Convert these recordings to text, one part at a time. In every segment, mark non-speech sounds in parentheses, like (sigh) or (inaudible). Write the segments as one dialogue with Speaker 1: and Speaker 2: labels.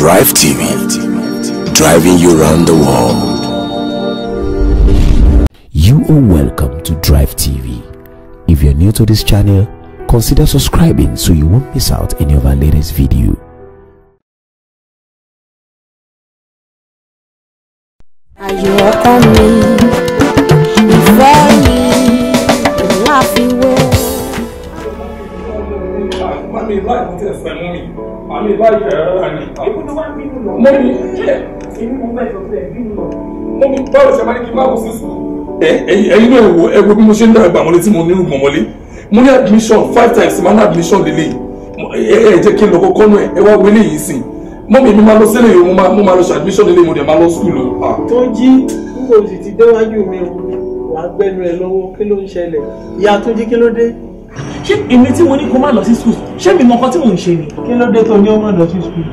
Speaker 1: Drive TV, driving you around the world. You are welcome to Drive TV. If you're new to this channel, consider subscribing so you won't miss out any
Speaker 2: of our latest video.
Speaker 1: Are you on me? Ìfẹ́ mi, ìlàfíwẹ́. Mami, báyìí mo àmì báyìí ẹ̀rọ wà ní. èmi ló wá ń bínú lọ. mo ní kílẹ̀. èmi mo bẹ̀ sọ pé ẹ̀ bínú lọ. mo ní báwo ṣe máa ní kí n máa wò sí sùn. ẹ̀yin náà wo ẹ wo bí mo ṣe ń dára gbà tí mo nínú gbọ̀mọ́lé mo ní admission five times máa ní admission lélẹ̀ ẹ jẹ́ kí n lọ kọ́kọ́ náà ẹ wá wọlé yìí sìn mọ́ mi mi máa lọ sílẹ̀ yìí mo máa lọ ṣe admission lélẹ̀ mo dẹ̀ máa lọ school o. Ah. tó jí kúrò sì ti déwájú mi wàá gbẹnu ẹ lọ́wọ́ kí ló ń ṣẹlẹ̀ ìyá tó jí kí ló dé ṣé èmi tí mo ní kó má lọ sí school ṣé mi mọ nǹkan tí mò ń ṣe ni. kí ló dé tó ní ó má lọ sí school.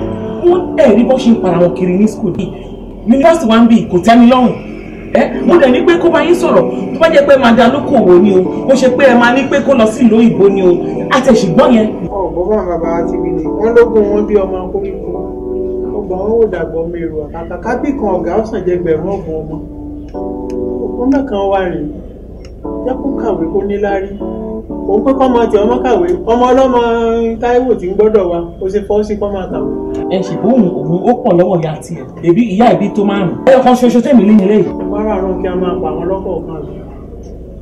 Speaker 1: wọ́n ẹ̀ rí bó ṣe ń para wọn kiri ní school yìí yunifásitì wa ń bì kò tẹ́ mi lọ́rùn ẹ mo dẹ̀ ní pé kó bá yín sọ̀rọ̀ tó bá jẹ́ pé máa da lókòwò ni o mo ṣe pé ẹ máa ní pé kó lọ sí ìlú òyìnbó ni o àtẹ̀sígbọ́n yẹn. ọ̀ bọ́bá bàbá ti wí ni wọ́n lógún wọn bí ọmọ jẹ́ kó kàwé kó níláárí òun pé kọ́mọ tí ọmọ kàwé ọmọ ọlọ́mọ Táíwò tí ń gbọ́dọ̀ wa ó ṣe fọ́ sí kọ́mọ kàwé. ẹ ṣùgbọ́n òun òun ó pọ̀ lọ́wọ́ ìyá tiẹ̀ èbí ìyá ìbí tó márùn. ẹyọ kan ṣoṣo tẹ̀mí ní ilé yìí. ẹ̀kọ́ ara àrùn kí a máa pa àwọn lọ́kọ̀ọ̀kan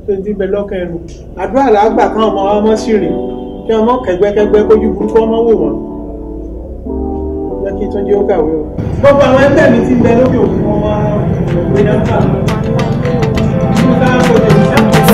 Speaker 1: tó ti bẹ lọ́kàn ẹnu. àdúrà làágbà kan ọmọ wa mọ́ sí rìn kí ọmọ kẹgbẹ́kẹgbẹ́ kójú burúkú ọmọ wò wọ́n jẹ́ kí Túnjí o. gbogbo àwọn ẹgbẹ́ mi ti bẹ lókè òkun wọn wá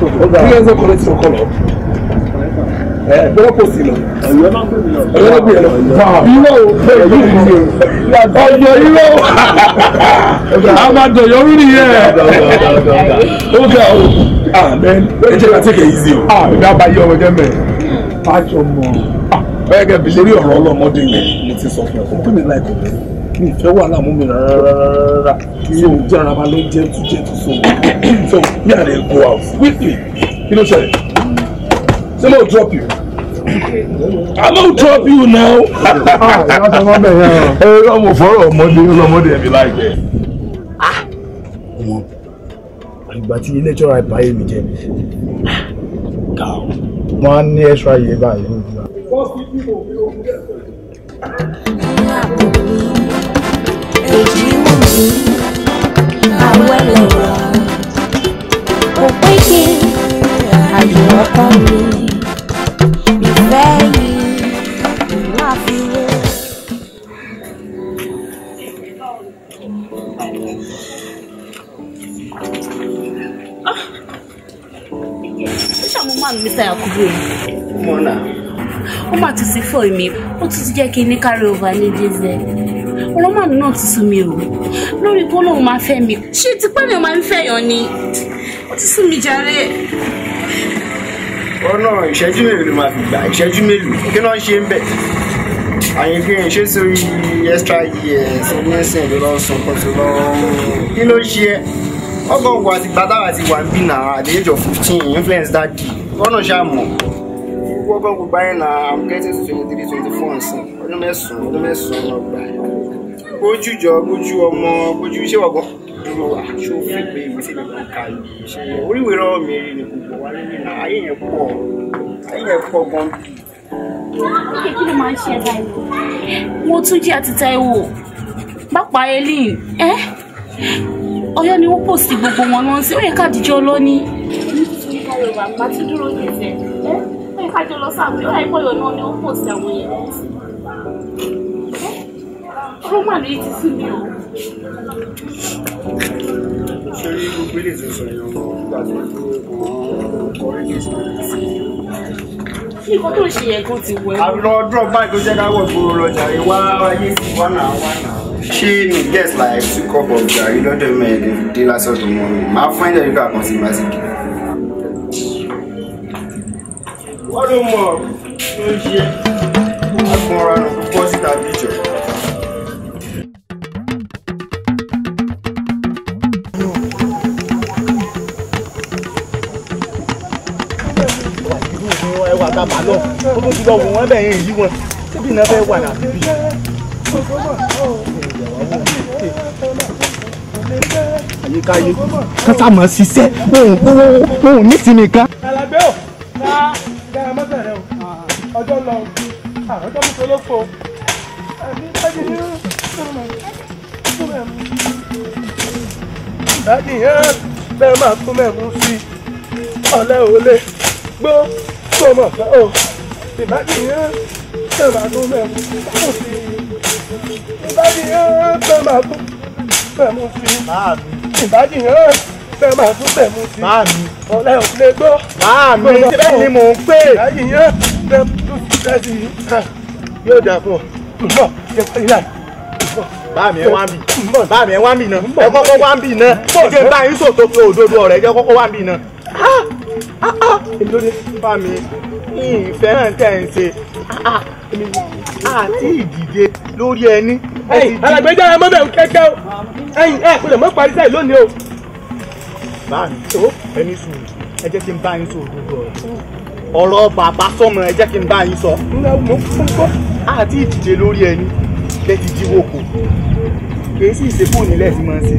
Speaker 1: kílẹ̀nsẹ̀ kọ́lẹ́tì ọkọ lọ lọ́wọ́ pòsì lọ ọ̀yọ́ ló gbìyànjú irọ́ o ọ̀yọ́ yìí o ọ̀yọ́ irọ́ o amadu ọ̀yọ́ rí nìyẹn ó ga o amen ẹ jẹ́ ká tẹ̀kẹ̀ yìí sí o. a ìdá bá yí ọmọ jẹ́ mẹ́ pàjọ mọ́ ẹ gẹ́gẹ́ bí yẹn mo ti sọ mi fẹ́ wàhálà mú mi rárá so jára ma ló jẹ́ tu jẹ́ tu so so mi à dey go out quickly kí ló ṣẹlẹ̀ ṣé mo drop you.
Speaker 2: I
Speaker 1: no drop you now. Ẹ (laughs) ọmọ fọ́rọ̀ ọmọdé ọlọ́mọdé ẹ̀mí láìpẹ́. Ah! Ọmọ ìgbà tí ilé ìjọra ìbáyé mi jẹ wọn á ní extra yìí báyìí kejì wù mí àwọn ẹlẹ́wà
Speaker 3: kò pé kí àyè ọkàn mi ìfẹ́ ah!
Speaker 2: máa ń gbé sáyà kúrò
Speaker 4: ó ti ti jẹ́ kí ní carry over ní jésù ọlọ́màánú náà ti sú mi o lórí kó lóun máa fẹ́ mi ṣé tipẹ́ mi ò máa ń fẹ̀yàn ni ó ti sú mi jàre.
Speaker 1: ọ̀nà ìṣẹ́jú mélòó ló máa fi gbà ìṣẹ́jú mélòó kí náà ṣe ń bẹ̀ àyìn kí n sórí extra years onísìn ló lọ sùn kó tó lọ kí ló ṣe ẹ ọgọ ògùn àti gbàdáwà ti wà ń bì náà at fifteen influence dadi ọ̀nà ṣáà wọ́gọ́ gbogbo ayé na i'm getting to twenty three twenty four nsìn ọdún mẹ́sàn-án ọdún mẹ́sàn-án ọgbà gbójú jọ gbójú ọmọ gbójú iṣẹ́ wọ̀gọ́ dúró wà ṣó fi pé ìwé sí ìgbà ká ṣe oríwèé rọ mi rí ni gbogbo wa lórí náà ayé yẹn pọ̀ ayé yẹn pọ̀ gan.
Speaker 4: kí ló máa ń ṣe ẹ̀dá yìí. mo tún jí àti Táíwò pápá eléyìí ẹ Ọ̀yọ́ ni wọn pòsì gbogbo wọn lọ sí ó yẹ ká díjọ lọ ni. mo tún jí ká lọ wà má tún dúró kẹsẹ kájọ lọ sáàmù yóò láì pọ̀yọ̀ náà ni ó pọ̀ sí àwọn èèyàn ọ̀rọ̀ mà lóye ti sí mi o.
Speaker 1: ṣé gbogbo ilé ìtúsọ èèyàn nígbà tó ń kọ́ ẹ̀jẹ̀ ṣe yẹn kan drop báyìí tó jẹ́ ká wọ̀ gbòòrò lọ́jà rí wá ayé sí wánà wánà ṣé mi guess like two cup of garri lọ́dọ̀ mẹ́rin dé lásán tó mọ́ mi máa fún ẹ̀jẹ̀ nípa kan sí wọ́n ló mọ̀ ló ń ṣe agbọ̀nra nù púpọ̀ síta bíjọ. ẹwà tá a bá lọ ó tó ti lọ wò wọ́n bẹ̀ yẹn yí wọn síbi náà fẹ́ wà láti bí. àyíká yìí kásá mọ̀ ṣiṣẹ́ òun ní tìmí ká. lófo dádì yẹn bẹ́ẹ̀ máa kú mẹ́mú sí ọ̀lẹ́ òlé gbó kó mọ̀ fẹ́ o ìbádì yẹn bẹ́ẹ̀ máa kú mẹ́mú sí ìbádì yẹn bẹ́ẹ̀ máa kú mẹ́mú sí ìbádì yẹn fẹ́ máa tún bẹ̀ mú sí. Máa mi. Ọ̀lẹ́ ò lè gbọ́. Máa mi. Bẹ́ẹ̀ ni mò ń pè. Ìyá yìí yẹn fẹ́ tún sí bẹ́ẹ̀ sí yóò dà fún ọ nbọ ṣe parí láì bá mi ẹ wá ń bì bá mi ẹ wá ń bì náà ẹ kọ́kọ́ wá ń bì náà ó jẹ báyìí sòtò fi òdodo ọ̀rẹ́ jẹ kọ́kọ́ wá ń bì náà èlódé bá mi ìfẹ́ràn tẹ̀ ń ṣe àti ìdìde lórí ẹni. ẹ̀yin alàgbẹjọ ẹ mọ bẹ̀rù kẹkẹ o ẹ kò lè mọ parí sẹ́yìn lónìí o. bá ẹni sùn ẹ jẹ́ kí n bá yín sọ òdodo ọ̀rọ̀ ọ̀rọ̀ bàbá sọ́mọ ẹ jẹ́ kí n bá yín sọ àti ìdíje lórí ẹni lẹ́ti jíwó kò kì í sì ṣe fóònù ilẹ̀ tí máa ń ṣe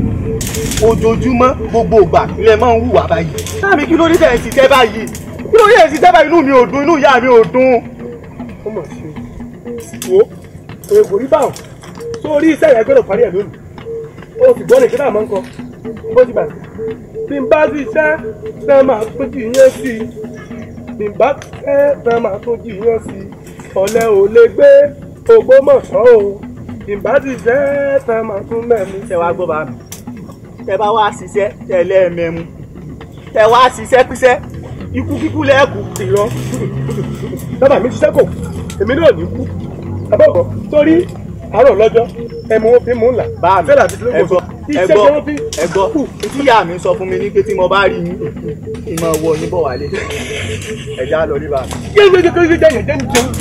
Speaker 1: ojoojúmọ́ gbogbo ìgbà ilẹ̀ máa ń hùwà báyìí sáàmì kí lórí tẹ̀ sí tẹ́ báyìí kí lórí ẹ̀ sí tẹ́ báyìí inú mi ò dùn inú ìyá mi ò dùn. ó mọ̀ sí wo òye kò rí báwọn tó iṣẹ́ yẹn gbọ́dọ̀ parí ẹ̀ lónìí o sì gbọ́dọ̀ kí náà máa ń kọ bó ti bàjẹ́ bí n bá ti iṣẹ́ náà máa pín ti yẹn sí i bí bá fẹ́ fẹ́ máa tún jiyàn sí i ọ̀lẹ ò lè gbé Ògbómọ̀ṣọ́ o ìbá ti fẹ́ fẹ́ máa tún mẹ́mu. ṣé wàá gbọ́ bá mi tẹ bá wá ṣiṣẹ́ tẹ lẹ́ẹ̀mẹ́mu tẹ wá ṣiṣẹ́ píṣẹ́ ikú kíkú lẹ́ẹ̀kú. ìran bàbá mi ṣiṣẹ́ kò èmi náà ní kú àbọ̀bọ̀ torí àárọ̀ lọ́jọ́ ẹmu ó fi mú là. bá mi ẹgbọ́ ẹgbọ́ ẹgbọ́ tíyà mi sọ fún mi ní pé tí mo bá rí yín ìmọ̀ wọ ní bọ̀ wálé ẹ̀já lọ rí bá mi. yéèyé kékeré jẹ́ yẹn jẹ́ni jẹun.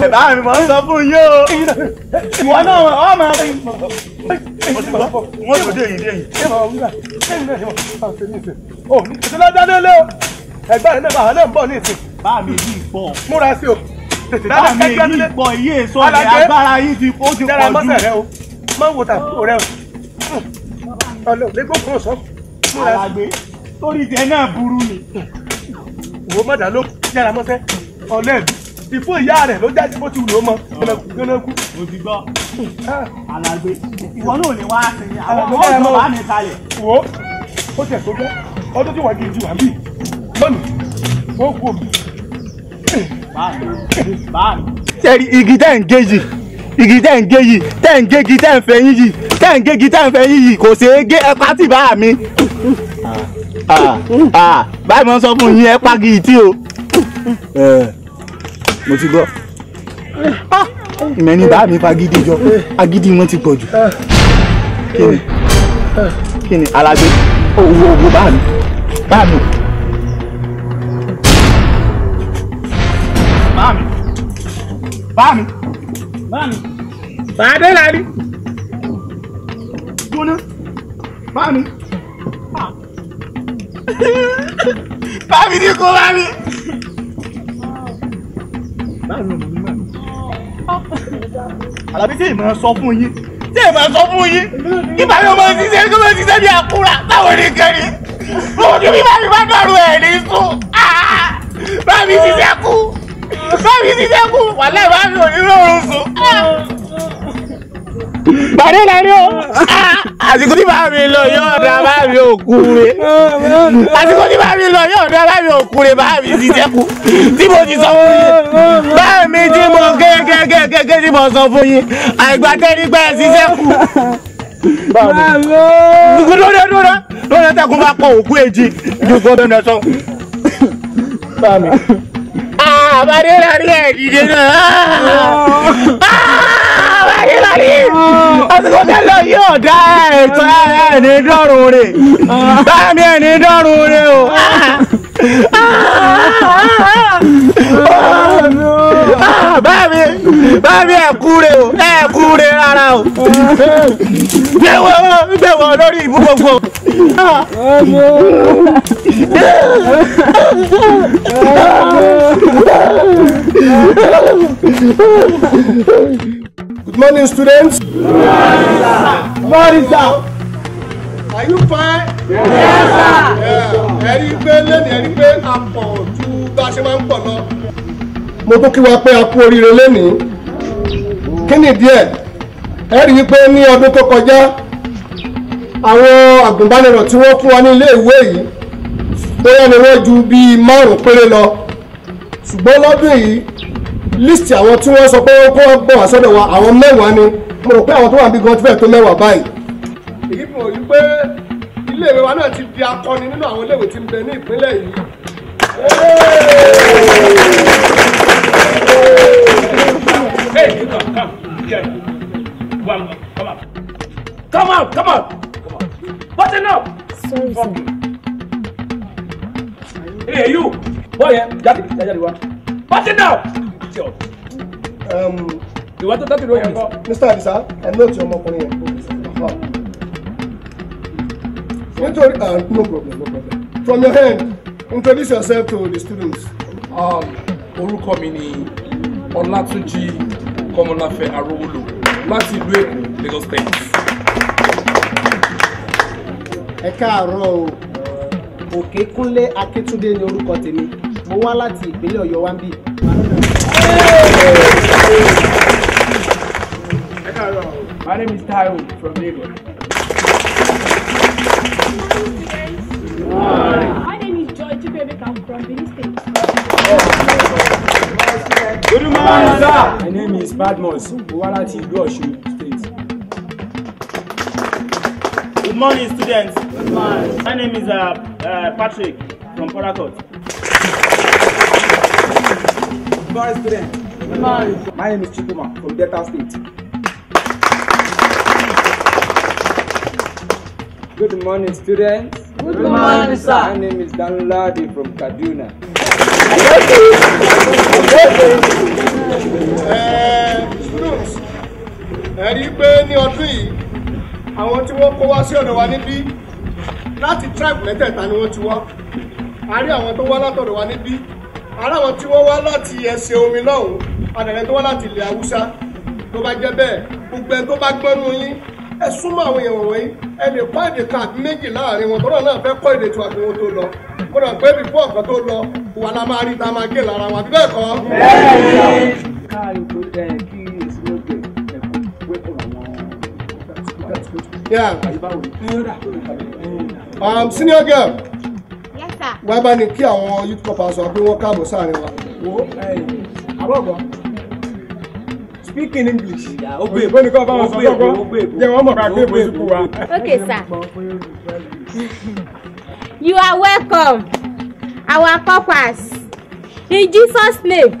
Speaker 1: bàbá mi mọ̀ ń sọ fún yín o. ìwọ náà ọ máa rí. wọ́n tó dé yìí dé yìí. ọ̀ ṣẹlẹ̀ dáadé lé o ẹgbẹ́ rẹ̀ náà bàbá náà ń bọ̀ ní ìsìn. bá mi yí ìpọ̀. múra sí o báàmì yìí pọ̀ iye sọ̀rọ̀ agbára yìí ti ó ti pọ̀ jù. má wo tà kúrò rẹ o ọlọ lẹgbẹ kúrò sọ. alàgbé torí tiẹ̀ náà burú ni. wo má ló yàrá mọ́sẹ́ ọ̀lẹ́bí ìfún ìyá rẹ̀ ló jáde bó ti wù ló mọ gbẹnẹkú. o ti gbọ́ alàgbé ìwọ náà lè wá sí i àwọn ọmọ ìjọba wà ní kalẹ̀. ó tẹ̀ tó gẹ́ ọdún tí wàá kì í ju àbí lónìí ó kú sẹ́rí igi tẹ́ ń gé yìí igi tẹ́ ń gé yìí tẹ́ ń gégi tẹ́ ń fẹ́ yín yìí tẹ́ ń gégi tẹ́ ń fẹ́ yín yìí kò ṣeé gé ẹ pátì bá mi. báyìí mo ń sọ fún yín ẹ pagi ìtì o. mo ti gbọ́ ìmẹ̀ni bá mi fagídí jọ agídí wọn ti pọ̀ jù. kí ni kí ni alágbé owó owó bá mi Bami, Bami, bade mi bá Bami, Bami láàrí gbóná bá mi bá mi ní kó bá mi. Àlàbí tí ìmọ̀ sọ fún yín tí ìmọ̀ sọ fún yín ìgbà yóò máa ṣiṣẹ́ kí máa ṣiṣẹ́ bí ni. Mo ní bí bá mi bá dọ̀rùn ẹ̀ ní sùn. Ah, bá mi báyìí ti dẹ́kun wàhálà ìwádìí òní lóorun sùn. Bàdé la rí o. Àsìkò tí bàbá mi lọ yóò dá bàbá mi òkú re. Àsìkò tí bàbá mi lọ yóò dá bàbá mi òkú re bàbá mi ti dẹ́kun. Tí mo ti sọ fún yín. Bàbá mi tí mo kékékékéké tí mo sọ fún yín. Àìgbà tẹ́lí pẹ́ ẹ̀ sí dẹ́kun. Bàbá mi. Lórí lórí lórí tẹ́kun bá pọ̀ òkú èjì ju gbọ́dọ̀ náà sọ. Bàbá mi. हमारे लाड़ी है डीजे ना हमारे लाड़ी असको चलो यो डाय तो है ने डरो रे ने ने डरो रे ओ báàmì báàmì ẹ̀kúre o ẹ̀kúre rárá o gbẹ̀wọ̀ gbẹ̀wọ̀ lórí ìbúgbọ̀gbọ̀. Good morning, students. Good morning, Are you fine? Yes, sir. Ẹ̀rí pé lẹ́nu ẹ̀rí pé a pọ̀ ju bá a ṣe máa ń pọ̀ lọ. Mo tún kí wa pé a kú oríire lénìí. Kí ni díẹ̀? Ẹ̀rí pé ní ọdún tó kọjá àwọn àgùnbánirọ̀ tí wọ́n fún wa ní ilé ìwé yìí bóyá ni wọ́n ju bíi márùn péré lọ ṣùgbọ́n lọ́dún yìí list àwọn tí wọ́n sọ pé wọ́n kọ́ bọ̀ wá sọ́dọ̀ wa àwọn mẹ́wàá ni mo rò pé àwọn tó wà níbi gan ti fẹ́ tó mẹ́wàá báyìí. èyí fi hàn yí pé ilé ìwé wa náà ti di akọni nínú àwọn iléèwé tí ń bẹ ní ìpínlẹ̀ yìí. Hey, come on, Come on, come on. Come on, come on. What's enough? Sorry, okay. sir. Hey, you! Boy, jáde jáde wá. What's enough? Um, ìwà tó tẹ́tù ló yẹ kọ́. Mr. Adisa, ẹ ní òtún ọmọkùnrin yẹn. Nítorí, uh, no problem, no problem. From your hand, introduce yourself to the students. Um, orúkọ Komini, ni Komolafe Kọ́mọláfẹ́ Arówólò láti Lagos State ẹ káàárọ̀ o Òkèkúnlé Akíntúndé ni orúkọ tèmi mo wá láti ìpínlẹ̀ Ọ̀yọ́ wá ń bì. ẹ káàárọ̀ my name is Taiwo from Lagos. My name is Joy Chukwuemeka from Benin Good morning, My name is Badmus. Mo wá ìlú Ọ̀ṣun. Uh, uh, Good morning, students. Good morning. My name is uh, uh, Patrick from Parakot. Good morning, students. Good morning. My name is Chikuma from Delta State. Good morning, students. Good, morning, sir. My name is Dan Ladi from Kaduna. Thank Uh, eh, students, ẹ you i your ní àwọn tí wọ́n kó wá sí ọ̀dọ̀ wa níbí láti tribe mẹ́tẹ̀ẹ̀ta ni wọ́n ti wá a rí àwọn tó wá látọ̀dọ̀ wa níbí ará àwọn tí wọ́n wá láti ẹsẹ̀ omi lọ́hùn adàrẹ tó wá láti ilẹ̀ haúsá tó bá jẹ́ bẹ́ẹ̀ gbogbo ẹ tó bá gbọ́nú yín ẹ súnmọ́ àwọn èèyàn wọ̀nyí ẹ lè kọ́ èdè kan àbí méjì láàrin wọn tọ́lọ́ náà fẹ́ kọ́ èdè tiwa kí wọ́n tó lọ mo rà pé bí bọ́ọ̀ kan tó lọ wà la máa rí ta máa gé lára wọn àbí bẹ́ẹ̀ kọ́. yeah. um, senior girl. yes sir. wàá bá ní kí àwọn youth corps sọ pé wọ́n káàbọ̀ sáàrin wa. wo eh, àbọ̀bọ̀ speak in english. ogbe èbó ni kò bá wọn sọ ogbe èbó jẹ wọn mọ̀ ká gbé èbó sùkú wa. okay sir.
Speaker 4: you are welcome our purpose, in jesus name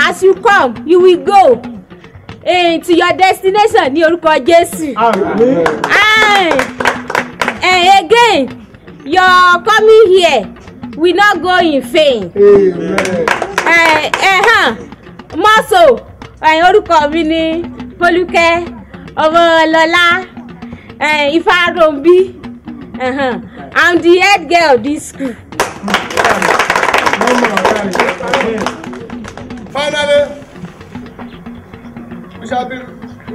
Speaker 4: as you come you will go. Into your destination ní orúkọ Jésù. And again your coming here will not go in vain. Amen. Uh, uh, mọ́sọ̀ ẹ̀yìn orúkọ mi ni Fọlúkẹ́ Ọmọlọ́lá Ifáròǹbí uh-huh. I'm the head girl of this school.
Speaker 1: Finally we shall be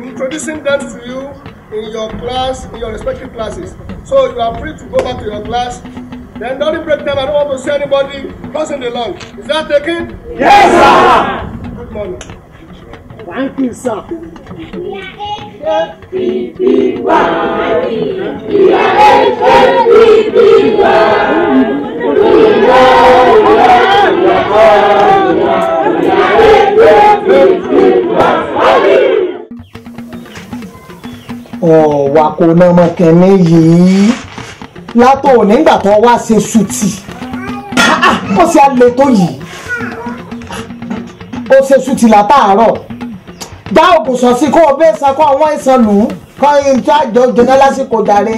Speaker 1: introducing them to you in your class in your respective classes so you are free to go back to your class then during break time I don't want to see anybody crossing the line is that taken. yes sir. good morning. thank you sir.
Speaker 2: HPP one. We are HPP one.
Speaker 1: We are HPP one. We are HPP one. ọ̀wà kò ná ọmọ kẹ́ni yìí látò nígbà tó wá ṣe sùtì ah, ah, ó ṣe alẹ́ tó yìí ó ṣe sùtì látàárọ̀ dá ògùn sọ sí kó o bẹ́ẹ̀ sá kó àwọn ìsàn kọ́ ẹ̀yìn tí àjọ jọ̀nà lásìkò dàrẹ́.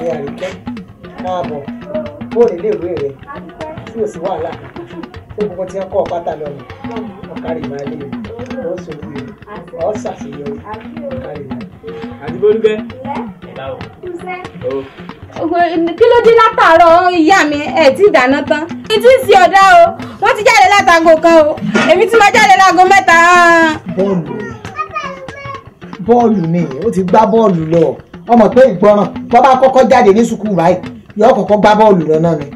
Speaker 1: mi àríkẹ́ káàbọ̀ bóòlù iléèwé rẹ tí ò sí wàhálà tí gbogbo ti ń kọ́ ọ̀pátá lọ́nà ọ̀kárì máa lé ọ̀ sọ̀rọ̀ rẹ
Speaker 4: ọ̀ ṣàṣeyọrí ọ̀kárì máa. àti kí ló dé látàárọ̀ ìyá mi ẹ̀ tí ìdáná tán mi ti ń ṣe ọ̀dá o wọ́n ti jáde látago kan o èmi ti máa jáde láago mẹ́ta.
Speaker 1: bọ́ọ̀lù ni bọ́ọ̀lù ti gbá bọ́ọ̀lù lọ ọmọ pé ìgbọràn tó bá kọ́kọ́ jáde ní sùkúù báyìí yóò kọ́kọ́ gbá bọ́ọ̀lù lọ́nà ni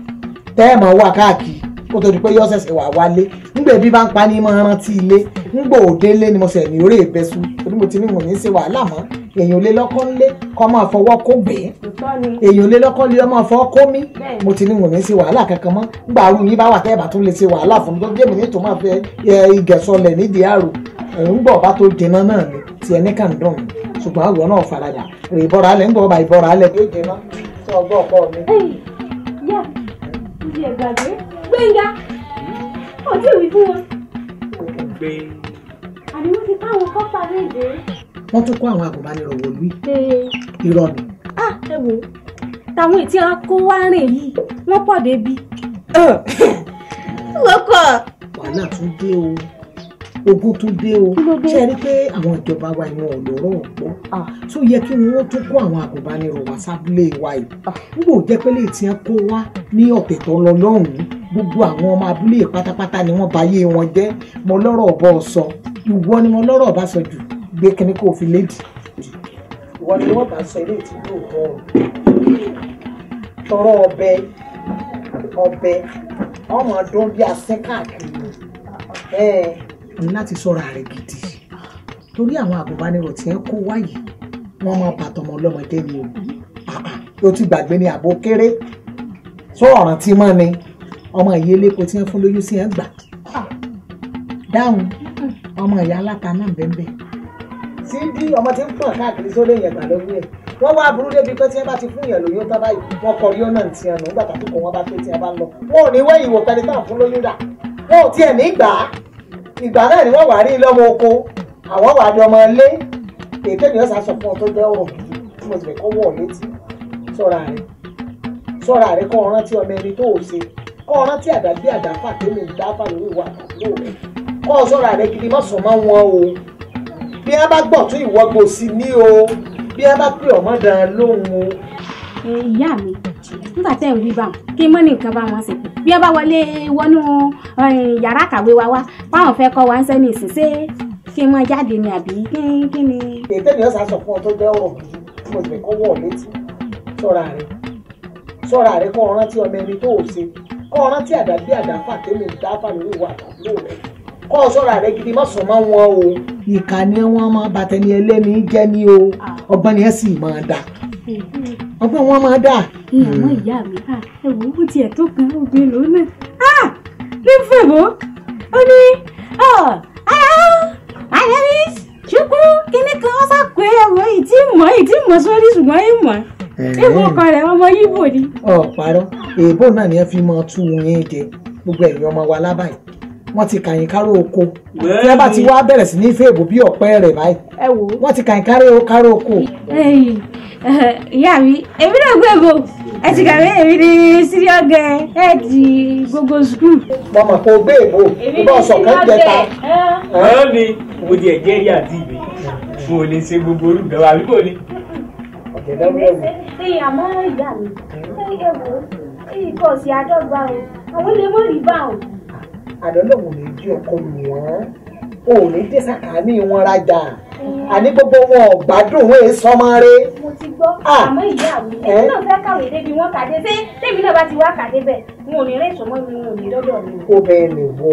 Speaker 1: tẹ́ẹ̀mọ̀ wà káàkiri kó tó di pé yóò ṣẹ̀ṣẹ̀ wà wálé ńgbà ẹbí bá ń pa ní máa rántí ilé ńgbà òdélé ni mo ṣẹ̀ ní orí ìbẹ́sù torí mo ti ní mò ní ṣe wàhálà mọ́ èèyàn lé lọ́kọ́ ńlé kọ́ máa fọwọ́ kó gbé èèyàn lé lọ́kọ́ lé ọmọ fọ́ kó mí mo ti ní mò ní ṣe wàhálà kankan mọ́ ńgbà arú yín bá wà tẹ́ ẹ̀ bá tún lè ṣe wàhálà fún mi tó jẹ́ mi ní tó máa fẹ́ ìgẹ̀sọlẹ̀ nídìí àrò ẹ̀ ń bọ̀ bá tó dènà náà ni tiẹ̀ ní kàńdọ̀n mi ṣùgbọ́n àwọn náà faradà ìbọra alẹ́ ń bọ̀ ọba ìbọra alẹ́ bí ó jẹ náà tí ọgbọ́n ọkọ mi.
Speaker 4: yá ìdí ẹ̀gbàgbé gbẹ̀ngà ó ti wí fún wọn. àdéhùn ti káwọn kọ́pà méje.
Speaker 1: wọ́n tún kó àwọn àgùnbánirọ̀ wọ̀lú irọ́ mi.
Speaker 4: Ah, ẹ wo táwọn ètí wọn wá rìn yìí wọ́n pọ̀ débi.
Speaker 1: wọ́n kọ̀. wàhálà tún dé o ogun tún dé o ṣe rí i pé àwọn ìjọba wa ni wọn ò lọ́rọ̀ ọ̀pọ̀ tó ah. yẹ kí wọ́n tún kó àwọn àgùnbánirọ̀ wá sábúlé wa yìí n kò jẹ́ pé lè tiẹ́ kó wá ní ọ̀tẹ̀ tó lọ lọ́hùn-ún gbogbo àwọn ọmọ abúlé pátápátá ni wọ́n báyé wọn jẹ́ mo lọ́rọ̀ ọ̀bọ sọ ìwọ ni mo lọ́rọ̀ ọ̀bá sọ jù gbé kíní kó fi léèdì ìwọ ni wọ́n bá sọ ilé ìtìjú òkú ní láti sọ̀rọ̀ ààrẹ gidi torí àwọn àgùnbánirọ̀ tí ń kó wáyé wọ́n máa bàtọ̀mọ́ ọlọ́mọdé ni o ti gbàgbé ni àbò kéré sọ̀rọ̀ rántí mọ́ ni ọmọ ìyá eléko tí ń fún lóyún sí ẹ̀ ń gbà dáhùn ọmọ ìyá aláta náà bẹ́ẹ̀ sí bí ọmọ tí ń pọ̀ káàkiri sórí èèyàn gbà lọ́wọ́ ẹ̀ wọ́n wá burú débi pé tí wọ́n bá ti fún èèyàn lóyún tán báyìí wọ́n kọ rí ọ̀nà tí ẹnu nígbà tàbí kò wọ́n bá pé tí wọ́n bá lọ wọn ò ní wẹ́yìn wò pẹ́ni táwọn fún lóyún dà wọn ò tiẹ̀ ní gbà á ìgbà náà ni wọ́n wà rí lọ́mọ oko àwọn wà di ọmọ ilé èyí tẹ́lẹ̀ yóò sàṣọ fún ọ tó jẹ́ ọ̀rọ̀ tí mo ti fẹ́ kọ́ wọ̀ létí sọ́ra rẹ̀ sọ́ra rẹ̀ kọ́ ọ̀rántí ọmọ ẹni tó o ṣe kọ́ ọ̀rántí àdá bí àdá fà tẹ́lẹ̀ ń dá fà lórí ìwà àtàkùn rẹ̀ kọ́ sọ́ra rẹ̀ gidi má sọ mọ́ wọn o bí wọ́n bá gbọ̀ tún ìwọ́ gbò sí ní o bí wọ́n bá pè ọmọ dàn lóhùn o.
Speaker 4: ìyá mi nígbà tẹ́ ń wí bá kí mọ́nì nǹkan bá wọn ṣe pọ̀ bí ẹ bá wọlé wọnú eh, yàrá kàwé wa wá báwọn fẹ́ kọ́ wa ń sẹ́ni ìsinsẹ́ kí n mọ jáde ni àbí kí ni.
Speaker 1: ètèmi ọ̀sán sọ fún ọ tó jẹ́ ọ̀rọ̀ gidi tí mo jẹ́ kó wọ̀ létí sọ́ra rẹ̀ sọ́ra rẹ̀ kọ́ ọ̀rántí ọmọ ẹni tó ò ṣe kọ́ ọ̀rántí àdàbí àdàfà tèmi dáfà lórí ìwà àtàkùn rẹ̀ kọ́ sọ́ra rẹ̀ gidi má sùn mọ́ wọn o. ìkànnì wọn máa bàtẹ́ni ẹlẹ́ni jẹ́ ni o ah. ọgbọ́n ni ẹ sì máa dáa ọgbọ́n wọn máa dà. ìyàmọ́
Speaker 4: ìyá mi ẹ̀wọ̀n ó tiẹ̀ tó kan obìnrin lòún náà ní fèbó ó ní ayẹyẹ ṣùkú kíní kan ó sá pé ẹ̀wọ̀n ìdí mọ́ ìdí mọ́ sórí ṣùgbọ́n ìmọ̀ ìbò kan rẹ̀ ọmọ yíbò ni.
Speaker 1: ọ̀ parọ́ èèbò náà ni ẹ fi máa tú yín jẹ gbogbo ẹ̀yin ọmọ wa lábàáyé wọ́n ti kàyìn káró oko tí wọ́n bá ti wá bẹ̀rẹ̀ sí ní ife èbò bí ọ̀pẹ rẹ̀ báyìí wọ́n ti kàyìn káró oko.
Speaker 4: ìyá mi èmi náà gbé bò ẹ ti kàwé èmi ní serious girl head gbogbo school.
Speaker 1: mo mọ̀ o gbé èbò nígbà ọ̀sán kan jẹta. ọ̀rọ̀ mi mo di ẹ̀jẹ̀ rí àti ìbí mo lè ṣe gbogbo orúkọ àbí kò ní. ọ̀kẹ́ dábúrẹ́bù.
Speaker 4: ṣé àmọ́ ìyá mi ṣé èbò ìkọ̀sí o àwọn ilé mọ́ bá o
Speaker 1: àdánlọ́wọ́ lè di ọkọ lù wọ́n o ò ní dé sàkáání wọn rajà mm. àní gbogbo wọn ò gbádùn wọn èé sọmọ rẹ.
Speaker 4: mo ti gbọ́ àmọ́ ìyá mi èmi náà fẹ́ kàwé débi wọn kà dé ṣé tèmi náà bá ti wá kà débẹ̀ wọn ní rẹ́ ìṣọmọ mi wọn ní lọ́dọ̀ mi.
Speaker 1: obìnrin ni wọ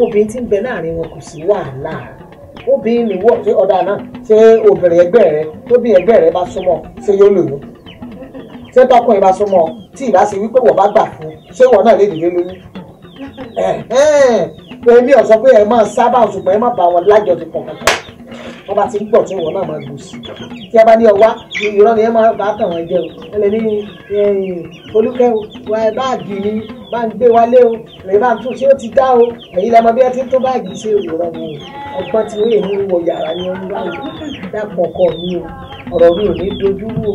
Speaker 1: obìnrin tí ń bẹ láàrin wọn kò sí wàhálà obìnrin ni wọ ṣé ọ̀dà náà ṣé obìnrin ẹgbẹ́ rẹ tóbi ẹgbẹ́ rẹ bá súnmọ́ ṣé yóò lòyún ṣé tọkùnrin bá súnmọ́ tí ìbá èmi ò sọ pé ẹ máa sábà ṣùgbọ́n ẹ má bá wọn lájọṣepọ̀ kankan wọ́n bá ti ń gbọ̀ tí wọ́n náà máa gbòòsì tí ẹ bá ní ọwá ìrọ́ ni ẹ máa bá tàn wọ́n jẹ o ẹ lè ní olùkẹ́ o wà ẹ báàgì ni bá ń gbé wálé o lè bá ń tún ṣé ó ti dá o èyí lẹ́mọ bí ẹ ti ń tó báàgì ṣe ìrọ́ ni o ọgbọ́n tí wọ́n èmi wọ yàrá ni wọ́n wá dàpọ̀ ọkọ mi o ọ̀rọ̀ mi ò ní dojúrú o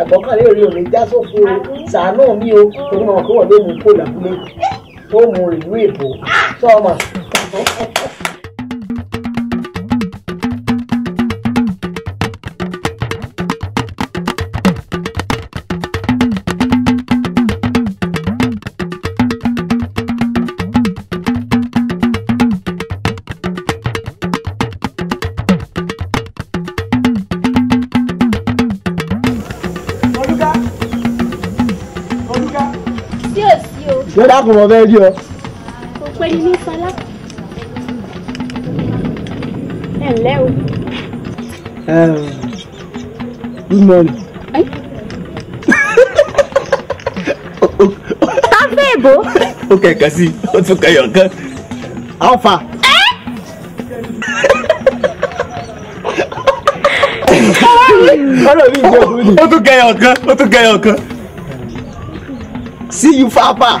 Speaker 1: àgbọ̀kànlé mi ò já sófo o ṣàánú mi o torí mo mọ̀ pé wọ́n ló mú kó làbúlé. como el So Toma. dákun mo fẹ́ rí ọ.
Speaker 4: òpè ni sọlá ẹ ǹlẹ́ o. good morning. afẹ́
Speaker 1: ìbò. ó kẹ̀kẹ́ sí ó tún kẹyọ̀ kan. how far. ó tún kẹyọ̀ kan ó tún kẹyọ̀ kan. see you far far.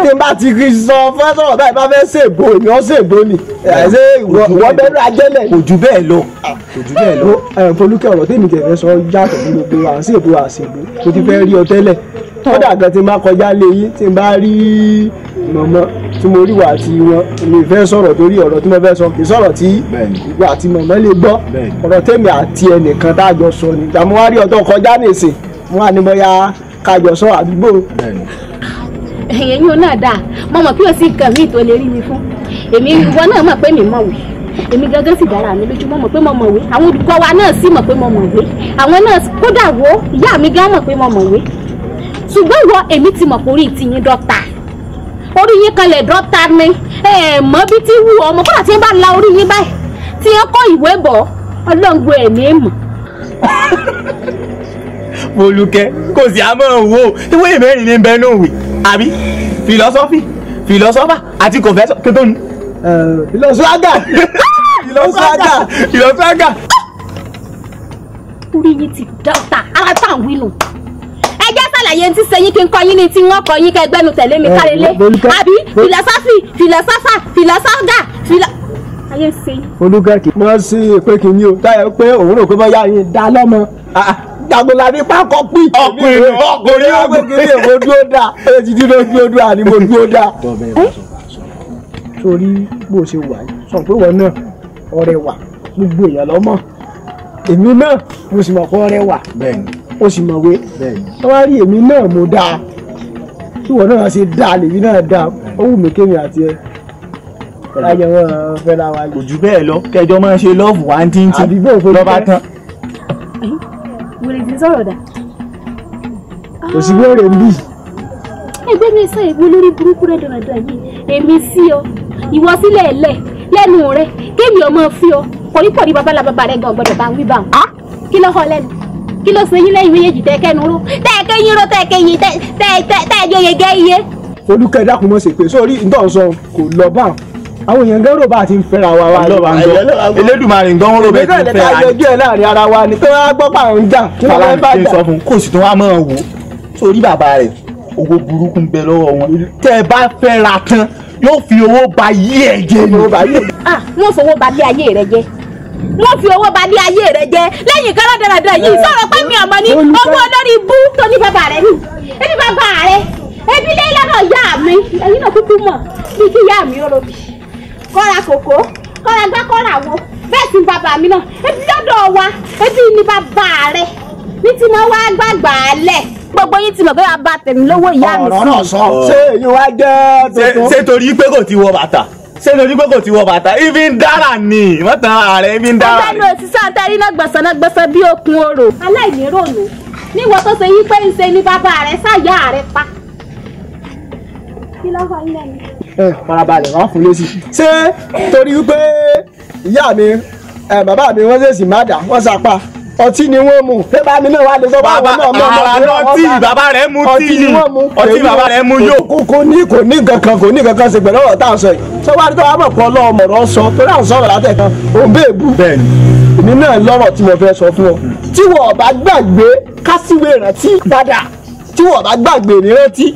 Speaker 1: tí n bá ti rí sọ fásọ̀rọ̀ báyìí bá fẹ́ ṣègbò èmi ọ́ ṣègbò ni ṣé ìwọ bẹ́ẹ̀ lọ ajẹ́lẹ̀. kò jù bẹ́ẹ̀ lọ. kò jù bẹ́ẹ̀ lọ. Folúkẹ́ ọ̀rọ̀ tèmi tẹ̀fẹ́ sọ yàtọ̀ sí gbogbo à ń ṣègbò à ń ṣègbò kò ti fẹ́ rí ọ tẹ́lẹ̀ kódà gan tí n bá kọjá lé yín tí n bá rí mọ̀mọ́ tí mo rí wà àti wọn mi fẹ́ sọ̀rọ̀ torí ọ̀rọ̀ tí mo fẹ́ sọ kì í sọ̀rọ̀ tí ìwà àti mọ̀mọ́ lè gbọ́ ọ̀rọ̀ tèmi àti ẹnìkan tá a jọ sọ ni ìjà ọtọ kọjá nìsín mo wà
Speaker 4: ẹ̀yìn yóò náà dáa mo mọ̀ pé o sì kàn mí tó lè rí mi fún èmi ìwọ náà mọ̀ pé mi mọ̀wé èmi gángan sì dára mi lójú mo mọ̀ pé mo mọ̀wé àwọn olùkọ́ wa náà sì mọ̀ pé mo mọ̀wé àwọn náà kódà wo ìyá mi gan mọ̀ pé mo mọ̀wé ṣùgbọ́n ìwọ èmi ti mọ̀ pé orí ti yín dọ́ta orí yín kan lè dọ́ta ni ẹ mọ̀ bí ti wù ọmọ kódà tí wọ́n bá la orí yín báyìí tí wọ́n kọ́ ìwé bọ̀ ọlọ́ngbò
Speaker 1: ẹ̀ ní mọ̀ Bolúkẹ́ kò sí àmọ́ òwò tí wọ́n èmi ẹ̀rìn ní bẹ́ẹ̀ náà wì àbí philosophy philosopher àti confessor kí tó ní. philosopher (laughs) philosopher philosopher.
Speaker 4: orí yìí ti dọ́ta ara tá à ń wí nù ẹjẹ sàlàyé ti sẹyìn kí n kọ́ yín ni tí wọ́n kọ́ yín kẹ́ gbẹ́nu tẹ̀lé mi kárẹ́lé àbí philosophy philosopher philosopher philosopher ayé sẹyìn.
Speaker 1: olùkẹ́kì wọ́n sí pé kí ni o táyà pé òun rò pé bọ́ yín dá lọ́mọ. Ah, ah jagunla ní pákó pín. ọkùnrin ọkùnrin ọkùnrin mo dúró dá èjì dín lójú odò àní mo dúró dá. sórí bó ṣe wà yìí sọ pé wọn náà ọ̀rẹ́ wà gbogbo èèyàn lọmọ èmi náà mo sì mọ̀ pé ọ̀rẹ́ wà o sì mọ̀ wé tọ́wá rí èmi náà mo dáa tí wọn náà ṣe dáa lèmi náà dáa ó wù mí kémi àti ẹ láyé wọn fẹ́ ra kò jù bẹ́ẹ̀ lọ kẹjọ máa ń ṣe lọ́ọ̀fù wá ń tí lọ́ba tán
Speaker 4: wèrè ti sọ̀rọ̀ dà.
Speaker 1: kò sí wẹ́rẹ̀ ń bì.
Speaker 4: ẹgbẹ́ mi sọ èmi lórí burúkú rẹ̀ dọ̀dọ̀ yìí èmi sí ọ ìwọ sílẹ̀ ẹ̀lẹ̀ lẹ́nu rẹ̀ kémi ọmọ fi ọ kọ̀ríkọ̀rí babalà bàbá rẹ̀ gan gbọ́dọ̀ bá wí bá wọn. Ah! kí ló họ lẹ́nu kí ló ṣe yín lẹ́yìn méjèèjì tẹ́ kẹ́nu ró tẹ́ ẹ kẹ́yìn ró tẹ́ ẹ kẹ́yìn tẹ́ ẹ jẹ́ yege iye.
Speaker 1: olùkẹ́ dákun mọ̀ sí pé sórí ntọ́ sọ kò lọ bá àwọn èèyàn gẹ́rù bá ti ń wa wa lọ́wọ́ Elédùmarè gan wọn rọ̀bẹ̀ ti ń fẹ́ra wa. ìgbésẹ̀ láàrin ara wa ni tó wá gbọ́ pa àwọn jà kí wọ́n bá jà. kò sì tó wá mọ̀ wò sórí bàbá rẹ̀ owó burúkú ń bẹ lọ́wọ́ wọn tẹ́ ẹ bá fẹ́ra tán yóò fi owó ba yí ẹ̀ jẹ́ ni.
Speaker 4: Ah, wọ́n fowó ba lé ayé rẹ jẹ́ wọ́n fi owó balẹ̀ ayé rẹ̀ jẹ́ lẹ́yìn kọ́lá dáradára yìí eh. sọ̀rọ̀ pé mi ni owó olórí bú tó bàbá rẹ̀ ni ebi bàbá rẹ̀ ebi lé lọ́dọ̀ yá mi ẹ̀yin náà kúkú mọ̀ bí yá mi ó lóbi kọ́ra kòkó kọ́ra gbá kọ́ra wo bẹ́ẹ̀ sì ni bàbá mi náà ebi lọ́dọ̀ wa ebi ni bàbá rẹ̀ ní tí mo wá gbàgbà lẹ̀ gbogbo yín ti mọ̀ pé bàbá tèmi lówó ìyá mi sí. ọ̀rọ̀ náà sọ ṣé èyí wá
Speaker 1: jẹ́ tuntun. ṣé torí pé kò ti wọ bàtà ṣé lórí pé kò ti wọ bàtà ibi ń dára ni wọ́n tan ààrẹ ibi ń dára ni. ọgbẹ́ni
Speaker 4: òṣìṣẹ́ àtẹ́rí náà gbọ̀sánnágbọ́sán bí okun oro. aláìníròlù níwọ tó ṣe yí pé ń ṣe ní bàbá rẹ sáyà rẹ pa. kí ló wà nílẹ̀ mi
Speaker 1: farabalẹ̀ wá fún lésì ṣé torí wípé ìyá mi bàbá mi wọ́n ṣèṣì má dà wọ́n sapá ọtí ni wọ́n mu pé bá mi náà wá lè sọ bá wọn náà mọ ọmọ tí bàbá rẹ̀ mu tí ni ọtí bàbá rẹ̀ mu yó. kò ní kò ní kankan kò ní kankan ṣe pẹ̀lú ọ̀rọ̀ tá à ń sọ yìí sọ wá tó wá mọ̀ pọ̀ lọ́ọ̀mọ̀ rọ sọ torí à ń sọ̀rọ̀ látẹ̀ kan òun bẹ́ẹ̀ bú. bẹ́ẹ̀ni èmi náà lọ́rọ̀ tí mo fẹ́ sọ fún ọ tí wọn ò bá gbàgbé kásíwèé rántí padà tí wọn ò bá gbàgbé ìrántí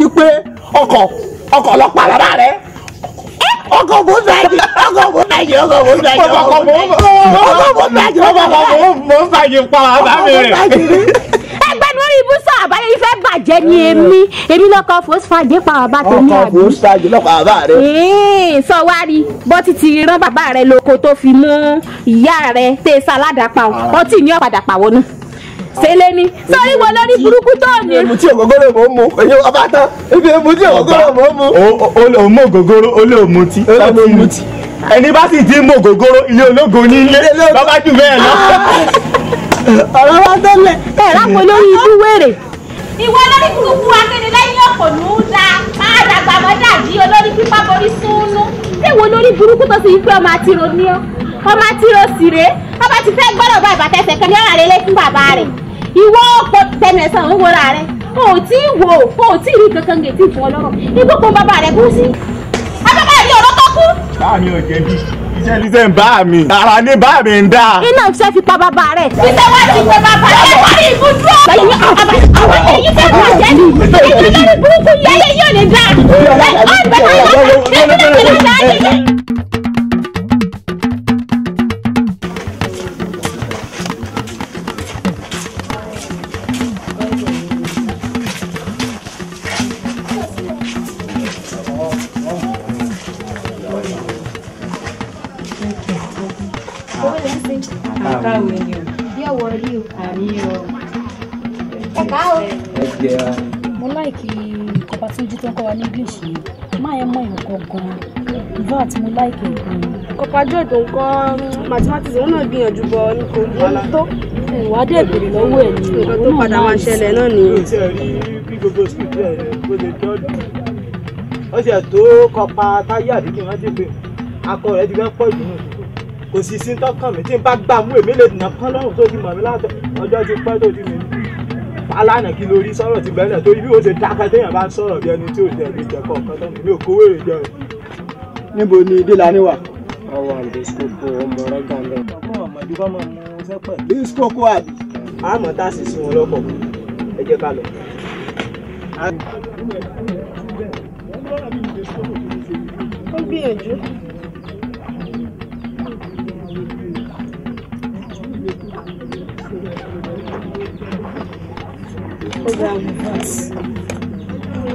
Speaker 1: wípé ọkọ̀ ọkọ̀ ọlọ́pàá bàbá rẹ̀ ọkọ̀ òbúzọ ẹ̀jẹ̀ ọkọ̀ òbúzọ ẹ̀jẹ̀ ọkọ̀ òbúzọ ẹ̀jẹ̀ ọkọ̀ òbúzọ
Speaker 4: ẹ̀jẹ̀ ọkọ̀ òbúzọ ẹ̀jẹ̀
Speaker 1: ọkọ̀ òbúzọ
Speaker 4: ẹgbẹ́ lórí ibùsọ̀ àbáyé ifẹ̀ bàjẹ́ ni èmi èmi lọ́kọ̀ fòsífàjì pa bàbá tèmi àbí. ọkọ̀
Speaker 1: fòsífàjì lọ́kọ̀ bàbá rẹ.
Speaker 4: sọ wá rí bọ́tí ti rán bàbá rẹ lóko tó fi mú ìyá rẹ tẹ̀ sáládàá pa ah. ọtí ni ó padà pàwọ́ ṣẹlẹ̀ ni sọrí wọ lórí burúkú tó ní. èmi tí ògógóró
Speaker 1: mò ń mu èyí ọba tán èmi èmi tí ògógóró mò ń mu. o lè mú ògógóró o lè mú tí. o lè mú tí. ẹni bá sì ti mú ògógóró ilé ológo ní ilé bàbá jù bẹ́ẹ̀ lọ. ọ̀rọ̀ wa tẹ́lẹ̀. ẹ lápò lórí ibú wèrè.
Speaker 4: ìwọ lórí burúkú akérèlẹ́yìn òkòlù ń da máa dàgbà mọ́dà di olórí pípa borí súnú. ẹ̀wọ̀n olórí burúkú tó ti yí pé ọmọ àtirò ní ọ ọmọ àtirò sì rèé ọba ti fẹ́ gbọ́dọ̀ bá ìbàtẹ́sẹ̀ kan ní ọ̀rọ̀ àlélẹ́ fún bàbá rẹ̀ ìwọ ọ̀pọ̀ tẹnẹ̀ sàn ń wọra rẹ o ò tí ì wò o ò tí ì rí kankan gè tí ìfún ọlọ́rọ̀ igbó kan bàbá rẹ kú sí. abẹ́bá yìí ọ̀rọ̀
Speaker 1: tó kú. báà mi ò jẹ̀bi iṣẹ́ ní sẹ́ ń bá mi ara ní bá mi ń dá. iná ìṣe fi pa bàbá rẹ̀. iṣẹ́ wá ti pé bàbá rẹ̀ wá ní ibùdó. àwọn èyí fẹ́ mọ̀ jẹ́
Speaker 4: ní ìtọ́jú burúkú yẹ́yẹ́ yóò ní dá. ọ̀rẹ́
Speaker 2: ọ̀rẹ́
Speaker 4: Yeah. mo láìkí ìkọ́pá tí ojú tó ń kọ́ wa ní english yìí máa yẹ mọ ìwọ̀kọ̀ gan-an ìfẹ́ àti mo láìkí gan-an. ìkọ́pá joy tó ń kọ́ mm, mathematics òun náà gbìyànjú bọ ní kò ní
Speaker 1: tó wàá dẹ̀ bèrè lọ́wọ́ ẹ̀ ní nǹkan tó padà máa ṣẹlẹ̀ náà nìyẹn. bí gbogbo skul rẹ̀ bó ṣe jọ́ ọ̀sẹ̀ tó kọ́pá táyé àdínkù rántí pé akọ rẹ̀ ti fẹ́ pọ̀ jù kò sì sí tọkàn mi tí n bá gbà mú èmi lè dùnà kán lọ́rùn tó ti mọ̀ mi látọ̀ ọjọ́ ti pẹ́ tó ti mi alánà kí lórí sọ̀rọ̀ ti bẹ́ẹ̀ náà torí bí ó ṣe dákẹ́ téèyàn bá ń sọ̀rọ̀ bí ẹni tí ò jẹ́ ìlú ìjẹ́kọ̀ ọ̀kan tán mi ò kówó èrè jẹun. níbo ni dílani wà. ọwọ àdìsíkòkò ọmọ rẹgà lọ. ọmọ ọmọdé bá máa mú ọsẹ pẹ̀lú. dísíkòkò àbí. àmọ́ táàsì sí wọn lọ́kọ̀ ẹ jẹ́ ká lọ. ó gbìyànjú
Speaker 4: program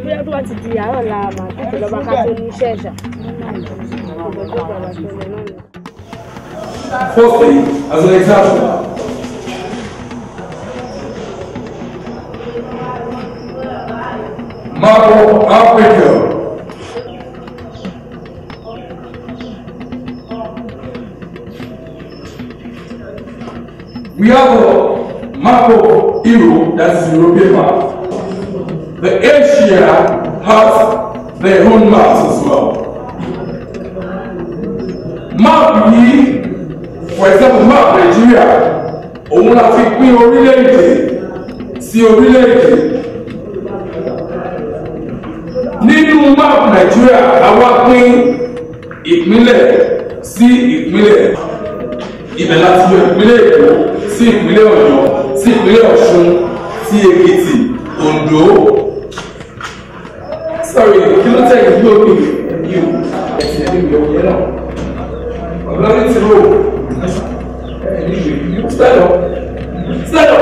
Speaker 4: bóyá tó bá ti di
Speaker 1: Firstly, as an example, Marco Africa. We have a Marco Europe, that's European map. The Asia has their own maps as well. Map yìí, for example, map Nigeria, òun la fi pín orílẹ̀-èdè sí orílẹ̀-èdè. Nínú map Nigeria, a wá pín ìpínlẹ̀ sí ìpínlẹ̀ ibẹ̀ láti ìpínlẹ̀ èkó sí ìpínlẹ̀ ọ̀yọ́ sí ìpínlẹ̀ ọ̀ṣun sí èkìtì oǹdó. sorry kí ló tẹ̀ yìí lórí ẹ̀mí o ẹ̀sìn ẹ̀mí ìwé ọ̀yẹ́ náà ọ̀lọ́rin ti rò ẹ̀mí ìwé stand up stand up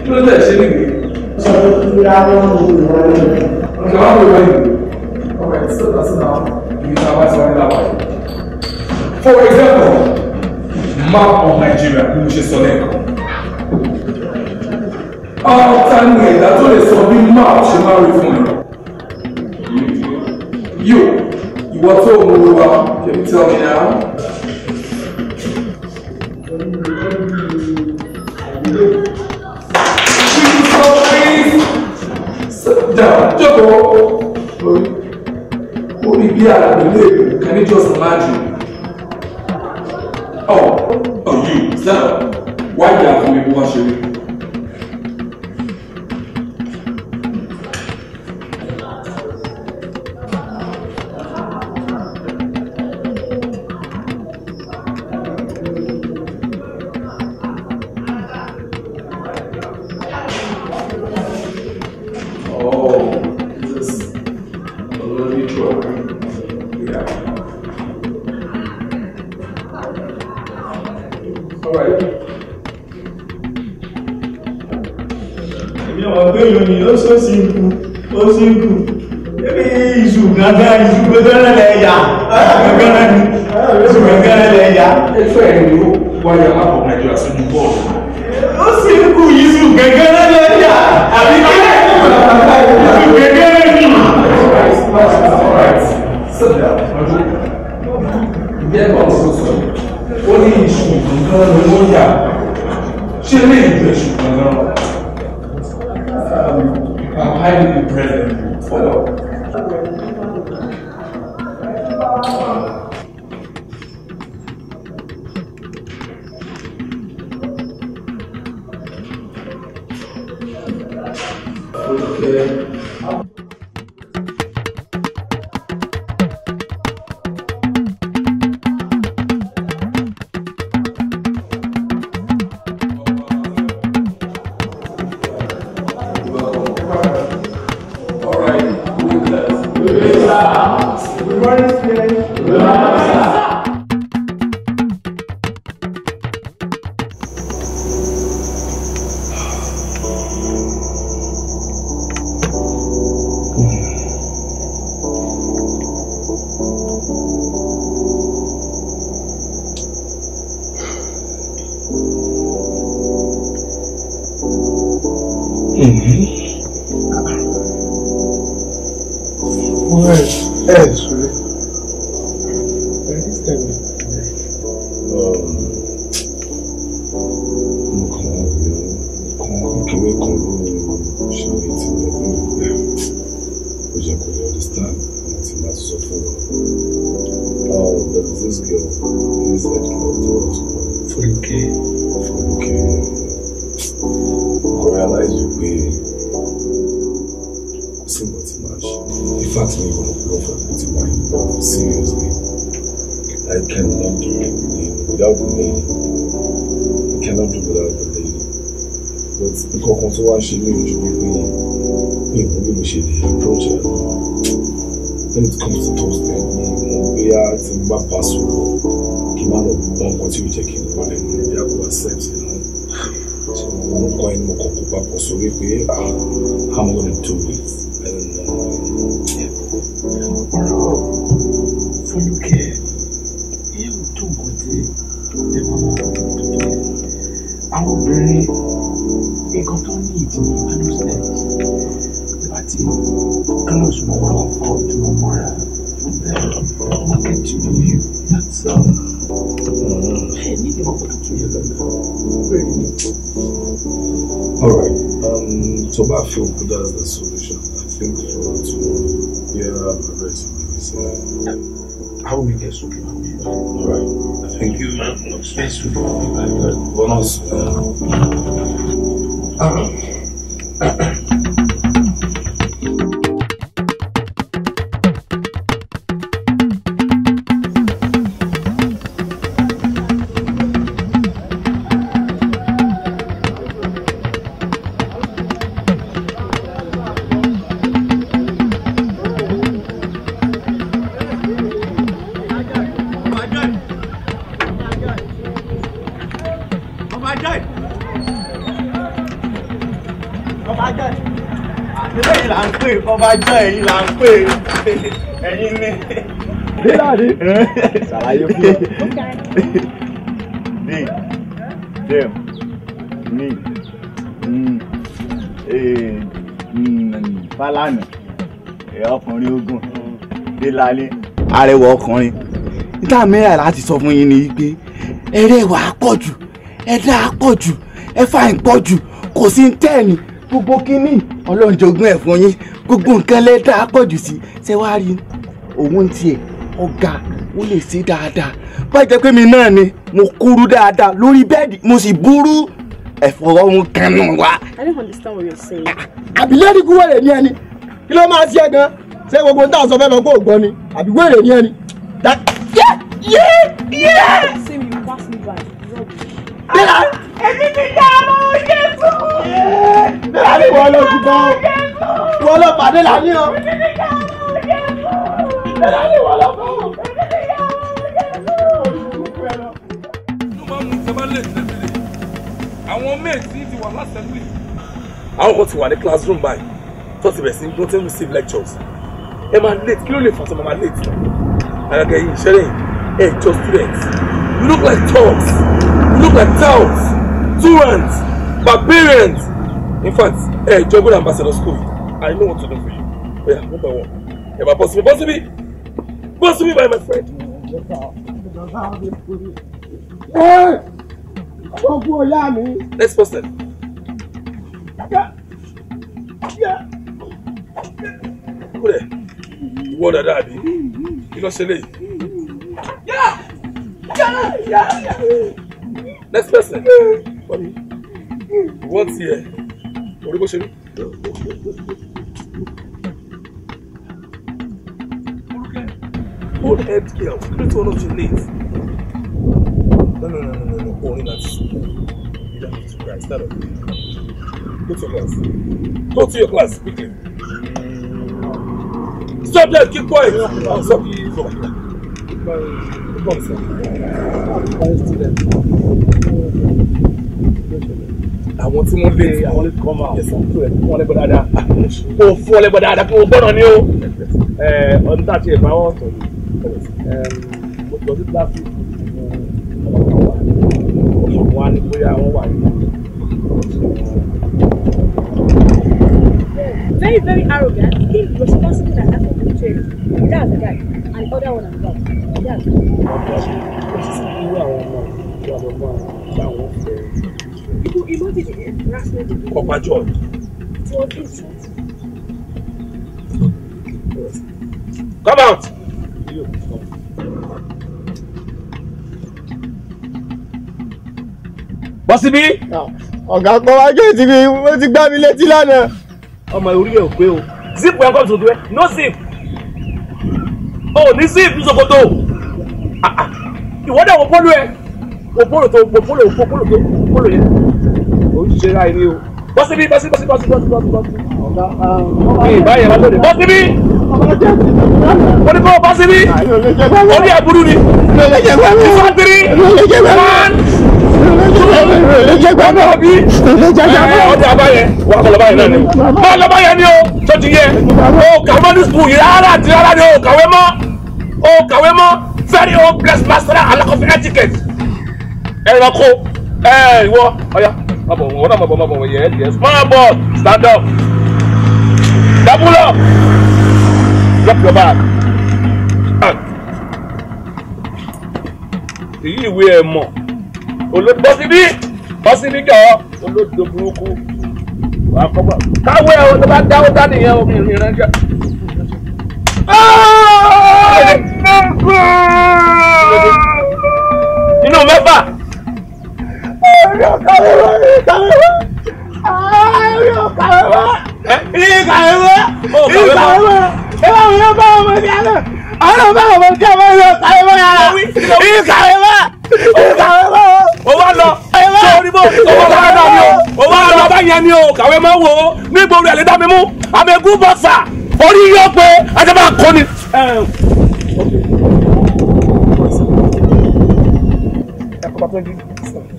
Speaker 1: kí ló tẹ̀ ṣe nìgbè. ọ̀sán tó kí á wọ́n mú ìwọ́n lẹ́yìn. ọ̀sán wọn kò wọ́n yìí ọ̀rẹ́ sọ́dọ̀ sọ́dọ̀ àwọn ìgbésẹ̀ àwọn ìṣòro ìlànà. For example, map of Nigeria bí mo ṣe sọ lẹ́ẹ̀kan. Ọ̀tá ni ẹ̀dá tó lè sọ bí map ṣe máa rí fún ẹ. Yo, ìwọ tó mú un wá, can you tell me now? Jókòó, orí bí àgbélé, can you just imagine? Oh, ọ̀ ọ̀yìn sáà wájà fún mi bó to ṣe rí. nàìjíríà sínú bọ́ọ̀lù. ó sì ń kú yìí sùn gẹ́gẹ́ lẹ́yìn àbí kẹ́lẹ́ sùn gẹ́gẹ́ lẹ́yìn. ó ní ìṣù nǹkan ló ń yà ṣé lè jẹ́ ìṣù mẹ́rìnlá ni arẹwà ọkùnrin níta mẹ́rìnlá láti sọ fún yín ni pé ẹrẹ́wà pọ̀ jù ẹ̀dá pọ̀ jù ẹ̀fà ń pọ̀ jù kò sí ń gbogbo kínní ọlọ́run jogún yín gbogbo nǹkan lẹ́dá pọ̀ jù sí ṣé wàá rí òun tiẹ̀ ọ̀gá ó lè ṣe dáadáa bá jẹ́ pé mi náà ni mo kúrú dáadáa lórí bẹ́ẹ̀dì mo sì burú ẹ̀fọ́rọ́ ń kan
Speaker 3: I don't understand what you're saying.
Speaker 1: àbílẹ̀ ah, ní kúwẹ̀rẹ̀ ní ẹni kí ló máa ṣe gan ṣé gbogbo tá a sọ fẹ́ẹ́ fẹ́ kó gbọ́ ni àbí wèrè ni ẹni.
Speaker 2: Èmi ti dá ọmọ oúnjẹ fún un. Nílá ní ìwọ ló kúkọ́. Ìwọ ló pàdé là ní o. Èmi ti dá ọmọ oúnjẹ fún un. Nílá ní ìwọ ló kọ́. Èmi ti dá ọmọ oúnjẹ fún un.
Speaker 1: Tó máa mú ìjọba lè tẹ̀lé. Àwọn méètì ti wà lásẹ̀lẹ̀. Àwọn kan ti wà ní classroom báyìí tó ti bẹ̀rẹ̀ sí ní tó receive lectures ẹ máa late kí ló lè fà sọ máa late lọ àgàgà yìí ìṣẹ̀lẹ̀ yìí ẹ jọ students you look like thugs you look like touts tyrants barbarians in fact ẹ jọ good ambassador school i know what to do for you oya one by one ẹ máa bọ́sùn mi bọ́sùn by my friend. ọgbọ́n ọ̀la mi. next person. Yeah. Yeah. Yeah. Kúrẹ̀ wọ dada àbí kí ló ṣe léyìí. next person wọ́n ti ẹ̀ orí bó ṣe rí. old head girl kí ló one wọn náà ṣe No, no no no no that. You don't need no orin láti sùn. Go to your class. Go to your class quickly. Stop that, keep quiet. Oh, stop. àwọn tí wọ́n lé àwọn lè kọ́ máa yẹsẹ̀ tó ẹ̀ kí wọ́n lẹ́gbọ́ dáadáa kó o fún ọ lẹ́gbọ́ dáadáa kó o gbọ́dọ̀ ní o ọdún tá a ti ẹ̀ bá wọ́n sọ̀rọ̀ mo sọ sí láti ọmọ kan wà ọmọ kan wà ní bóyá wọ́n wà ní
Speaker 4: Very, very arrogant, irresponsible and uncontrolled. That's the guy. And
Speaker 1: other one I'm not. That's the guy. Ibo Ibo did the harassment. Papa John. It was insult. Come out! You, come. Bọ́sibí. Ọ̀gá kan wájú ẹ̀ ti gbá mi létí lánàá ọmọ orí ẹ̀ ò pé o zip ẹ̀ ń kọ́ sòkòtò ẹ̀ no zip o ní zip ní sòkòtò ìwọ́dà wọ polo ẹ̀ wọ polo tó wọ polo wọ polo tó wọ polo yẹn o ń ṣe ra ẹni o bọ́ síbí bọ́ síbí bọ́ síbí bọ́ síbí bọ́ síbí bọ́ síbí ìbáyẹ̀ wá lóde bọ́ síbí
Speaker 2: wọ́n
Speaker 1: ní kó bọ́ síbí ó ní àbúrú ni ìfọ̀tìrì one ìlẹ́jẹ̀gbẹ́ náà bí ìlẹ́jẹ̀gbẹ́ náà. ọdẹ abayẹ wà á kọ lọ́ba yẹn náà ni. bá lọ́ba yẹn ni o tó ti yẹ o kàwé ní sukùl yìí rárá àti rárá ni o kàwé mọ́ very old blessed master alakofi etiquette ẹranko ẹ ìwọ ọya mabọ wọn náà mabọ mabọ yẹ ẹ diẹ small ball stand up double up drop your bag. Ah. èyí ìwé ẹ mọ̀ olódò bọ́sibí bọ́sibí kẹ́ ọ olódò burúkú wàá kọ́kọ́ káwé ọ ló bá dáwọ́ dání yẹn omi ìrìnàjò. inú mẹ́fà.
Speaker 2: Ìkàwé wá! Ìkàwé wá!
Speaker 1: Ìkàwé wá! Ẹ bá mi yọ bá ọmọ ní àná ọ̀rọ̀ bá àwọn tí a máa ń lọ sáré mọ́ yàrá ìsàré mọ́ o wa lọ sórí bó o o wa lọ bá ni o kàwé máa wò ó ní ìgboro ẹ̀ lè dá mi mú àmì bọ̀ fà orí yóò pé ajá máa kọ́ ni.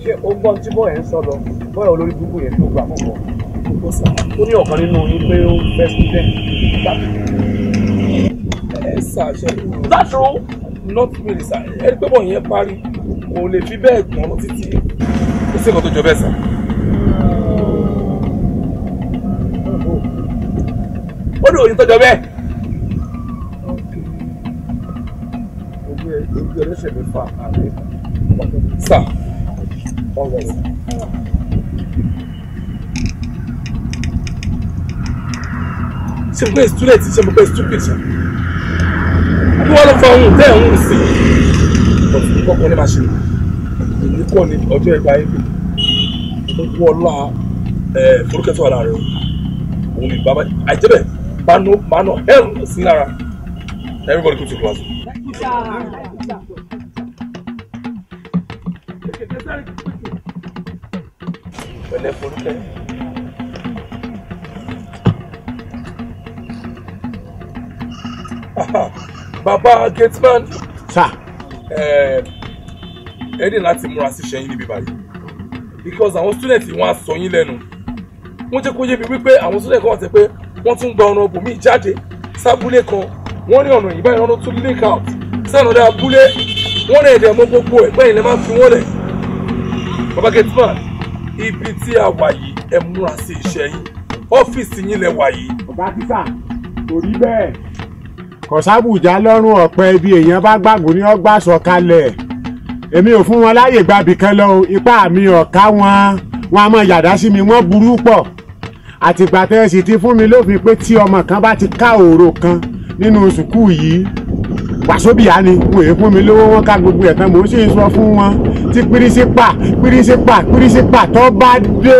Speaker 1: ṣé o gbọ́ tí bọ́ọ̀ yẹn sọ lọ bọ́ọ̀ olórí gbogbo yẹn tó gbà fún ọ. ó ní ọ̀kan nínú yín pé ó fẹ́ sílẹ̀ sà ṣẹ́gun that's all not really sà ẹni pé bọ̀ọ̀ yẹn parí kò lè fi bẹ́ẹ̀ gbọ́n lọ títí ó sì nǹkan tó jọ bẹ́ẹ̀ sà. ó ní òyìn tó jọ bẹ́ẹ̀. ojú ẹlẹ́sẹ̀ mi fà àárẹ̀ sà ọ̀rọ̀ sà. ṣé mo pé student ṣé mo pé stupid bí wọ́n lọ fọ ohun tẹ́ ń sìn ọ̀tún kọ́kọ́ ní máa ṣe èyí kọ́ ni ọjọ́ ẹgbàá yìí ó wọ́ ọlá forúkẹ́tọ̀ ọ̀la rẹ̀ òun ni bàbá àìjẹ́bẹ̀ bánú bánú ẹ̀rù sí lára everybody go to class. pẹ̀lẹ́ forúkẹ́. Ha ha bàbá gateman ẹ dì láti múra síṣẹ́ yín níbi báyìí because àwọn student wọn á sọ yín lẹ́nu wọ́n jẹ́ kó yé mi wípé àwọn student kan wà tẹ́ pé wọ́n tún gba ọ̀nà ibòmíì jáde sábúlé kan wọ́n ní ọ̀nà yìí báyìí ọ̀nà tún link out sànàdà abúlé wọ́n rẹ̀ ẹ̀dẹ̀ mọ́ gbogbo ẹ̀ bẹ́ẹ̀ ni ẹ máa fi wọ́n lẹ̀ bàbá gateman ibi tí a wà yìí ẹ múra sí iṣẹ́ yín ọ́fíìsì yín lẹ wà yìí. ọ̀gá tíṣà kò rí bẹ́ẹ̀ kọ̀sábùjá lọ́rùn ọ̀pẹ ibi èèyàn bá gbàgùn ní ọgbà sọ̀kalẹ̀ èmi ò fún wọn láàyè gbàbì kan lọ ipá mi ọ̀ká wọn wọn a mọ yàdá sí mi wọ́n burú pọ̀ àtìgbà tẹ́ ẹ sì ti fún mi lófin pé tí ọmọ kan bá ti ká òòrò kan nínú sùkúù yìí wàsóbìá ni wọn èé fún mi lówó wọn ká gbogbo ẹ̀ tán mò ń sì sọ fún wọn tí pírísípà pírísípà pírísípà tó bá dé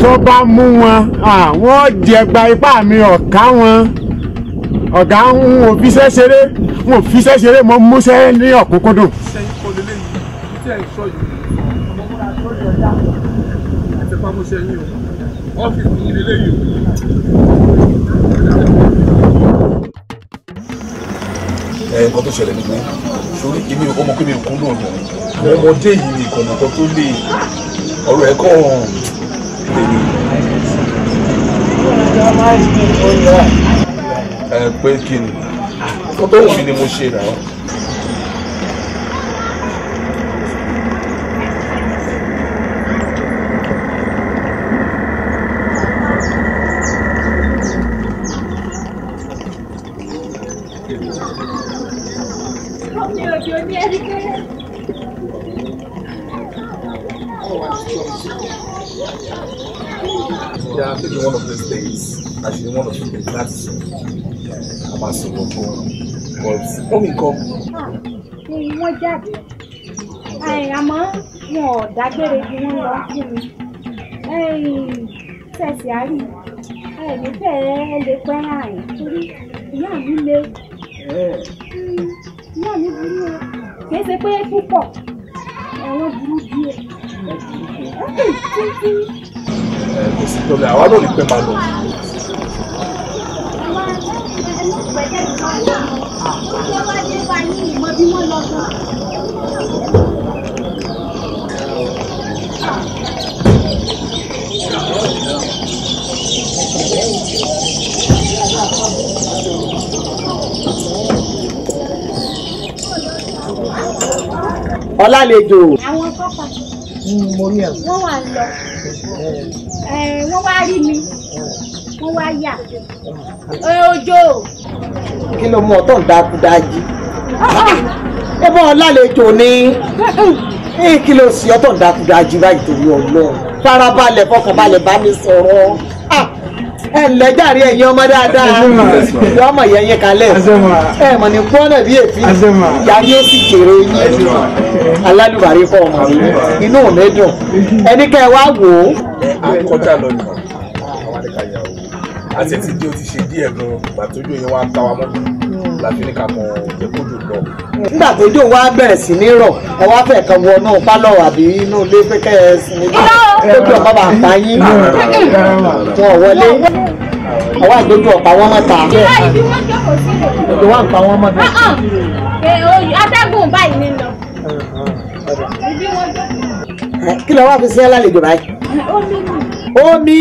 Speaker 1: tó bá mú wọn àwọn jẹgba ipá mi ọ̀ká wọn ọ̀gá ń wò fiṣẹ́ ṣeré wò fiṣẹ́ ṣeré mọ múṣẹ́ ní ọ̀kúnkúndùn. ẹ nǹkan tó
Speaker 2: ṣẹlẹ̀ nígbẹ́ sórí èmi ò
Speaker 1: mọ̀ pé mi ò kún lóòrùn àwọn ọmọdé yìí ni ìkànnì kan tó lè ọ̀rọ̀ ẹ̀kọ́ ọ̀hún lè ní ẹ pé kí ni kí ni mo ṣe rà Yeah, I think one of those days, actually one of the things that's máa sọ̀rọ̀ gan but omi nǹkan.
Speaker 4: wọ́n ah, jáde àmọ́ wọn ò dágbére bí wọ́n lọ fún mi tẹ̀sí àárí ẹ̀mí bẹ́ẹ̀ lè pẹ́ àárín torí ìyá mi le hmm, ìyá mi burú o kì í ṣe pé púpọ̀ ẹ̀wọ̀n burú díẹ̀ títí.
Speaker 1: kò sí tọ́lẹ̀ àwa náà lè pẹ́ máa lọ
Speaker 4: pẹ̀lẹ́ kan náà ó ní ìmọ̀ wọ́n lọ lọ wọ́n wá rí mi wọ́n wá yà ojo
Speaker 1: kí ló mú ọtọ̀ ń dákú dájí ẹ bọ́ ọ lálejò ni ẹ kí ló sì ọtọ̀ ń dákú dájí báyìí torí ọlọ́run farabalẹ̀ fọkànbalẹ̀ bá mi sọ̀rọ̀ ẹ ǹlẹ́ jàre ẹ̀yin ọmọ dáadáa ìyá ọmọ yẹn yẹn kalẹ̀ ẹ mọ̀ ní kúọ́nà bí èéfín ìyá yóò sì jèrè yín alálùbárí fọ ọmọ yìí inú mi dùn ẹni kẹ́ ẹ wá wò ó àti ẹtì dé o ti ṣe díẹ̀ gan gbàtójú yẹn wá ń ta wa mọ́ láti ní ká mọ jẹ kójú lọ. nígbà tójú wa bẹ̀rẹ̀ sí ní rọ̀ ẹ wá fẹ́ kan wọnú pálọ̀ àbí inú ilé pé kẹ́ ẹ sì ní bá lójú ọ̀pá bá ń pa yín wọn wọlé àwọn àgbójú ọ̀pá wọn mọ̀ ta. ìjọ wa ń pa wọn mọ̀ ta. Ah,
Speaker 4: ah. atẹ́gùn báyìí ni lọ.
Speaker 1: kí ló wá fi sí ẹ lálejò báyìí. omi.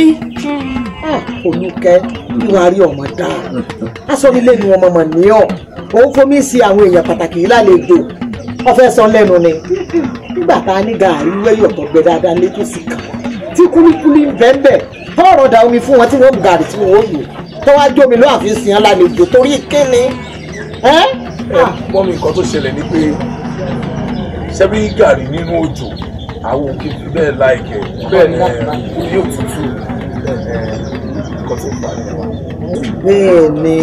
Speaker 1: Olúkẹ́ ah, ìwà rí ọmọ dáa asọ́nilé ni ọmọ mọ̀ ní ọ̀ òun fomi sí àwọn èèyàn pàtàkì lálejò ọfẹ́ sọ lẹ́nu ni nígbà tá a ní gàárì wẹ́yọ̀ tó gbẹ dáadáa létòsí kan tí kúlíkúlí ń bẹ́ẹ̀ da omi fún wọn tí wọ́n gàárì tí wọ́n lò tọ́wọ́ ajómi ló àfi sìn án lálejò torí kíni. mọ́mí nǹkan tó ṣẹlẹ̀ ni pé ṣebí gàárì nínú òjò àwọn òkè bẹ́ẹ̀ láìkẹ́ bẹ́ẹ̀ eh, ni òye òtútù nǹkan ti fà ní wa. bẹ́ẹ̀ ni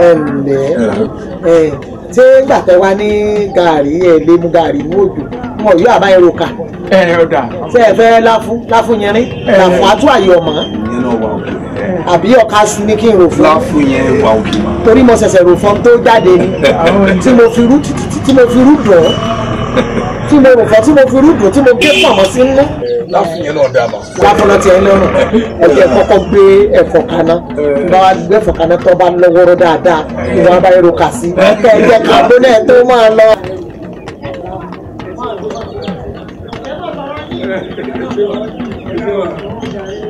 Speaker 1: ẹ ǹlẹ́ ẹ ṣé nígbà tẹ wá ní gàárì ẹ lè mú gàárì mú òjò wọn yóò àbá ẹ roka. ẹ ẹ ọ̀dà. ṣé ẹ fẹ́ láfún láfún yẹn rí láfún atú àyè ọmọ. ìyẹn náà wà òkè. àbí ọ̀ka ní kí n rò fún. láfún yẹn wà òkè. torí mo ṣẹ̀ṣẹ̀ rò fún tó jáde ni (laughs) tí mo fi rú dùn. (laughs) tí mo rùn fún tí mo fi rúdùn tí mo gbé pàmò sí ńlẹ. láfìyẹn náà dáná. láfọlọ tiẹ̀ lọ́rùn ẹ̀jẹ̀ kọ́kọ́ gbé ẹ̀fọ́ kaná bá wa gbé ẹ̀fọ́ kaná tó bá lọ́wọ́rọ́ dáadáa ìwà abáyẹ̀rọ kà sí ẹ̀jẹ̀ kàdó náà tó máa lọ. Thank you.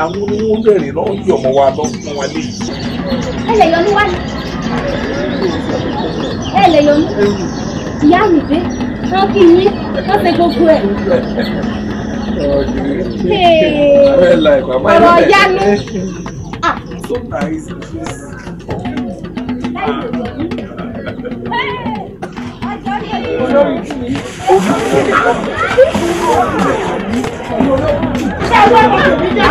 Speaker 1: àwọn oníwó bẹ̀rẹ̀ lọ́wọ́ yọ̀ mọ́ wa lọ fún wa lé.
Speaker 4: ẹ lè yọnu wá ní. ẹ lè yọnu. ìyá mi dé wọn kì í wọn ṣe gbogbo ẹ.
Speaker 1: ọ̀rọ̀ ìyá mi.
Speaker 2: So nice.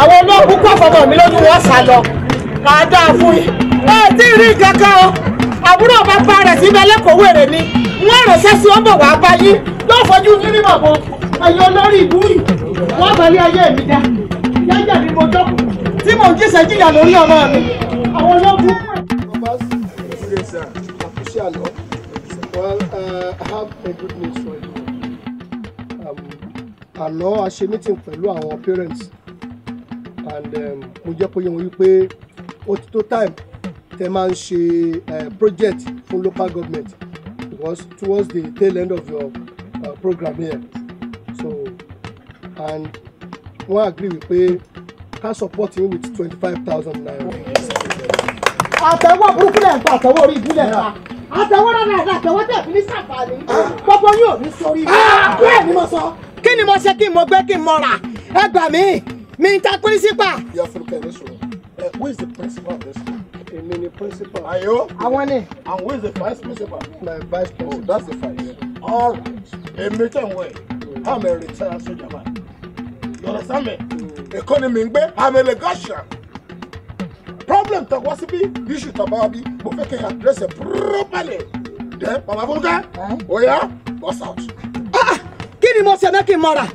Speaker 1: àwọn olóògùn kú àfọmọ mi lójú wọn sá lọ màá fún yín ẹ tí rí kankan o àbúrò bàbá rẹ̀ síbẹ̀ lẹ́kọ̀ọ́ wèrè ni wọ́n ránṣẹ́ sí ó bọ̀ wá bá yín yóò fojú yín mímọ̀ bọ̀ ẹ̀yọ́ lórí ìlú yìí wọ́n balẹ̀ ayé mi dá yájà mi mo dọ́kù tí mò ń jíṣẹ́ jìyà lórí ọmọ mi àwọn ológun. Bàbá ṣe ṣe àkúṣe àlọ́ well uh, I have a good news for you. Um, àná a ṣe meeting pẹ̀lú àwọn parents and um, mo jẹ́ kó yé wọn wípé ó ti tó time tẹ máa ń ṣe project fún local government because towards the tail end of your uh, program here so and wọ́n agree wípé ká support him with twenty five thousand naira. àtẹ̀wọ́ burúkú lẹ̀ ń pa àtẹ̀wọ́ orí ìbílẹ̀ ń pa àtẹ̀wọ́ rárá ẹ̀dá àtẹ̀wọ́ tẹ̀
Speaker 4: fi ní sàǹfààní
Speaker 1: gbogbo yóò ní sórí ah! bẹ́ẹ̀ ni mo sọ. kí ni mo ṣe kí n mo gbé kí n mọ rà ẹ gbà mí. Me Mr. Principal. You Ìyá Fúnkẹ́ ló sọ̀rọ̀. Who is the principal of this school? Èmi ni principal. Ayo. Àwọn ni. And who is the vice principal? My vice oh, principal. Oh, that's the vice. All right. Èmi tẹ̀ wọ̀ ẹ̀. I'm a retired soldier man. You understand me? Mm. Èkó ni mi ń gbé. I'm a legation. Problem to wá síbí, issue tó bá wá bí, mo fẹ́ kí n address it properly. Then, Bàbá Fúnkẹ́, Oh yeah. bust out. Ah, kí ni mo ṣe mẹ́kì mọ́ra?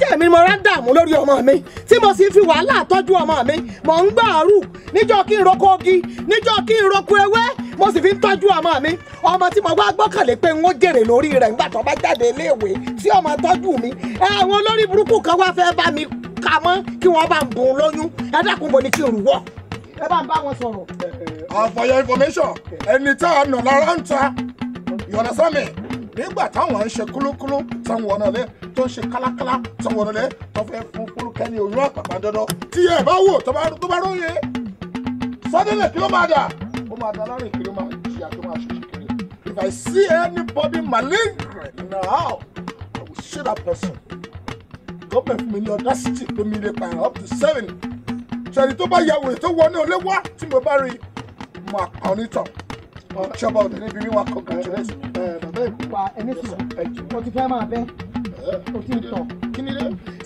Speaker 1: jẹ́jẹ́ mi mo rán dààmú lórí ọmọ mi tí mo sì fi wàhálà tọ́jú ọmọ mi mò ń gbà ọ̀rù níjọ́ kí n roko ogi níjọ́ kí n roko ewé mo sì fi ń tọ́jú ọmọ mi ọmọ tí mo wá gbọ́kànlé pé n ó jèrè lórí rẹ̀ nígbà tó bá jáde iléèwé tí ọmọ tọ́jú mi àwọn olórí burúkú kan wá fẹ́ bá mi kà mọ́ kí wọ́n bá ń bùn lóyún ẹ dákun bo kí n rù wọ́ ẹ bá ń bá wọn sọ̀rọ̀. àfọyọ information ẹni tá a nà lára ń ta you understand me nígbà táwọn ń ṣe kúlúkúlú táwọn ọ̀nà lẹ́yìn tó ṣe kálákálá sọ̀wọ́n lẹ́ tó fẹ́ fún Fọlúkẹ́ ní oyún àpàpà dandan tí ẹ bá wò tó bá róye sọdẹ́lẹ̀ kí ló máa dà ó máa dà láàrin kí ló máa jìyà tó máa ṣe kiri If I see anybody malignant now I will shoot that person government fún mi ní audacity pé mi lè pààyàn up to seven ṣẹ̀rí tó bá yà wòye tó wọnú ilé wá tí mo bá rí mo àpà onítàn ṣọba ọ̀dọ̀ níbi wíwá congratulation. bàbá ìkópa ẹni sùn eh, eh, o ti fẹ́ máa bẹ́ eh, o ti ń tọ̀.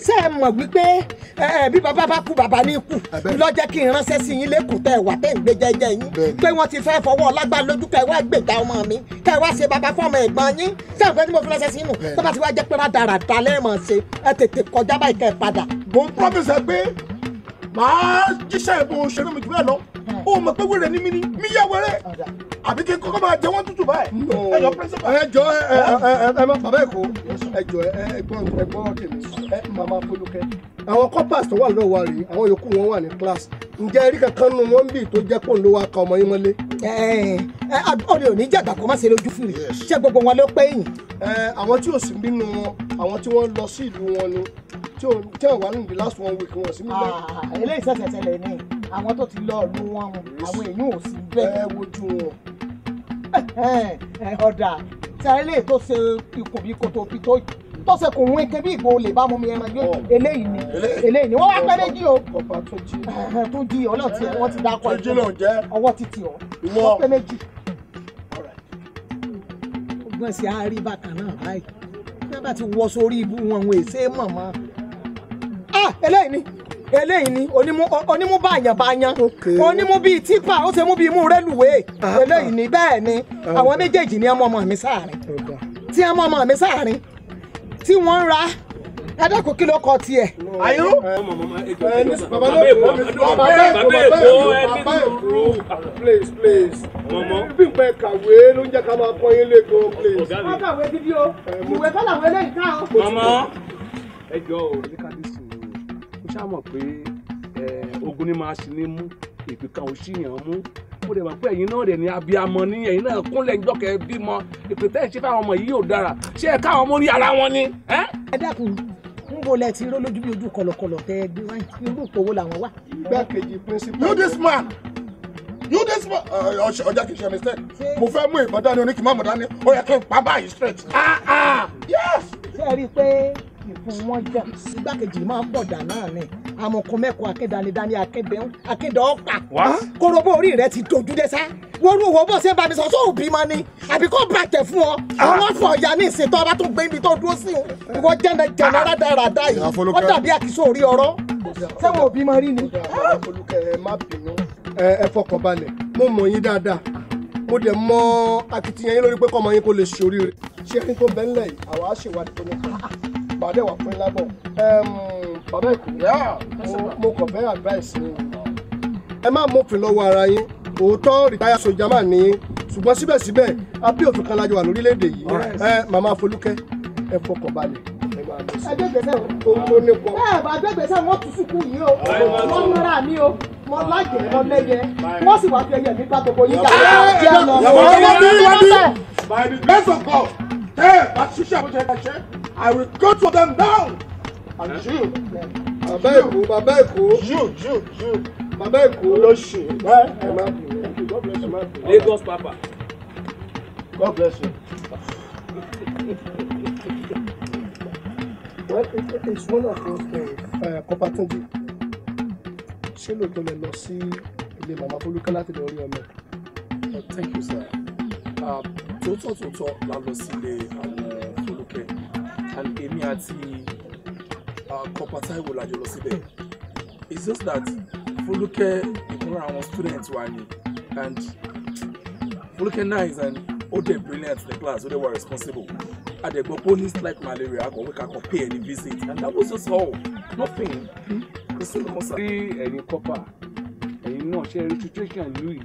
Speaker 1: ṣé ẹ mọ̀ wípé bí bàbá bá kú bàbá ní kú lọ́jẹ́ kí n ránṣẹ́ sí yín lẹ́kùn tẹ́ ẹ wà tẹ́ ń gbé jẹ́jẹ́ yín pé wọ́n ti fẹ́ fọwọ́ lágbá lójú kẹ́ ẹ wá gbèdá ọmọ mi kẹ́ ẹ wá ṣe bàbá fọ́ọ̀mù ẹ̀gbọ́n yín ṣé àwọn ẹni mo fi ránṣẹ́ sí inú tó bá ti wá jẹ́ pé rádaràda lẹ́ẹ̀mọ̀ ṣe ẹ tètè kọjá báyìí kẹ́ padà. mo ń promise ẹ pé màá jíṣẹ́ ìbò òṣèré mi jù bẹ́ẹ̀ lọ ó mọ̀ pé wèrè ni mí ni mí yá wẹ́rẹ́ àbí kí n kọ́kọ́ máa jẹ wọ́n tútù báyìí. ẹ jọ principal. ẹ jọ ẹ ẹ ẹ bàbá ẹ kò ẹ jọ ẹ ẹ gbọ́ ẹ gbọ́ tèmi ẹ màmá Folúkẹ́ àwọn corpers tó wà lọ́wọ́ wa rèé àwọn yòókù wọn wà ní class ǹjẹ́ eré kankan nu wọn bì tó jẹ́ pò ń lo wa ka ọmọ yín mọ́lé. ẹ ẹ ọdẹ ò ní jàgbá kó má ṣe lójú fìrì ṣé gbogbo wọn ló pé yìn. ẹ àwọn tí ò sí nínú wọn àwọn tí wọn lọ sí ìlú wọn ni tí ò tí ò wà nínú the last one week wọn sí mi lọ. Ah, eléyìí ṣẹ̀ṣẹ̀ ṣẹlẹ̀ ni àwọn tó ti lọ ìlú wọn àwọn èèyàn ò sí bẹ́ẹ̀. ẹ wojú wọn. ọ̀dà tí a lè tó ṣe ikùn bí kòtò fi tó yìí tọ́sẹ̀ kò wọ́n ike bí ìgbò lè bá mú mi ẹran yóò oh. eléyìí ni eléyìí ni wọ́n wá pẹ́ méjì o tó jí ọ̀nà tí wọ́n ti dákọ̀ ẹ̀ ọwọ́ títí ọ̀ wọ́n pẹ́ méjì. ọgbọ́n sí àárí bákan náà báyìí nígbà tí wọ́n sórí ibú wọn òun èsè mọ̀ ah, eléyìí ni eléyìí ni onímú báyàn báyàn onímú bíi tipa ó ṣe mú bíi imú rélùwéè ah, ah. eléyìí ni bẹ́ẹ̀ ni àwọn méjèèjì ni ọmọ ọmọ mi sáàrin tí ọmọ ọmọ mi sáàrin tí wọ́n ń ra ẹ̀dẹ́kùn kí ló kọ tiẹ̀. àyù. bàbá èkó bàbá èkó bàbá èkó please please. bí nǹkan ẹ̀ kàwé ló ń jẹ́ ká máa kọ́ yín lẹ́kọ̀ọ́ please. wọ́n kàwé dídí o ìwé kọ́là wọlé ìka o. mama ẹ jọ o ní ká ní sùn o ṣáà mọ̀ pé ogun ni màá sì ní mú ìpínká òṣìyàn mú mo dẹ̀ mọ̀ pé ẹ̀yin náà rẹ̀ ní abiyamọ ní ẹ̀yin náà kúnlẹ̀ jọ́kẹ́ bímọ èpè tẹ́ ẹ̀ ṣe fáwọn ọmọ yìí ò dára ṣé ẹ káwọn ọmọ orí ara wọn ni. ẹ dákun n bò lẹ ti rólójú bí ojú kọlọkọlọ tẹ ẹ gbé wáyé irú ìpowó làwọn wà. igbákejì principal. you this man you this man ọjà kìí ṣe mistake mo fẹ́ mú ìbọn dání oníkìmọ̀ mọ̀ dání ó yẹ kí n pa báyìí straight. ah ah yes. ṣé ìbú wọn jà igbákejì máa ń bọ̀dà náà ni amọ̀kùn mẹ́kọ̀ọ́ akédanidani akédéhùn akédọ́ọ̀pà kóróbó orí rẹ ti dojú dé sá wọ́n wọ́n bọ̀ sẹ́ bá mi sọ sọ òbí ni àbí kò bàtẹ̀ fún ọ ah. àwọn fọ ọ̀yà ní ìsìn tó gbé ibi tó dúró sí o ìwọ jẹ́nà jẹ́nà ah. rádaràda yìí wọ́n dàbí àkísọ́ orí ọ̀rọ̀ sẹ́wọ̀n òbí ma rí ni. Ah. ẹ fọkàn balẹ̀ mo mọ̀ yín dáadáa mo dẹ̀ mọ akitiyan yín lórí pé kọ́mọ yín kò lè ṣoríire ṣé kí tó bẹ́ńlẹ̀ yìí àwa ṣèwádìí tó ní kọ́ bàdé wà fún lábọ̀ bàbá ẹ̀kú mo kàn fẹ́ advice ni ẹ má mọ̀fin lọ́wọ́ ara yín òótọ́ rìtáyà sójà máa ní ṣùgbọ́n síbẹ̀síbẹ̀ abẹ́ òtún kan lájọ wà lórílẹ̀‐èdè yìí màmá Folúkẹ́ ẹ fọkàn balẹ̀ ẹgbẹgbẹsẹ o ní kọ. bẹ́ẹ̀ bá wọn tún sùkú yìí o wọn nara mi o mọ lájẹ lọ lẹyẹ wọn sì wá fi ẹyẹ mi bá gbogbo yín jà. yàrá yàrá bí wọ́n bí bẹ́ẹ̀ sọ̀kọ̀ tẹ́ ẹ̀ bá ṣiṣẹ́ àbújá ẹ̀ ṣe. I will cut them down. And you, Bàbá Èkó, Bàbá Èkó, you, you, you, Bàbá Èkó ló Lagos Papa. God bless you. Well, it, it's one of those things. Kọ́pátọ́jú, uh, ṣé lóòótọ́ lè lọ sí ilé màmá Folúkẹ́ láti lọ rí ọmọ? Oh, thank you, sir. Uh, tòótọ́ tòótọ́ la lọ sí ilé àwọn èmi àti Corporal Taiwo la jọ lọ síbẹ̀ it's just that Fọlúkẹ́ ìkúnra àwọn student wa ni and Fọlúkẹ́ nice and ó dẹ̀ brilliant in the class ó dẹ̀ wà responsible àdẹ̀gbọ́ ponies like malaria akọ̀wé kakọ̀ pay any visit and that was just all nothing kò sí nǹkan sá. ṣé ẹ̀yin kọ́pà ẹ̀yin náà ṣe rí situation lóyún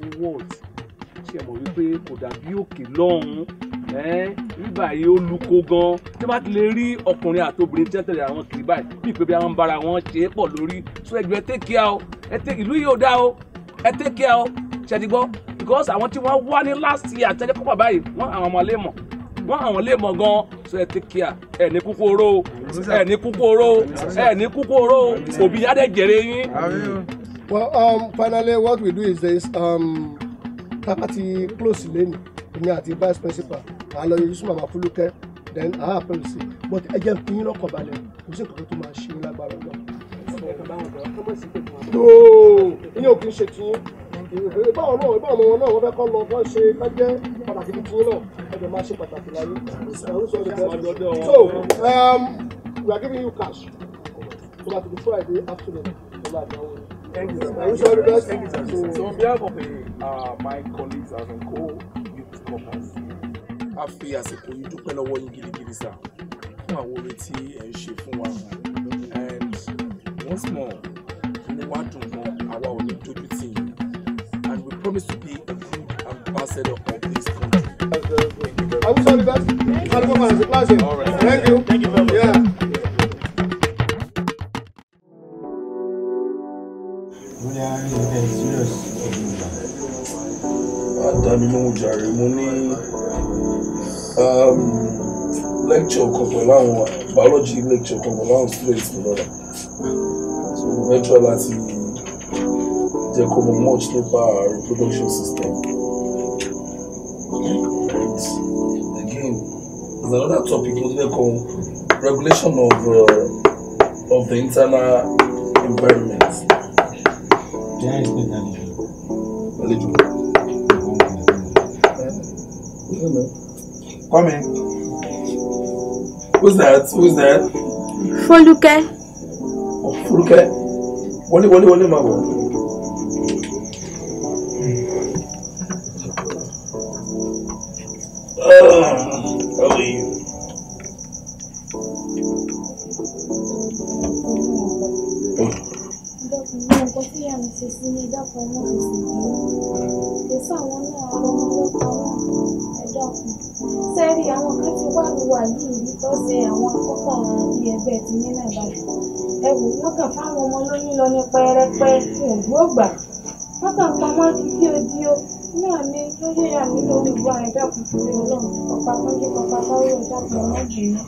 Speaker 1: ní world ṣe mọ̀ wípé kò dàbí òkè lọ́hùn-ún bíbà yìí ó luko gan tí wọ́n bá ti lè rí ọkùnrin àtobìnrin tí àwọn kiri báyìí bí ìpè àwọn bára wọn ṣe é pọ̀ lórí so ẹgbẹ́ tẹ́kíá o ìlú yìí ò dá o ẹ tẹ́kíá o ṣẹ́dígbọ́ because àwọn tí wọ́n wá ní last year àtẹ́jẹ́ kọ́pà báyìí wọ́n àwọn ọmọ lè mọ̀ wọ́n àwọn lè mọ̀ gan so ẹ tẹ́kíá ẹ ní kúkú oró o ẹ ní kúkú oró o ẹ ní kúkú oró o òbí yá Well, um, finally, what we do is this, um, tapati close lane èmi àti vice principal à lọ yọjú sí then à á sí but ẹ jẹ́ fi yín lọ́kàn balẹ̀ kò sí nǹkan tó máa ṣe yín lágbára lọ. yóò yín ò kí ń ṣe tiyín báwọn náà báwọn ọmọ náà wọ́n fẹ́ kọ́ lọ wọ́n ṣe kájẹ́ pàtàkì ní tiyín náà ẹ jẹ́ máa ṣe pàtàkì láyé so um, we are giving you cash so that to be Friday afternoon so that you are Thank you. I you Thank you, So, on behalf of uh, my colleagues as in co kọ̀ọ̀kan a fi àsìkò yìí dúpẹ́ lọ́wọ́ yín gidigidi sà fún àwọn oore tí ẹ ń ṣe fún wa and once more inú wa dùn gan àwa ò ní dojú tì yín and we promise to be a good ambassador of this country. I wish all the best. All the
Speaker 2: Thank you. Yeah
Speaker 1: mi lóhùn jàre mo ní um, lecture kan pẹ̀lú àwọn biology lecture kan pẹ̀lú àwọn students mi lọ́la so mo fẹ́ try láti jẹ́ kó mọ̀ much nípa reproduction system. But again, there's another topic mo ti fẹ́ regulation of uh, of the internal Kwame. Who's that? Who's that? Foluke. Oh, Foluke. Wale, wale, wale, mama.
Speaker 3: táwọn ọmọ lóyún lọ ní pẹrẹpẹ òdúró
Speaker 4: gbà wọn
Speaker 3: kàn pa wọn títí odi o náà ni lóye yà mí lórí gbọ àrùn dàpọ̀ torí ọlọ́run ọ̀pá pọ́njú pàpà báwo dàpọ̀ ọmọ
Speaker 2: jìnnà.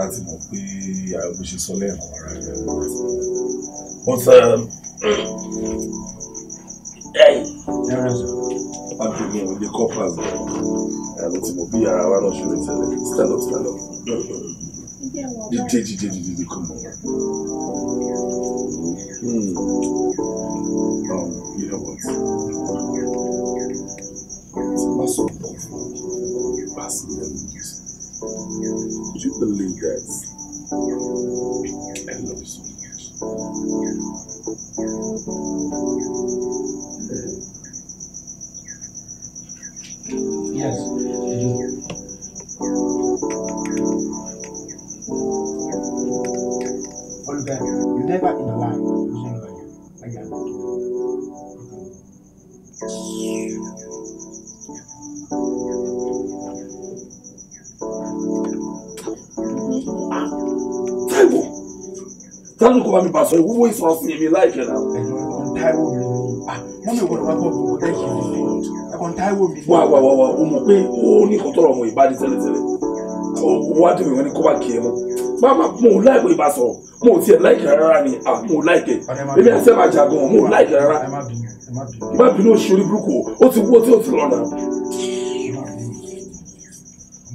Speaker 1: láti mọ̀ pé àgbo ṣe sọ lẹ́ẹ̀kan ara rẹ̀ but pàtàkì ọ̀dẹ corpers ló ti mọ̀ bí ara wa náà ṣe lè tẹ̀lé stand up stand up dídé dídé dídé kọ́ mọ́. believe that. bá mi bà sọ ìwúwo ìsọ̀rọ̀sìn mi láìpẹ́ náà. ẹ̀gbọ́n Táíwò mi ah, wọ́n mi wọ̀rọ̀ wá gbọ́ gbogbo dáìkì mi ẹ̀gbọ́n Táíwò mi. wà wà wà wà o mọ̀ pé ó ní kòtò ọ̀rọ̀ ọmọ ìbádi tẹ́lẹ̀tẹ́lẹ̀ wá dùn mí wọ́n ní kó bá kí ẹ mọ́ bàbá mo láìpẹ́ ìbá sọ̀rọ̀ mo tiẹ̀ láìpẹ́ rárá ni ah, mo láìpẹ́ èmi àti ẹ̀ máa jà gan mo láìpẹ́ rárá ìbá bínú òṣèré burúkú ó ti wó tí ó ti lọ náà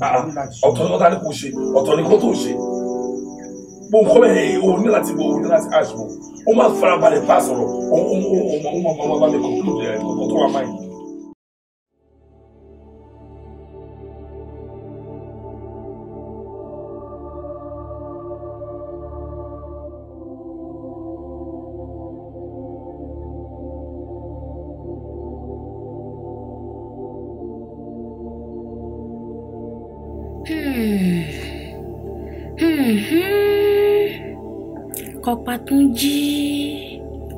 Speaker 1: ah, ọ̀tọ̀ ni kò tó ṣe bó ń kọ́ bẹ́ẹ̀ o ní láti bò o ní láti aṣọ o máa farabalẹ̀ bá sọ̀rọ̀ o máa bá mi kọ̀ tó wà báyìí.
Speaker 4: Kọpatúnjí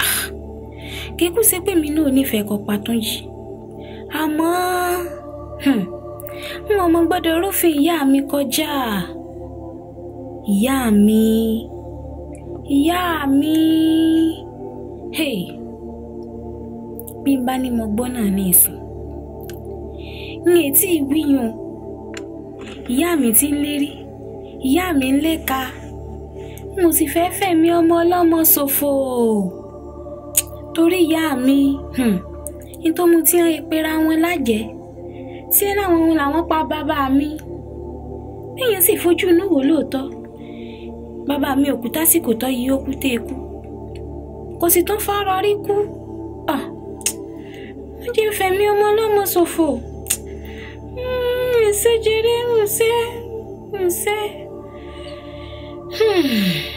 Speaker 4: ah, kíkú ṣe pé mi náà nífẹ̀ẹ́ Kọpatúnjí àmọ́ hmm, n ò mọ gbọ́dọ̀ rófin ìyá mi kọjá ìyá mi ìyá mi hey bí n bá ní mo gbọ́ náà ní ìsìn n ètí ìwíyàn ìyá mi ti ń lérí ìyá mi ń léka mo sì fẹ́ fẹ̀mí ọmọ ọlọ́mọ ṣòfò torí ìyá mi hmm, ní tó mu tí ń pera wọn lájẹ́ tí láwọn ohun làwọn pa bàbá mi bẹ́yẹn sì fojú inú wò lóòótọ́ bàbá mi òkúta sì kò tọ́ yìí òkúta ikú kò sì tún fọ́rọ̀ rí kú wọ́n jẹ́ fẹ̀mí ọmọ ọlọ́mọ ṣòfò hmm, ǹṣẹ́ jẹrẹ ǹṣẹ́ ǹṣẹ́. Hmm. (sighs) (sighs)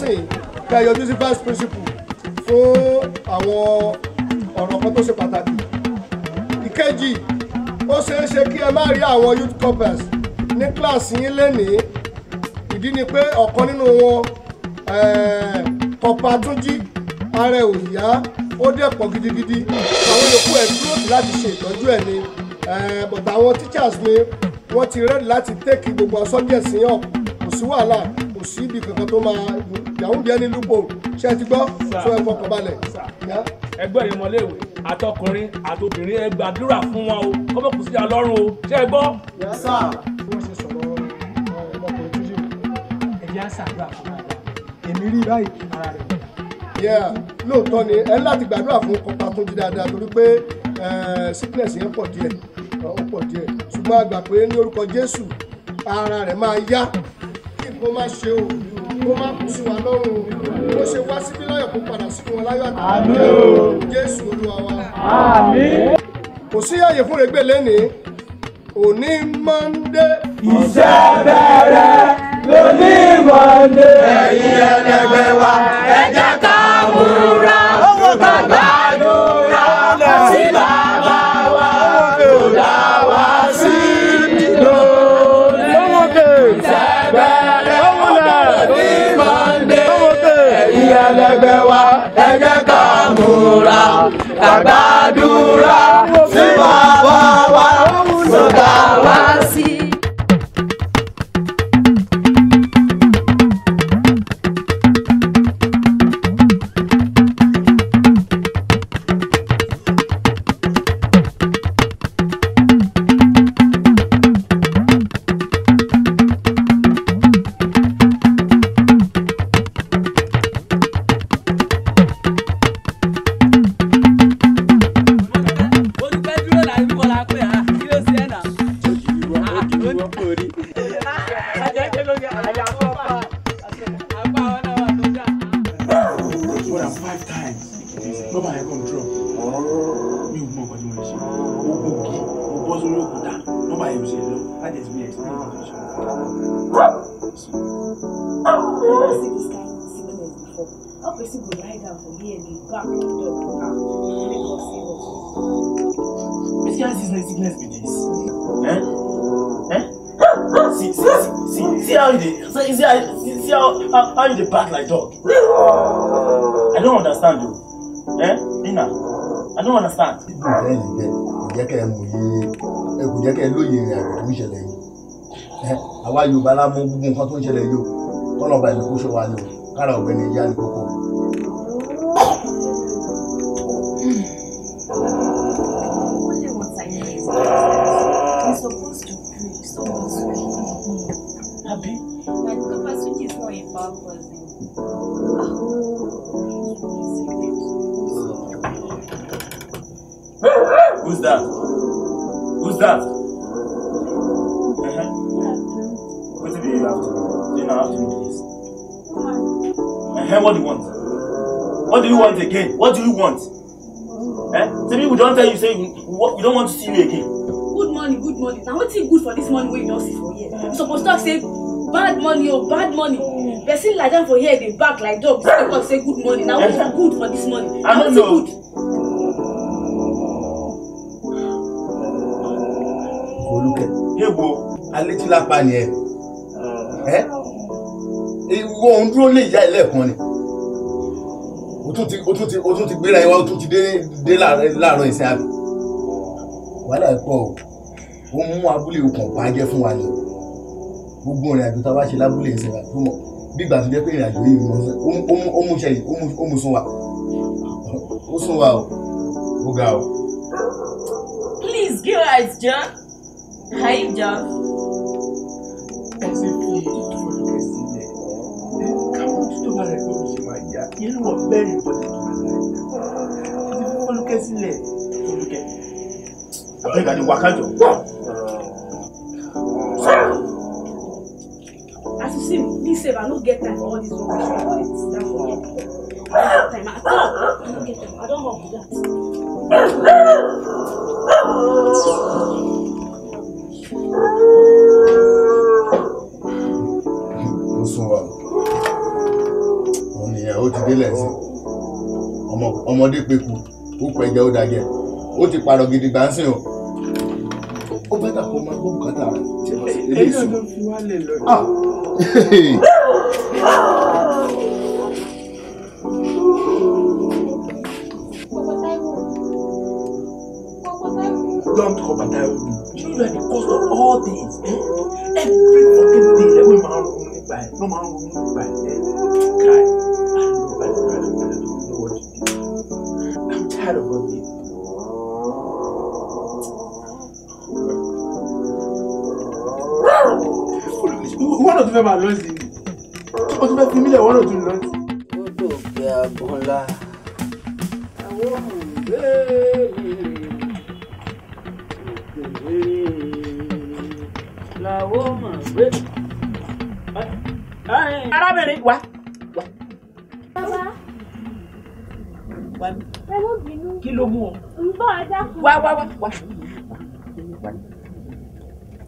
Speaker 1: sìn kẹ́ ẹ yọjú sí first principle fún àwọn ọ̀rọ̀ kan tó ṣe pàtàkì ìkejì ó ṣeé ṣe kí ẹ má rí àwọn youth corpers ní kíláàsì yín lénìí ìdí ni pé ọ̀kan nínú wọn kọ̀pá eh, tó jí ara ẹ̀ ò yá ó dẹ̀ pọ̀ gidigidi àwọn yòókù ẹ̀ dúró láti ṣe ìtọ́jú ẹ̀ ni eh, but àwọn teachers ni wọ́n ti rẹ́ẹ̀dì láti tẹ́kì gbogbo subjects yẹn kò sí wàhálà kò sí ibi kankan tó máa ìyàwó ń bí ẹni lúpọ̀ ṣe ti gbọ́ sọ ẹ fọkàn balẹ̀. ẹgbẹ́ ìmọ̀léèwé àtọkùnrin àtobìnrin ẹ gbàdúrà fún wọn o kọ́mọ kù sí alọ́run o ṣe é gbọ́. yasa bí wọ́n sọ̀rọ̀ ọmọkùnrin tútù ẹ̀yà ṣàdúrà fún wa rí báyìí ara rẹ̀ lóòótọ́ ni ẹ láti gbàdúrà fún kọpa tó di dáadáa torí pé sickness yẹn pọ̀ díẹ̀ ó pọ̀ díẹ̀ ṣùgbọ́n a gbà pé ní orúkọ Jésù ara rẹ̀ máa yá kí nǹkan má ṣe o kó má kú sí wa lọ́rùn ó ṣe wá síbí láyọ̀ kó padà sínú wọn láyọ̀ àtàwọn jésù olúwa wa. kò sí àyè fún rẹgbẹ́ lẹ́nìí òní mọ́ndé. iṣẹ́ bẹ̀rẹ̀ lóní mọ́ndé. ẹ̀yin ẹlẹgbẹ́ wa ẹ jẹ́ ká
Speaker 2: múra bàbá.
Speaker 1: Bye-bye. yorùbá lámú gbogbo nǹkan tó ń ṣẹlẹ̀ yìí kọ́nà ọba ìlú kó ṣe wà ní o kára ọ̀gbẹ́ni ìyá ni kò want again? What do you want? Eh? Some people don't tell you say we, don't want to see you again.
Speaker 4: Good money, good money. Now Na wetin good for this money wey you don see for here? You suppose talk say bad money or oh, bad money. Person like that for here They back like dog. You can't say good money. Na wetin
Speaker 1: good for this money? Na wetin good? I let you ni ẹ. Uh. Eh? Ẹ. Ìwọ òun dúró lè yá left money o ti o ti gbéra ẹ wá ti dé dé láàárọ̀ ìsìn àbí wàhálà ẹ pọ̀ mú abúlé okùn pàjẹ́ fún wa ni gbogbo ìrìn àjò tá a bá ṣe lábúlé ìsìn àbí mọ̀ bí ìgbà tó jẹ́ pé ìrìn àjò yìí mọ̀ ó mú ṣe yìí ó mú sún wa ó sún wa o ó ga o.
Speaker 4: Please give us, John. Hi, John. job.
Speaker 2: ẹ ti fi sílẹ̀
Speaker 1: ká tó bá rẹ̀ kó kì í lọ mẹ́rin pẹ̀lú ibi tí Fọlúkẹ́ sílẹ̀ Fọlúkẹ́. àbẹ́gà ni wákàjọ.
Speaker 4: as you see me sef i no get time for all this rubbish i go dey stand for here i no get time at all i no get time i don work with that.
Speaker 1: ọmọdé pekù ó pẹjẹ ó dajẹ ó ti parọ́ gidi gbà ń sìn o ó bẹ́ tà kó máa gbó bùkátà rẹ̀ tí ẹ sì lè sùn. ẹ̀yọ́ ló fi wálé lọ. Ah. (laughs)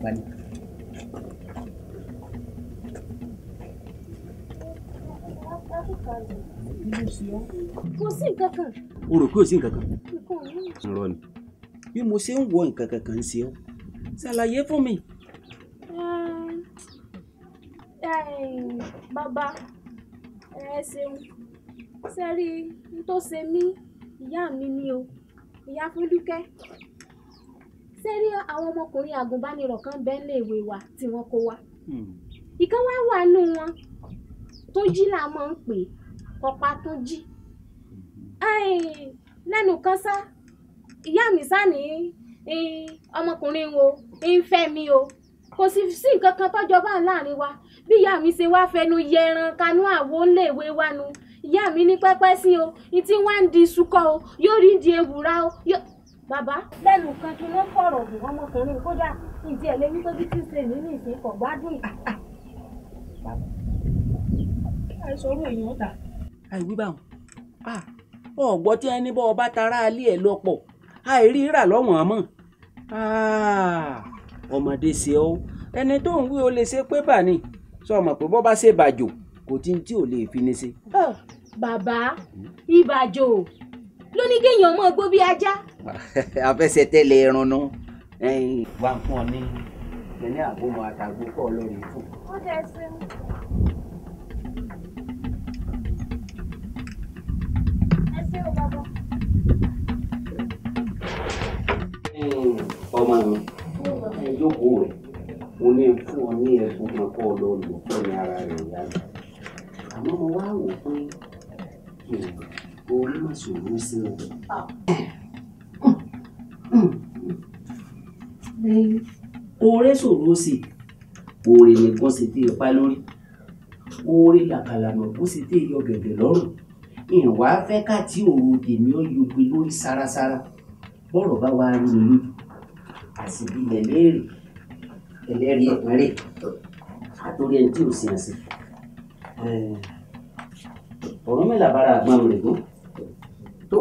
Speaker 1: Bueno. kò sí nǹkan kan. o rò o sí nǹkan kan. ọ̀rọ̀ ni bí mo ṣe ń wọ nǹkan kankan ṣe ọ́ ṣàlàyé fún mi.
Speaker 4: bàbá ẹ ṣeun sẹ́rí n tó ṣe mí ìyá mi ni o ìyá Fọlúkẹ́ sẹ́rí àwọn ọmọkùnrin àgùnbánirọ̀ kan bẹ́ẹ̀ lè wé wa tí wọ́n kó wa. Hmm. ìkan wá wà nù wọn tó jí là máa ń pè ọ̀pá tó jí. lẹ́nu kan sá ìyá mi sá ọmọkùnrin wo ń mi o kò sì sí nǹkan kan tọ́jọba láàrin wa bí ìyá mi ṣe wá fẹnu yẹran kanú àwo léèwé wa nu ìyá mi ní pẹ́pẹ́ sí o ní tí wọ́n á di iṣu o yóò rí di ewùrà o yóò bàbá lẹ́nu kan kí wọ́n fọ̀rọ̀ ògùn ọmọkùnrin kódà ìdí ẹ̀ lé wípé bí tí ń ṣe nínú ìsìn kò gbádùn ìta. àìsọ̀rọ̀ èèyàn dà.
Speaker 1: àìwí báwọn ọ̀gbọ́ tí ẹni bọ́ ọba tara alẹ́ ẹ̀ lọ́pọ̀ àìrí rà lọ́wọ́n àmọ́ ọmọdé ṣe ọ́ ẹni tó ń wí o lè ṣe pé bà ní sọ ọmọ pé bọ́ bá ṣe bàjò kò tí tí ò lè fi ní ṣe.
Speaker 4: bàbá ìbàjò ló ní kéèyàn mọ́ gbó bí ajá
Speaker 1: afẹsẹtẹ lè runnú wà fún ọ ní kíní àgbọmọ àtàgbò pọ lórí fún. o bàbá. ọmọ mi ẹ jókòó rẹ mo ní fún ọ ní ẹsùn kan kọ lọ lò fún ara rẹ ìyá rẹ àmọ́ mo wá wò pé orí má ṣòro sí ọ. Ah oore ṣòro sí oore nìkan sì ti ipa lórí oore làkàlàmọ̀ bó sì ti yọ gẹ̀gẹ̀ lọ́rùn ìwà fẹ́ ká tí òun tèmi ó yọgbe lórí sárasára bọ́rọ̀ bá wá rí mi àsìbí ẹlẹ́rìí ẹlẹ́rìí ẹ̀pẹ́rẹ́ àtòrí ẹni tí ò sí àsì. ọ̀rọ̀ mẹ́lá bára àgbọ̀n rẹ̀ gbọ́n tó.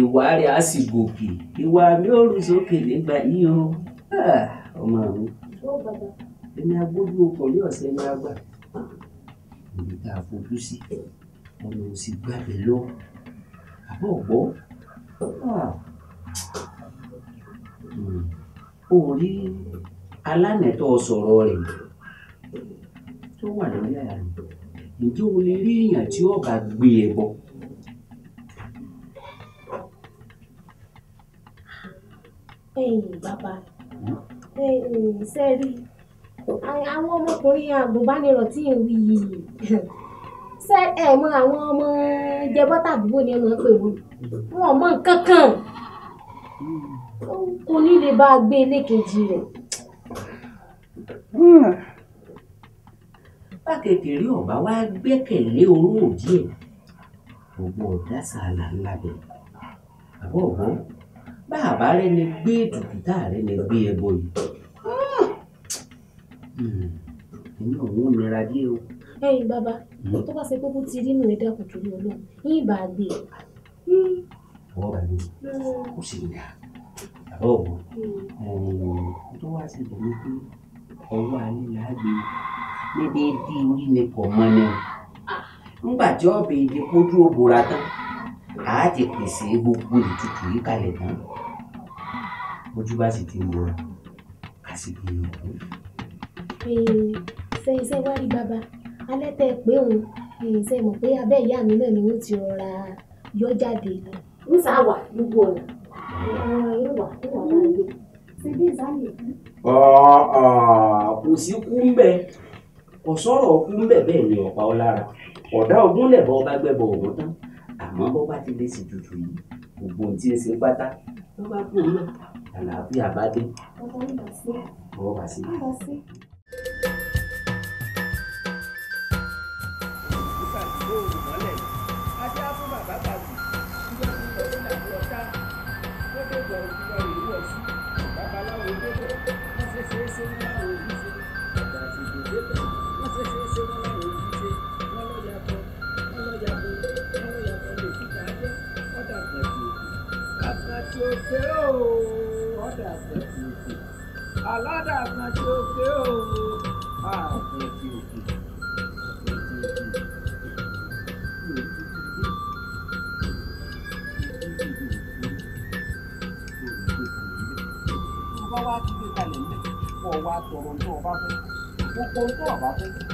Speaker 1: ìwà rẹ̀ á sì gòkè ìwà mi ò rù sókè nígbà yìí o ah, ọmọ mi èmi agbójú ọkùnrin ọ̀sẹ̀ ni a gbà níbi a fojú sí ọmọ ò sì gbàgbé lọ àbọ̀ ọ̀gbọ́ ah. hmm. o rí alánẹ̀tọ́ sọ̀rọ̀ rẹ̀
Speaker 4: tó wà lórí àyà
Speaker 1: ǹjẹ́ o lè rí èèyàn tí ó gbé ẹ e bọ́.
Speaker 4: ẹ̀yin bàbá sẹ́rí àwọn ọmọkùnrin agùnbánirọ̀ tí ń wí yìí ṣé ẹ mọ àwọn ọmọ jẹbọ́tà àdúgbò ni ẹ máa ń pè wọ́n wọn mọ nǹkan kan kò ní lè bá a gbé elékejì rẹ̀. Hmm. bákejì rí ọba wa gbẹ́kẹ̀lé
Speaker 1: oró òdì ẹ̀ gbogbo ọ̀dá sàálà ńlá bẹ̀ àbọ̀ ọ̀gbọ́n bá a bá rẹ ni gbé ètùtù tá a rẹ ni gbé ẹbọ yìí ẹ̀yin hmm. hmm. ọ̀hún nira díẹ̀ o.
Speaker 4: ẹ̀yin bàbá hmm. tó bá ṣe pé kó ti rí nù ẹ dákun torí Ọlọ́run yín bá a gbé.
Speaker 1: ọwọ́ bá mi kò sí ní a bàbá ọ̀gbọ́n tó wá sí ìbọn pé ọwọ́ alẹ́ là á gbé ní déédéé orí ni kò mọ́ ni ah. nígbà tí ọ̀bẹ ìdíkó dúró bòra tán a ti pèsè gbogbo ètùtù yìí kalẹ̀ tán ojú bá sì ti mọ kásìkò ìyókù.
Speaker 4: ṣe iṣẹ́ wá rí bàbá alẹ́ tẹ́ ẹ pé òun ṣe mọ̀ pé abẹ́ ìyá mi náà ni wọ́n ti rọra yọ jáde ń sá wà gbogbo ọ̀nà ìwà ìwà báyìí ṣe bí ìsáyè.
Speaker 1: kò sí kú ń bẹ kò sọ̀rọ̀ kú ń bẹ bẹ́ẹ̀ ni ọ̀pá ọ lára ọ̀dá ogún lẹ̀bọ̀ ọba gbẹ́bọ̀ òun tán àmọ́ bó bá ti lè sì tutù yìí gbogbo ohun tí ẹ ṣe pátá ló bá kú náà àlàáfíà bá dé.
Speaker 2: ọba ìbàṣẹ.
Speaker 1: ọba ìbàṣẹ. ṣe o ọ̀dà àtẹ̀tì òkè aládà kan ṣe o ṣe o àtẹ̀tì òkè àtẹ̀tì òkè. bá wá ti gbé kalẹ̀ mẹ́ kó o wá tọrọ tó o bá fẹ́ gbogbo tó o fẹ́.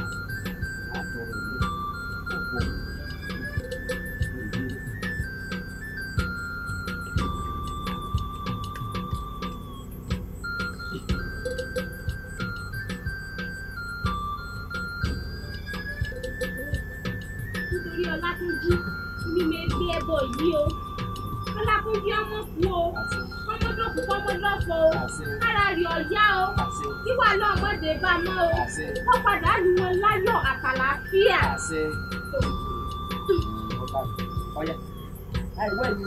Speaker 4: dé bá mọ́ o kó padà lù wọn láyọ̀ àtàlàáfíà.
Speaker 1: ọ̀yà àìwẹ́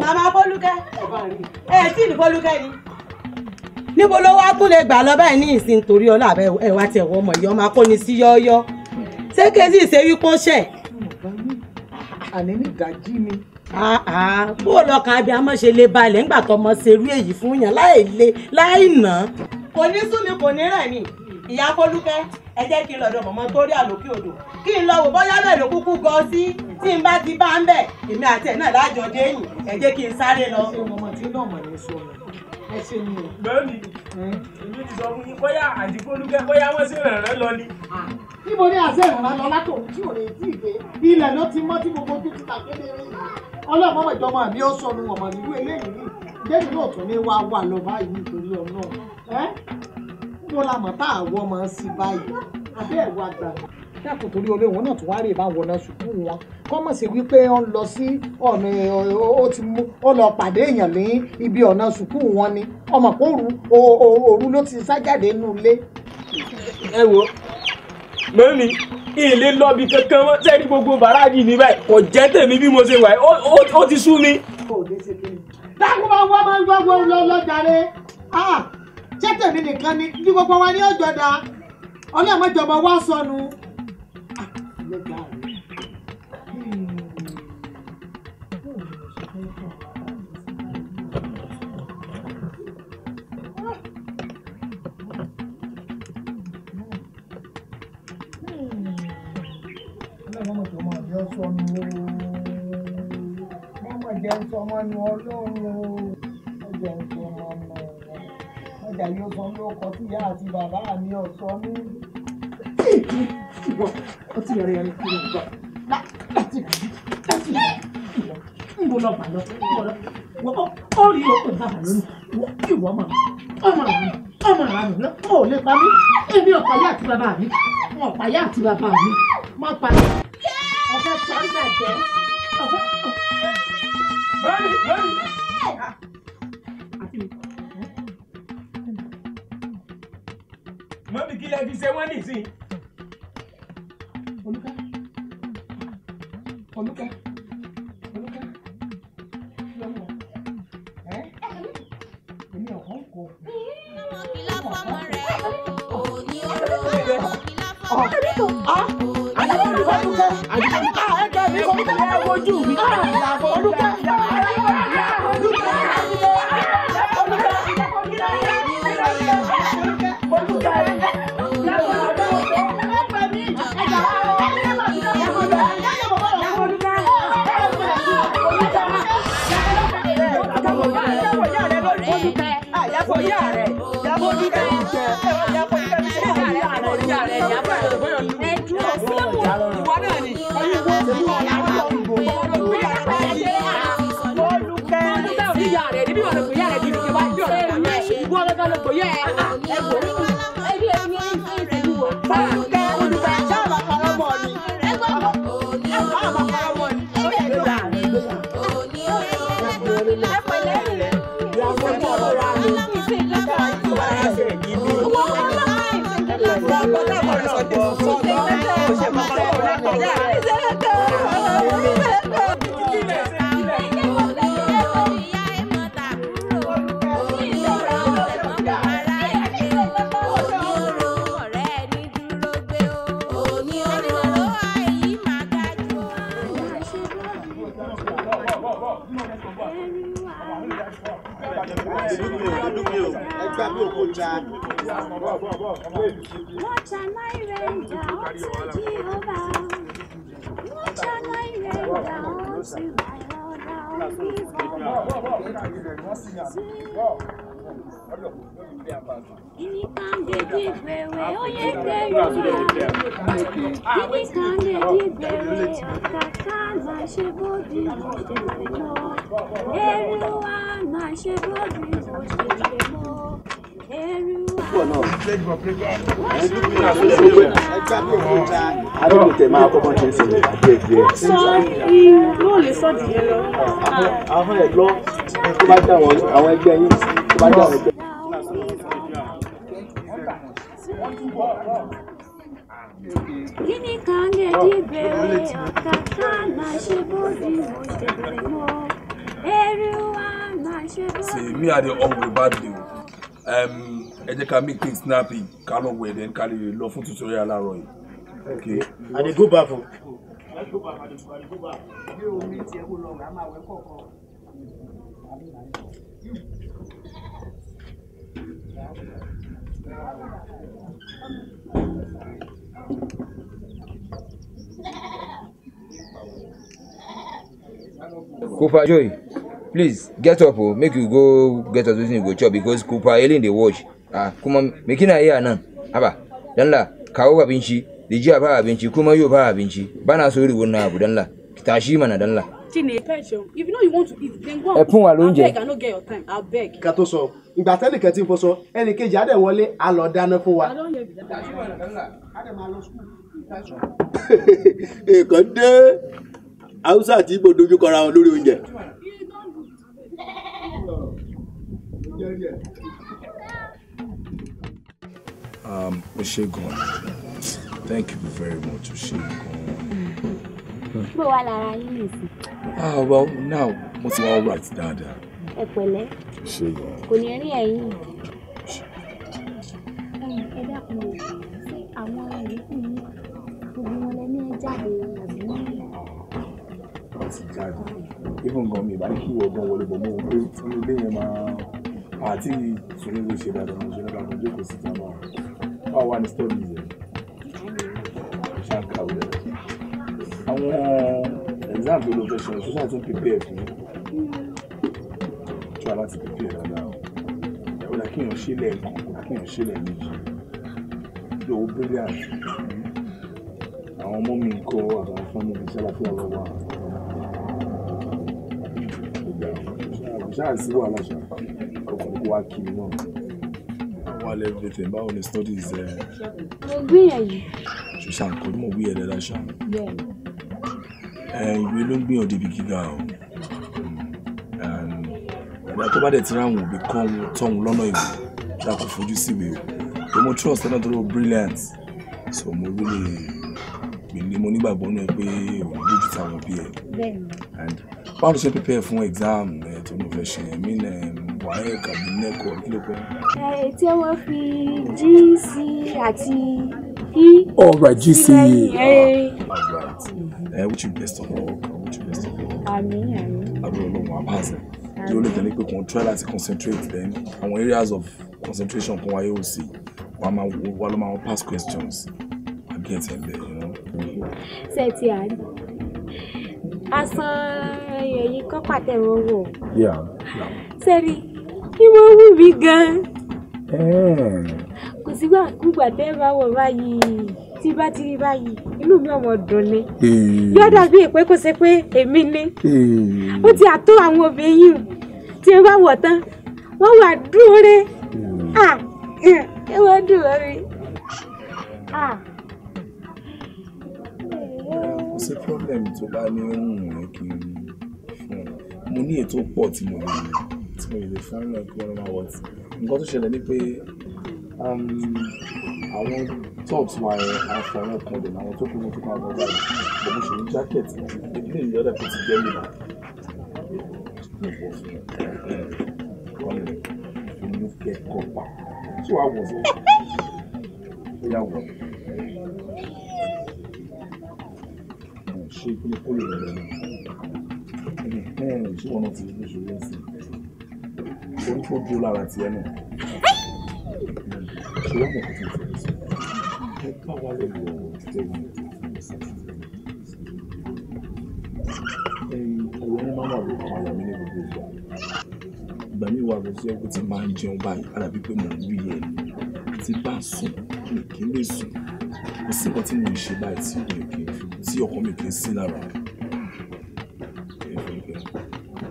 Speaker 1: màmá bólúkẹ́ ẹ tí ní bólúkẹ́ ni níbo ló wá tún lè gbà lọ báyìí ní ìsìn torí ọlá àbẹ ẹ wá tiẹ̀ wọ́n mọ̀ yìí ọmọ akóni sí yọ́ọ́yọ́ ṣé kéésì ṣe wí kó ṣẹ̀. àní ní ìdájí ni. bó o lọkàn abẹ amọ ṣe lè balẹ̀ ńgbà tó ọmọ ṣerú èyí fún yàn láì lè láì nà. kò ní sún mi kò ní rẹ̀ mi ìyá bólúkẹ́ ẹ jẹ́ kí n lọ́dọ̀ mọ̀mọ́ tó rí àlòkè odò kí n lọ wò bóyá bẹ́ẹ̀ ló kúkú gọ sí tí n bá ti bá ń bẹ̀ èmi àti ẹ̀ náà lájọ déyìn ẹ jẹ́ kí n sáré lọ. ẹ ṣe mọ̀mọ́ tí náà mọ̀ ní sọ ẹ ṣe mi o. bẹ́ẹ̀ni èmi ti sọ fún yín bóyá àdìgbòlùkẹ́ bóyá wọ́n sì rẹ̀ rẹ́ lọ ni. níbo ni àṣẹ ìrànlá lọ látòun tí ò lè tí ì dé ilẹ̀ ló ti mọ́ tí gbogbo ojú ti tàgédéré ọlọ́mọ ìjọba mi ó sọnù ọmọ ìlú eléyìí ní ìdẹ́nu náà tún mo la mọ̀ tá à wọ́ mọ̀ sí báyìí abẹ́ ẹ̀wọ̀ àgbà dákun torí olóyè wọn náà tún wáá rè bá wọn náà sùkúù wọn kọ́mọ̀ sí wípé ó ń lọ sí ọ̀nà ó ti mú ó lọ pàdé èèyàn ní ibi ọ̀nà sùkúù wọn ni ọmọ kó òru òru ló ti sá jáde nínú ilé. ẹ wo mọ́mí ilé lọ́bi kankan mọ́ sẹ́ni gbogbo bàrádì ní báyìí kò jẹ́ tèmi bí mo ṣe wà ó ti sú mi. dákun máa wá máa ń wá wọ́n lọ́jà rẹ̀ ah! ṣé tèmi nìkan ni bí gbogbo wa ní ọjọ́ da ọlọ́mọjọba wa sọnù. Ọlọ́run ó hmm. jẹun sọ ìjà yóò sọ ní ọkọ tí ìyá àti bàbá mi ò sọ ó ti yọrọ yọrọ kúrò nígbà láti láti ń bọ lọ bà lọ wọ ọ rí okùn bàbá lónìí ìwọ ọmọ ọmọ rẹ ọmọ rẹ lọ ó lè pa mí èmi ọ̀pá yá àti bàbá mi
Speaker 4: ọ̀pá yá àti bàbá mi
Speaker 2: má pa mí. ọ̀fẹ́ sọ́ńdà jẹ́ ọ̀fẹ́.
Speaker 1: bẹ́ẹ̀ni ah. bẹ́ẹ̀ni. mọ́mí kí lẹ́ fi ṣe wọ́n nìsín. olùkẹ́ olùkẹ́ olùkẹ́ lọ́wọ́ ẹ́ èmi
Speaker 4: ọ̀kọ́ ń kọ. ọmọ kìlá fọmọ rẹ ò ní oró ọmọ kìlá
Speaker 2: fọmọ rẹ ò ní oró ọmọ kìlá fọmọ rẹ ò ní oró ọmọ kìlá fọmọ rẹ ò ní oró ọmọ kìlá fọmọ rẹ ò ní oró ọmọ kìlá fọmọ rẹ ò ní oró ọmọ kìlá fọmọ rẹ ò ní oró ọmọ kìlá fọmọ rẹ ò ní oró ọmọ kìlá fọmọ rẹ ò ní oró ọmọ kìlá fọmọ rẹ ò ní oró ọmọ kìlá fọmọ rẹ ò ní oró ọmọ kìlá fọmọ rẹ ò ní oró ọmọ kìlá fọmọ rẹ ò ní oró ọmọ kìlá fọmọ rẹ ò ní oró ọmọ kìlá fọmọ rẹ ò ní oró ọmọ kìlá fọmọ rẹ ò ní oró ọmọ kìlá fọmọ fọmọ rẹ ò ní oró ọmọ ọmọ kìlá fọmọ fọmọ rẹ ò ní oró ọmọ ọmọ kìlá fọmọ rẹ
Speaker 1: ìyá rẹ̀ níbi ọ̀rọ̀
Speaker 3: Everyone, I should go
Speaker 1: Àwọn ẹgbẹ́ yín tó bá dá àwọn ẹgbẹ́.
Speaker 3: me i dey hungry
Speaker 1: badly o ẹ jẹ́ ká make things snappy ká lọ wẹ̀ then ká lọ fún tutorial láàárọ̀ yìí. okay i dey go baff o. Kufa Joy. please get up o oh. make you go get us wetin you go chop because kupa alien dey watch ah kuma me kina iya nan haba dan kawo abinci da jiya ba abinci kuma yau ba abinci ba na so irin wannan abu dan la tashi mana dan la
Speaker 4: ẹfun wa ló ń jẹ
Speaker 1: ká tó sọ ìgbà tẹ́lẹ̀ kẹ́tì fọ sọ ẹnì kejì á dẹ̀ wọlé á lọ dáná fún wa. èèkàn (laughs) dé haúsá àti ibo dojú kọra wọn lórí oúnjẹ. Um, Oṣegun, thank you very much, Oṣegun. Ah, well, now, what's all right dáadáa. Ẹ pẹ̀lẹ́. Oṣegun.
Speaker 4: Kò ní rí ẹ̀yìn. Ẹ dákun o, ṣé àwọn ìyókù ní gbogbo wọn lẹ ní ẹ jáde àbí ní?
Speaker 1: Wọ́n ti jáde. Even gan mi, ìbá ní kí wọ́n gan wọlé bọ̀ mọ́ wọn pé inú ilé àti ìṣòro ló ṣe dáadáa mo ṣe lọ́ba kan jókòó síta náà wà wà ní studies ẹ̀ ṣàkàwé àwọn eh, exam tó lọ fẹ́ ṣe ṣọ́ṣà tún prepare fún ṣọ́ láti prepare dáadáa ó dà kí èèyàn ṣe lẹ́ẹ̀kan kó dà kí èèyàn ṣe lẹ́ẹ̀mejì yóò brilliant àwọn ọmọ mi ń kọ́ àtàwọn fọ́nmù mi ṣàlàfíà lọ́wọ́ àwọn ọmọ mi ṣáà sí wàhálà ṣáà kó wá kiri náà wálé everything báwo ni studies ẹ.
Speaker 4: mo gbìyànjú.
Speaker 1: ṣùṣàn kò ní mo wí ẹ̀rẹ́ láṣà. ìwé ló ń gbìyànjú ibi gíga o ẹ̀dá tó bá dẹ̀ ti ráhùn òbí kọ́ ohun tọ́hun lọ́nà ìwé ṣá kò fojú sí ìwé o tó mo trust ẹ̀ náà tó lọ brilliant so mo really gbìndé mo nígbàgbọ́ náà pé òun lójú táwọn bí ẹ. báwo ló ṣe prepare fún exam ẹ̀ tó mo fẹ́ ṣe I mean. Um, WAEC àbí NECO kí ló pẹ́.
Speaker 4: ẹ tí wọ́n fi GC àti E. all right GC. E. E. all right
Speaker 1: ẹ wọ́n ti best of all wọ́n ti best of all. àmín àmín. àbúrò ọlọ́run àbáàzẹ yóò lè tẹ̀lé pé kò ń try láti concentrate then àwọn areas of concentration kan wáyé ò sí wàá máa wà ló máa pass questions àbí ẹ̀ tẹ̀ bẹ́ẹ̀ yẹn.
Speaker 4: ṣé ẹ ti àárí asan ẹyẹ yìí kọ́ pàtẹ́wọ́ wò. sẹ́rí ìmọ̀ wù mí gan-an. kò sígbà kúgbà tẹ́ ẹ bá wọ̀ báyìí tí bá ti rí báyìí inú mi ọmọ dùn ni yóò dàbí pé kó ṣe pé èmi ni ó ti àtó àwọn obìnrin tí wọ́n bá wọ̀ tán wọ́n wà dúró
Speaker 1: re ẹ wọ́n dùn wọ́n kò sí problem tó bá ní ń rìn kiri fún un mo ní ètò pọ̀ tí mo lè rìn mi ò lè fún náà kí wọ́n máa wọ̀ tí nǹkan tó ṣẹlẹ̀ ni pé um, àwọn tops wa ẹ̀ àfọwọ́ kan dẹ̀ àwọn tó kún mọ́ tó kún àwọn ọ̀gá rẹ̀ bọ̀ mo ṣe ní jákẹ́ẹ̀tì ìdílé ìyá ọ̀dà kò ti jẹ́ mi kẹ́kọ̀ọ́ pa wàá wọ̀ lọ́wọ́ ó yà wọ̀ ṣe kúlẹ̀kúlẹ̀ rẹ̀ lọ́wọ́ ṣé wọn ti rí oṣù lẹ́sìn torí kó dúró lára tiẹ̀ náà ṣé wọ́n mọ̀ kó fẹ́ sọ ẹ bá wa lè lo ọ̀rọ̀ títẹ̀ wọn ẹ̀yìn ọ̀rọ̀ yẹn máa wà lóko àwọn àmì gbogbo ìgbà ìgbà mi wà lóko ṣé kó ti máa ń jẹun báyìí alábí pé mò ń wí yẹn ti bá sùn mi kì í lè sùn kò sí nǹkan tí mo ń ṣe báyìí tí mi kì í tí ọkàn mi kì í sí lára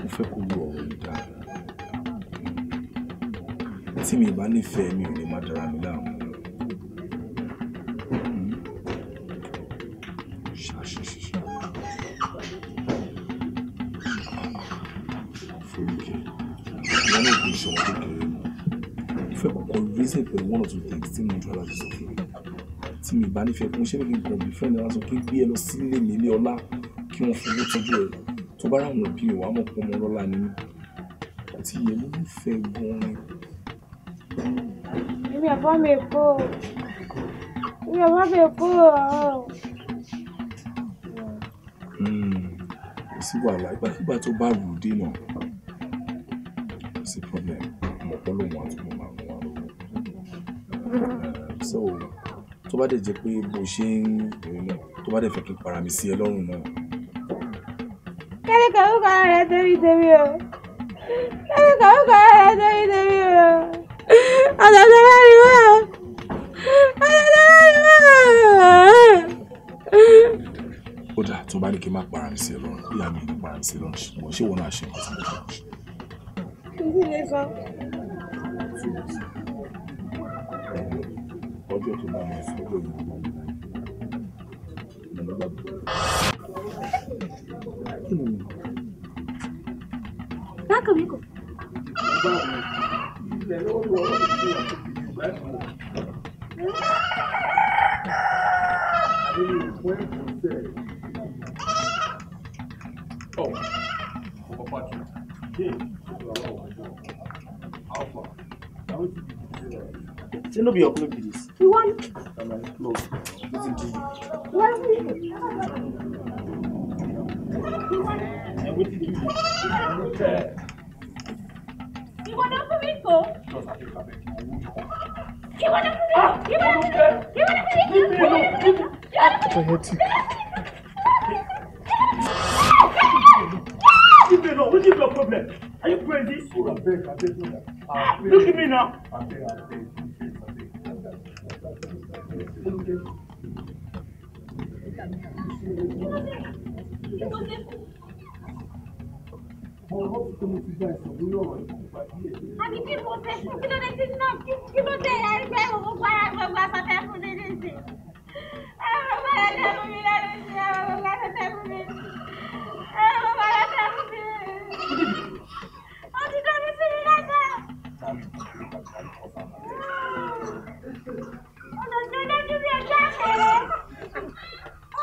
Speaker 1: mo fẹ́ kó lọ tí mi bá nífẹ̀ẹ́ mi ò lè má dára mi láàmú. fẹ́ kọ́kọ́ reason pẹ̀lú one or two things tí mo ń tọ́ra sọ fún mi tí mi bá nífẹ̀ẹ́ kún ṣé kí n kàn bí fẹ́ ní aṣọ kí n gbé ẹ lọ sílé mi ilé ọlá kí wọ́n fowó tọ́jú ẹ tó bá ráwọn òbí rẹ̀ wàá mọ̀ pé ọmọ ọlọ́lá ni àti ìyẹn ló nífẹ̀ẹ́ gan-an
Speaker 4: Minha avó me pôs. Minha avó me pôs.
Speaker 1: Kò sí wàhálà ìgbàkígbà tó bá rù ú dènà. Kò sí problem. Mo kọ́ lòun àtúntò máa mú wa lọ́wọ́. Eh, so tó bá dẹ̀ jẹ́ pé bó ṣe ń rìn náà tó bá dẹ̀ fẹ́ kí n para mi sí ẹ lọ́rùn náà.
Speaker 2: Kẹ́lí
Speaker 3: kàwé kan rẹ̀
Speaker 2: àtàtà mẹ́rin wà àtàtà mẹ́rin wà.
Speaker 1: ó dà tó bá ní kí n má para mi sí ẹ lọ́rùn ìyá mi ní para mi sí ẹ lọ́rùn ṣùgbọ́n ṣé wọn náà ṣe nǹkan tí mo ṣe.
Speaker 4: Hmm. kí ni sọ ilẹ̀ lọ́wọ́ lọ́wọ́ lọ́wọ́ ti
Speaker 2: wà tóbi jù bá ti wọ̀. Nínú ìfún ẹ̀bùn tẹ̀.
Speaker 1: Ọ̀ ọkọ̀ pàtó díẹ̀ ìṣòro àwọn ọ̀wájú alfa àwọn
Speaker 4: ìwọ ló fún mi kó.
Speaker 2: ìwọ ló fún mi kó.
Speaker 4: ìwọ ló fún mi kó. ìwọ ló fún mi kó. ìwọ ló fún mi kó.
Speaker 1: ọyọ ti. Keep it
Speaker 2: Thank you
Speaker 1: mo rọ́ọ̀bù tó mo ti gba ẹ̀sán lórí ọ̀rọ̀ ìbò ìgbà díẹ̀. àbí
Speaker 4: kí mo fẹ́ fún kí ló dé tí náà kí ló dé ẹgbẹ́ òun para gbogbo afẹ́fẹ́ fún mi léṣe. ẹ̀rọ para tẹ fún mi lẹ́nu sí ẹ̀rọ gbogbo afẹ́fẹ́ fún mi. ẹ̀rọ para tẹ fún mi.
Speaker 2: ó ti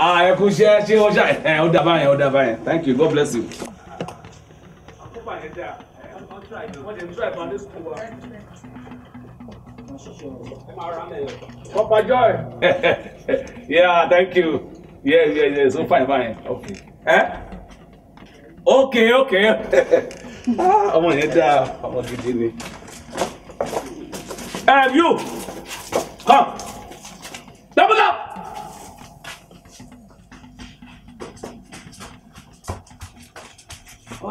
Speaker 1: ah ẹ kú ṣe ṣe ọjà ẹ ọ dábàá yẹn ọ dábàá yẹn thank you god bless you. Papa Joy. (laughs) yeah, thank you. Yeah, yeah, yeah. So fine, fine. Okay. Eh? Okay, okay. (laughs) Ah, ọmọ yẹn dáa, ọmọ gidi ni. Ẹ yóò, come.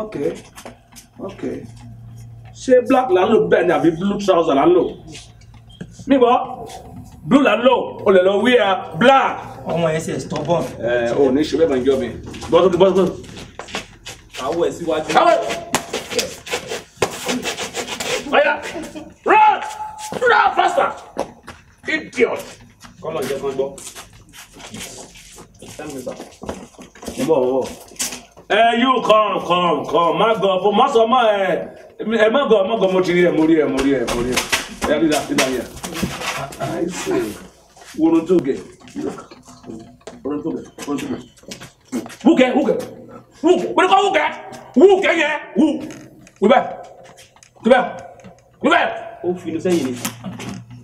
Speaker 1: ok ok ṣé black là ń lò bẹ́ẹ̀ ni àbí blue trouser là ń lò mi bọ́ blue là ń lò o lè lọ wíra black. ọmọ ẹsẹ̀ stubborn. ẹ ò ní ṣe bẹ́ẹ̀ máa ń jọ mi bọ́sọ̀kì bọ́sọ̀kì. àwọ̀ ẹ̀ síwájú. àwọ̀ ẹ̀ ọ̀yà run run faster idiot. kọ́lọ̀ jẹ́ kan gbọ́. ẹ ń bọ̀ wọ́wọ́ ẹ yóò kàn kàn kàn má gọ fún má sọ má ẹ ẹ má gọ má gọ mo ti rí ẹ mo rí ẹ mo rí ẹ mo rí ẹ ẹ rí la rí la yẹ àìsè wọnú tó gẹ wọnú tó gẹ wọnú tó gẹ wúkẹ wúkẹ wúkẹ wọ́n kọ́ wúkẹ wúkẹ yẹ wú wíbẹ̀ wíbẹ̀ wíbẹ̀ ó fi inú sẹ́yìn ni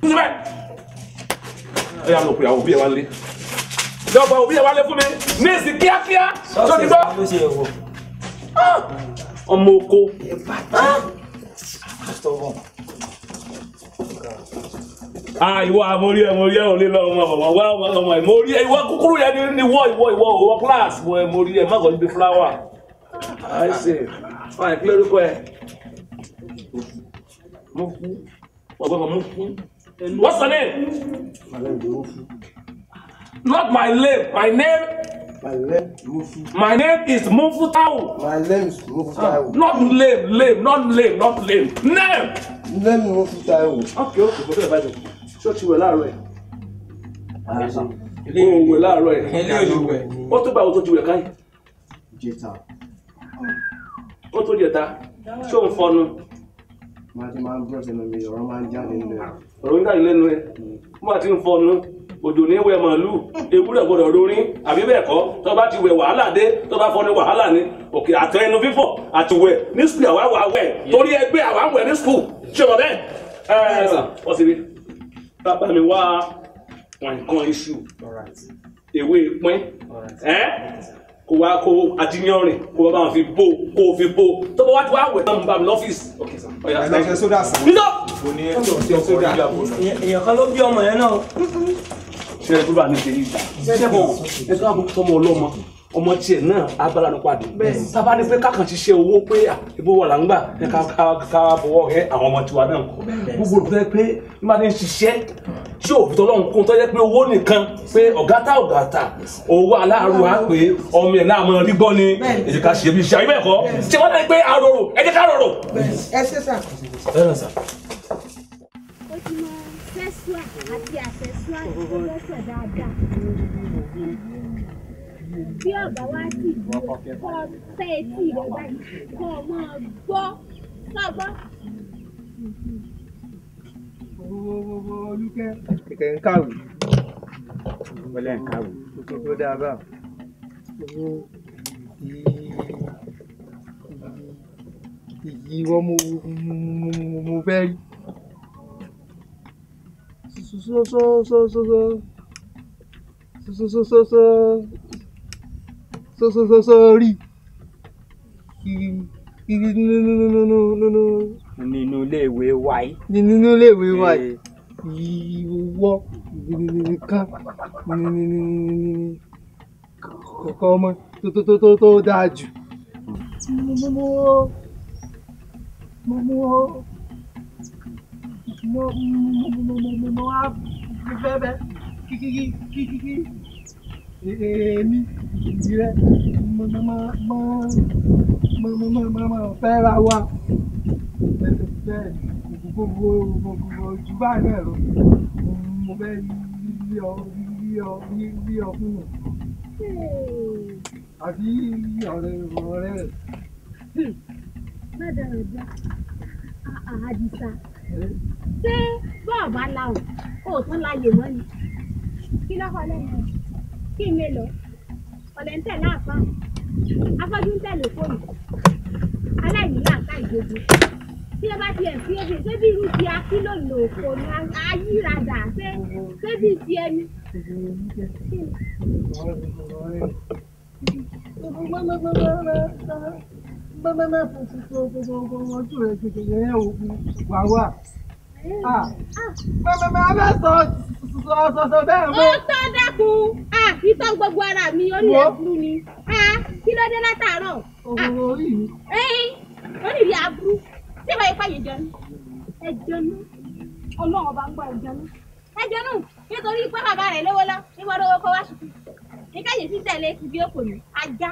Speaker 1: wíbẹ̀ ẹ yà lọ pé àwọn òbí ẹ wá lé lọ́gbọ̀n òbí yẹn wálé fún mi ní èsì kíákíá tó ti gbọ́. Ah! ọmọ oko. àìwọ ah! ah, àmórí ẹ mórí ẹ ò lè lọ ọmọ ọmọ wá ọmọ ọmọ ẹ mórí ẹ ìwọ kúkúrú yẹn ni wọ ìwọ ìwọ ìwọ kíláàsì wọ ẹ mórí ẹ má níbi fúláwà. àìsè fine kí lórúkọ ẹ. mo kú ọgbọ́n mo kú. what's your
Speaker 2: name?
Speaker 1: Not my name. My name. My name is Mufu. My name is Mufu Tao. My name is Mufu ah, Tao. Uh, not lame, lame, not lame, not lame. Name. Name Mufu Tao. Okay, okay, What you go to the Bible. Church wẹ̀ láàárọ̀ ẹ̀. Ah, Ohun wẹ̀ láàárọ̀ ẹ̀. Ilé olùwẹ̀. Ó tó báwo tó ju wẹ̀ káyìn. Jẹta. Ó tó jẹta. Ṣé òun fọnu? Màá ti máa ń bọ́ọ̀sì nínú mi, ọ̀rọ̀ máa ń jáde nínú ẹ̀. Ọ̀rọ̀ ń jáde lẹ́nu ẹ̀. Mm. Mo máa ti ń fọnu òjò ní wẹ̀ màálù ewúrẹ́ gbọ́dọ̀ rorin àbí bẹ́ẹ̀ kọ́ tó bá ti wẹ̀ wàhálà dé tó bá fọ́ wàhálà ni òkè àtọ ẹnu fífọ̀ àtiwẹ̀ ní sùkúl àwa wà wẹ̀ torí ẹgbẹ́ àwa wẹ̀ ní sùkúl ṣé mo ẹ ẹ ọ bàbá mi wá nǹkan iṣu ewé pín ẹ kò wá kó adiyanrin kò wá bá fi bó kó fi bó tó bá wá ti wá wẹ̀ tán bá mi lọ́fíìsì. ẹ̀ṣẹ̀ sódà sàn. nítorí èèyàn bí ọmọ yẹn náà ṣe é gbúdọ̀ àná ṣe yí ìjà ṣẹ́bọ̀n ẹ tó àbúkú tọmọ ọlọ́mọ ọmọ tiẹ̀ náà agbára ló pàdé tábà ní pé kákan ṣiṣẹ́ owó pé ìbò wà láǹgbà ká fọwọ́ rẹ àwọn ọmọ tiwa náà kọ gbogbo olùfẹ́ pé bí wọ́n ti ń ṣiṣẹ́ tí òfin tọ́lọ́run kún tọ́jẹ́ pé owó nìkan pé ọ̀gátà ọ̀gátà owó aláàrú wa pé ọmọ ẹ̀ náà mọ rí gbọ́ ni èdè ká ṣe bí iṣẹ́ àyíbẹ̀ kọ́ ṣé wọ́n náà pé àròrò ẹ jẹ́ ká rọrò. ẹ ṣe sà
Speaker 4: àfẹ́sùà Bí ọ̀gá wá
Speaker 1: sí ìdúró, kọ́
Speaker 4: tẹ́ etí rẹ̀ báyìí, kọ́ máa gbọ́ sọ́gbọ́.
Speaker 1: Olúkẹ́. Kẹ̀kẹ́ ń kàwé. Wọlé ń kàwé. Kókó tó dáa bá. Ìyí wọ́n mo fẹ́ rí. Sorry. Nínú iléèwé wáyé. Nínú iléèwé wáyé. Ìwọ nìkan kọ̀ọ̀kan ọmọ tó dáa jù.
Speaker 2: Mo mú ọ. Mo
Speaker 3: mú
Speaker 1: ọ. mo
Speaker 4: ṣé bọ́ọ̀bá la ò kò tún láàyè mọ́ ni kí lọ́kọ̀ lẹ́nu kí n lè lọ ọ̀lẹ́ ń tẹ̀lé àpá afọ́jú ń tẹ̀lé fóònù aláìní làákà ìjọba tí ẹ bá ti ẹ̀ fi ebi ṣé bí irú ti akílò lò kò ní ayíradà ṣé ṣé bí ti ẹni.
Speaker 1: Thank you mẹ́mẹ́mẹ́ ojú rẹ̀ kékeré
Speaker 4: yẹn òkú wà wà. mẹ́mẹ́mẹ́ abẹ́ sọ sọ̀sọ̀ bẹ́ẹ̀ mọ́. ó tọ́ dákun ìtọ́ gbogbo ara mi ó ní ẹ̀fúrú ni kí ló dé látàárọ̀. òwò orí mi. ó ní ìrí aburú tí ìwà ipá yìí jẹun ẹ jẹun ọlọ́run ọba ń gbọ́ ẹ jẹun ẹ jẹun nítorí pé bàbá rẹ̀ lówó lọ ìwọ lówó kọ́ wá ṣùkú ní káyìí sí tẹ̀lé ibi òkò ní ajá.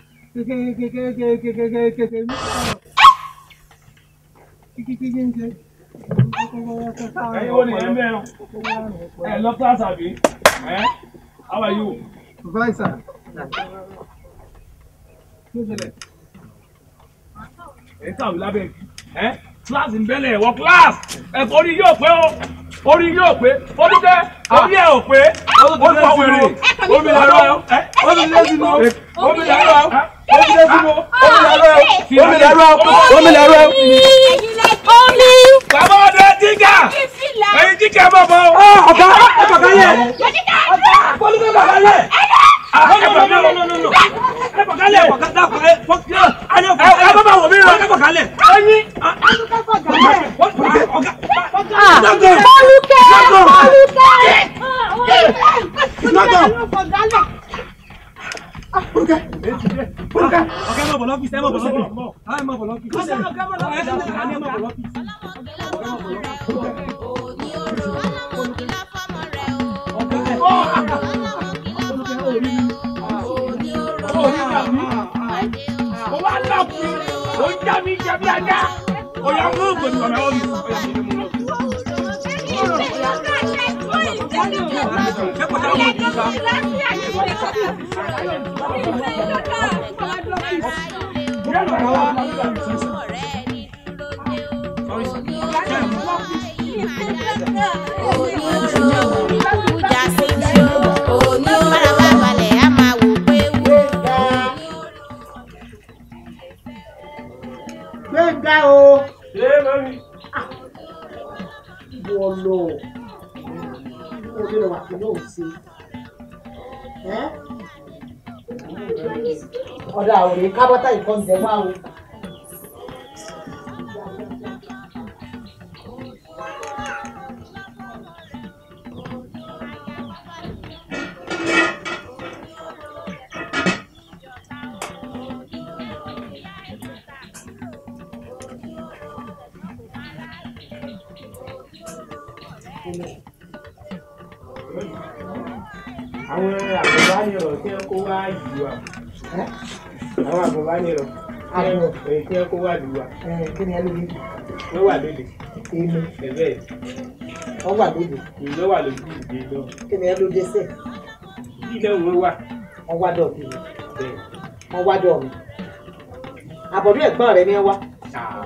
Speaker 2: ẹ̀yin wo ni ẹ mẹ́rin How
Speaker 1: are you? àbí ẹ how are you. supervisor. ẹ kàwé lábẹ́ igi ẹ class ń bẹ́lẹ̀ ẹ̀wọ̀ class ẹ̀kọ́ orí yóò pé o orí yóò pé orí tẹ orí ẹ ah. ò pé ó ti fọwọ́ èrè omi làárọ̀ omi lẹ́sìn omi làárọ̀ omi lẹ́rọ omi lẹ́rọ. omi. bàbá ọdẹ jíjà ẹyin jíjà bọ̀ bọ̀. ọ̀gá ọ̀gá yẹ polisi bàbá yẹ. ẹ bọ̀ kálẹ̀ ẹ bọ̀ kálẹ̀ ẹ bọ̀ kálẹ̀ ẹ bọ̀ bá wọ̀ mí rẹ̀ ẹ bọ̀ kálẹ̀. ẹyin ọ̀gá olùkẹ́
Speaker 4: olùkẹ́. Ọ̀gá
Speaker 1: ọ̀gá ọ̀gá mọ̀ bọ̀ lọ́fíìsì ẹ̀ mọ̀ bọ̀ lọ́fíìsì ẹ̀ mọ̀ bọ̀ lọ́fíìsì ọ̀gá mọ̀ bọ̀ lọ́fíìsì ẹ̀ mọ̀ bọ̀ lọ́fíìsì. Mo wá lọ́kùnrin, ó ń já mi jẹ bí ajá, òyà fún ògbòdì ọ̀rẹ́ òyìnbó. Gbégbá o. Ṣé lórí? ìwọ lọ kó lè wà pẹ̀lú òsè. ọ̀dà òní kábọ́tà ìkọ́ǹdẹ̀ máa wò. ìpínlẹ̀. àwọn àgùnbánirọ̀ tí wọ́n kó wá ìlú wa àwọn àgùnbánirọ̀ tí wọ́n kó wá ìlú wa. kí ni ẹ lóde. wọ́n wà lóde. èmi. ẹ̀bẹ̀ wọ́n wà lóde. ìlú wà lóde ìdè lọ. kí ni ẹ lóde sẹ́ẹ̀. ilé òun wà. wọ́n wá dọ̀ kí ni. wọ́n wá dọ̀ mi. àbọ̀dún ẹ̀gbọ́n rẹ̀ ni ẹ wá. Ah,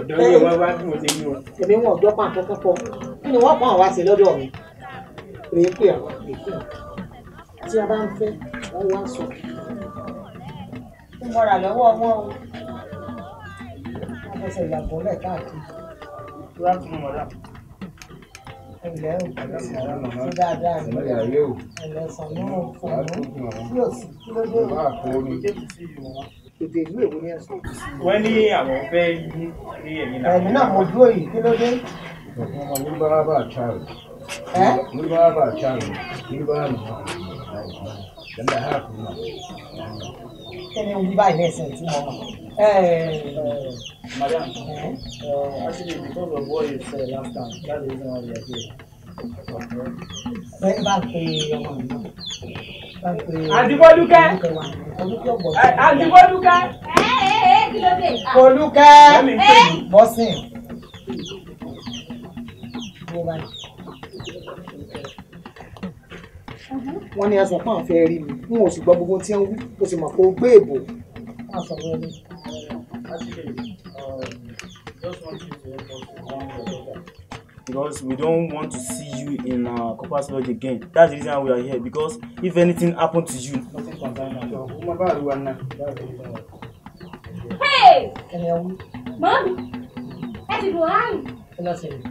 Speaker 1: ọ̀dọ́ yóò wá wá bí mo ṣe yí wọn. èmi wọn ò gbọ́ pàǹkẹ́kẹ́ pọ̀ kí ni wọ́n pọ́n àwa sí lọ́dọ̀ mi rèé pé àwa rèé tí
Speaker 4: a bá ń fẹ́ wọ́n wá sọ. mo rà lọ́wọ́ wọn o
Speaker 1: wọ́n fẹsẹ̀ ìyàgbọ́ lẹ̀ káàkiri. ìwà tún mọ̀ ẹ̀lẹ́ o ti dáadáa ni ẹ̀lẹ́ sàn ní mo fò mú bí o sì kí ló dé o. Èdè ìlú èwo ni ẹ sọ?
Speaker 2: Wọ́n ní àwọn
Speaker 1: fẹ́ yí ní ẹ̀yìn náà. Ẹ̀yìn náà mo yìí kí ló dé? Wilbara ba charge. Eh? Wilbara ba charge. Wilbara ba Then I have to know. Then you buy lesson tomorrow. Hey, uh, madam, eh? uh, actually, because of what you said last time, that is why we are here. Bẹ́ẹ̀ bá pe ọmọ mi náà. Bá pe Adibọ́dúkẹ́. Adibọ́dúkẹ́.
Speaker 4: Ẹ ẹ ẹ kí ló dé? Folúkẹ́.
Speaker 1: Bọ́sìn
Speaker 2: wọ́n
Speaker 1: ní aṣọ pàǹ rí mi n ò sì gbọ́ gbogbo tí ń wí o sì mọ̀ pé gbé èbò. Because we don't want to see you in uh, Corpus Lodge again. That's the reason we are here. Because if anything happened to you.
Speaker 4: Hey! mom, Ẹ ti dùn áàrùn.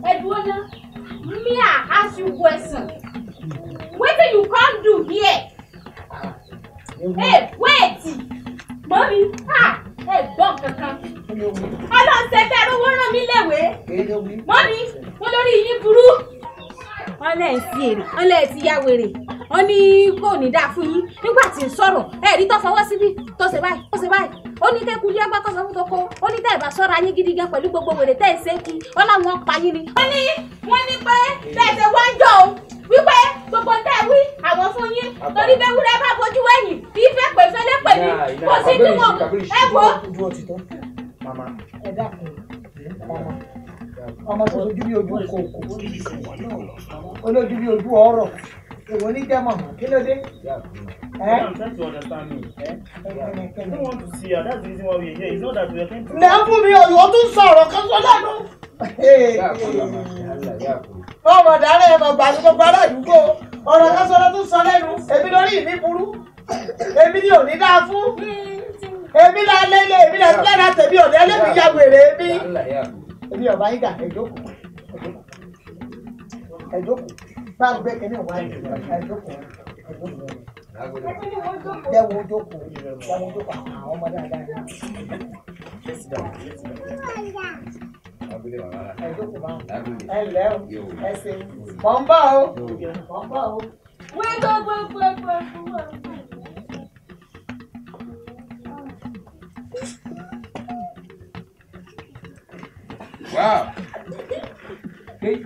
Speaker 4: Ẹ dùn ó me I ask you question. What do you come do here? Hey, wait! mommy. ha! hey, don't come. I don't say that I don't want Mọ́mí, olórí yín burú. Ọlẹ́ you sí èrè, ọlẹ́ ẹ̀ ti yá wèrè ó ní kò ní dáa fún yín nígbà tí ń sọ̀rọ̀ ẹ rí tó fọwọ́ síbí tó ṣe báyìí tó ṣe báyìí ó ní kẹ́kù ní ẹgbẹ́ kọ́sọ́ fún toko ó ní tẹ́ẹ̀ bá sọ́ra yín gidi gan pẹ̀lú gbogbo wèrè tẹ́ẹ̀ ṣe kí ó láwọn pa yín ni. wọ́n ní wọ́n ní pé tẹ́ẹ̀ ṣe wá ń jọ o wípé gbogbo tẹ́ẹ̀ wí àwọn fún yín torí bẹ́ẹ̀ wúrẹ́ bá fojú ẹ̀yìn ìfẹ́ pè fẹ́lẹ́ pè ní kò sí tí wọ́n ẹ wo.
Speaker 1: ọmọ tó lójú bí ojú kòkó olójú bí ojú ọ̀rọ̀ èwo ní jẹ́ mọ̀mọ́ kí ló dé. lẹ́yìn fún mi òyìnbó tún sọ̀rọ̀ kan sọ lẹ́nu. ọmọ dàrẹ́ ẹ̀ mọ̀ gbà ní gbogbo ará àdúgbò ọ̀rọ̀ kan sọ̀rọ̀ tún sọ lẹ́nu èmi lórí mi burú èmi ni ò ní dáa fún èmi là lélẹ̀ èmi là sílẹ̀ náà tẹ̀mí ọ̀dẹ́ ẹlẹ́mi ya wèrè èmi èmi ọ̀bá yín gà ẹ̀jókòó ẹ̀jókòó bá ń gbé kínní wá ẹ̀dókòó ẹ̀dókòó dẹ́wọ́ jókòó àwọn ọmọ dáadáa ẹ̀dókòó bá ẹ lẹ́ o o mọ̀ o.
Speaker 4: wí gbogbo gbogbo gbogbo.
Speaker 1: Wow. Okay.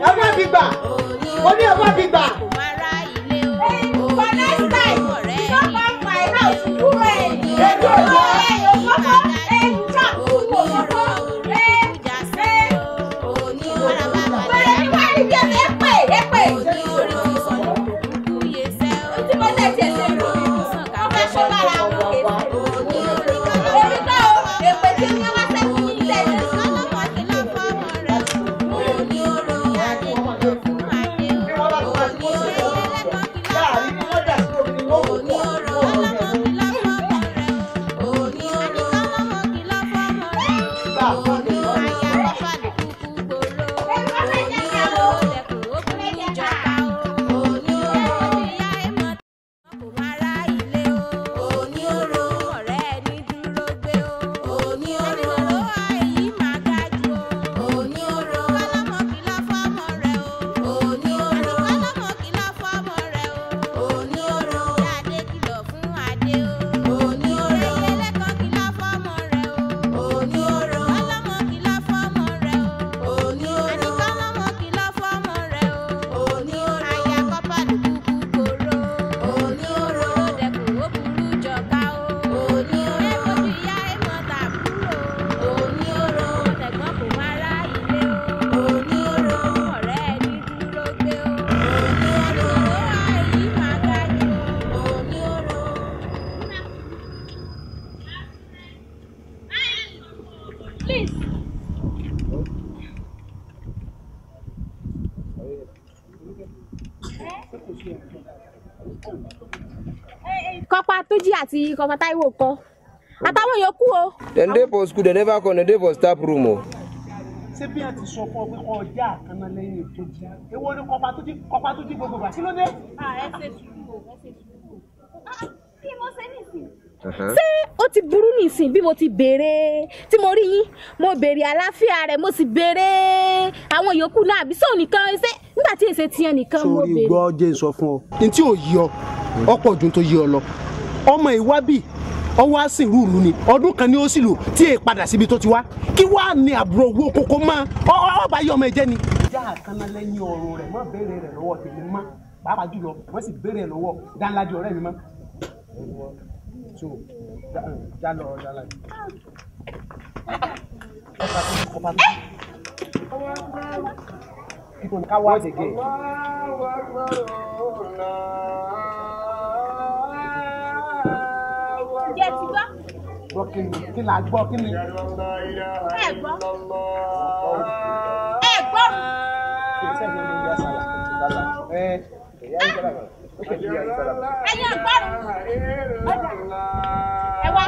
Speaker 1: ẹ má fi gbà mo ní ẹ gbà. Hey, for next time, You don't at my house, you ready?
Speaker 4: àti kọ̀ọ̀kan táìwò kọ àtàwọn yòókù o.
Speaker 1: dem dey for school dem never come dem dey for staff room o. ṣé bí a ti sọ fún ọ pé kọ́ ọjà àkànnà lẹ́yìn ètò jì èwo ni kọ́pá tó jí kọ́pá tó jí gbogbo gbà kí ló dé. Ah, ẹ ṣe sùúrù ẹ ṣe sùúrù kí ah, mo ṣe nísìnyí
Speaker 4: uh-huh. ṣé ó ti burú nìsín bí mo ti béèrè tí mo rí yín mo béèrè àlàáfíà rẹ mo sì béèrè àwọn yòókù náà àbí sóò nìkan ṣé nígbà tí èsè tiẹ̀ nìkan mo
Speaker 1: béèrè. sori gbọ́ jẹ́ sọ fún ọ ní tí ò yí ọ ọ̀pọ̀ ọdún tó yí ọ lọ ọmọ ìwábì ọwọ́ á sì rúùlù ni ọdún kan ni ó sì lò tí èè padà síbi tó ti wá kí wàá ní àbúrò owó kókó mọ́ ọba yìí ọmọ ìjẹ́ ni. ìyá àkànná lẹ́yìn ọ̀rọ̀ rẹ̀ mọ́ béèrè rẹ̀ lọ́wọ́ tèmi mọ́ pàápàá jùlọ wọ́n sì béèrè rẹ̀ lọ́wọ́ dáńlájú ọ̀rẹ́ mi mọ́. People, cowards again. jẹ́ ti gbọ́. gbọ́ kí ni kí la gbọ́ kí ni. ẹ gbọ́
Speaker 4: ẹ gbọ́. ẹ̀yin ọgbọ́n
Speaker 2: ẹ wá.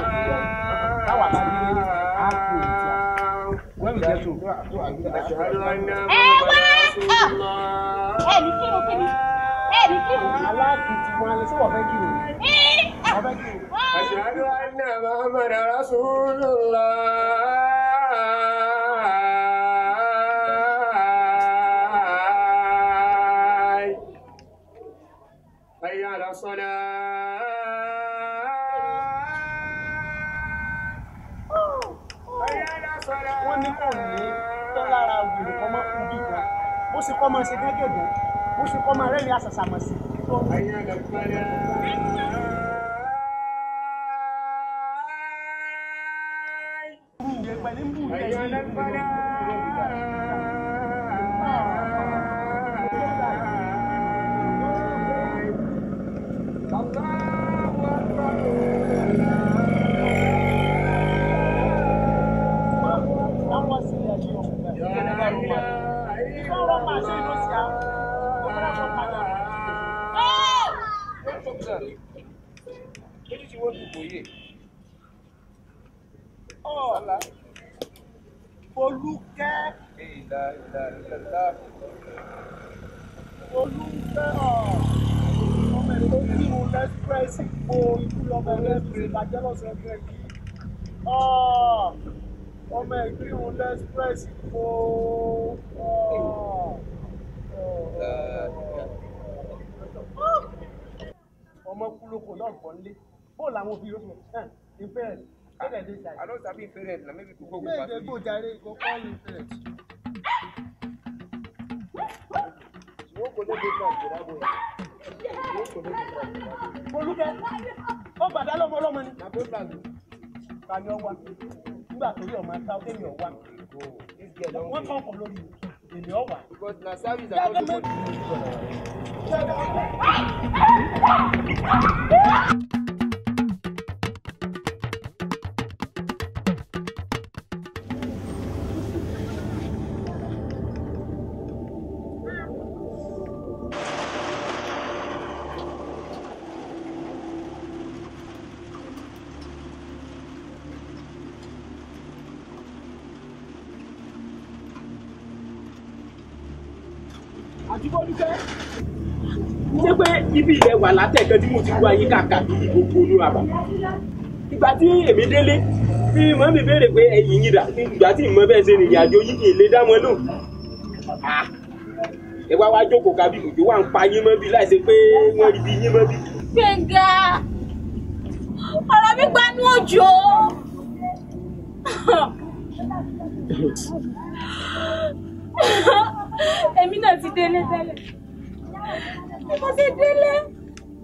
Speaker 2: táwa bá yé
Speaker 1: á kú ìjà wẹ́ẹ̀mì jẹ́ tó. ẹ wá ẹ ní kírun kí ni ẹ ní kírun. aláàkìtì wọn alẹ́ sọ́wọ́ fẹ́ kírun. أشهد أن محمد رسول الله حي على الصلاة wọ́n ní kò ní tọ́lára wùlù kọ́ máa kú bí kan bó ṣe kọ́ máa ṣe gẹ́gẹ́ bó ṣe kọ́ máa rẹ́rìn àṣàṣàmọ̀sí tó ń bọ̀. ọ̀ Folúkẹ́ Folúkẹ́ ọ̀ ọmọ ẹ̀ tó kírun lẹ́sírẹ́sì kó ikú lọ́mọ ẹlẹ́sìn ìbàjẹ́ lọ́sọ̀ ẹgbẹ́ yìí ọ̀ ọmọ ẹ̀ kírun lẹ́sírẹ́sì kó ọmọ kúlókò náà kọ́ ń lé bóòlù àwọn òbí yóò fún ẹ ìfẹ́ ẹ̀. I don't sabi parent maybe go back. Make go jare go call him parent. Olúkẹ́ ó gbàdá wà látẹ̀kẹ́ tí mo ti wá yín kàkà bí gbogbo inú àbá ìgbà tí èmi délé bí mọ́ mi béèrè pé ẹ̀yìn yìí dà ìgbà tí ìmọ̀ bẹ́ẹ̀ ṣe rìnrìn àjò yìí kì í lè dá wọn lò ẹ wá wá jókòó kábí òjò wà ń pa yín mọ́ bí láìsí pé wọ́n rí bí yín mọ́ bí.
Speaker 4: gbẹ̀ngà ọ̀rọ̀ mi gbanú òjò èmi náà ti délé tẹ́lẹ̀ mo ti délé.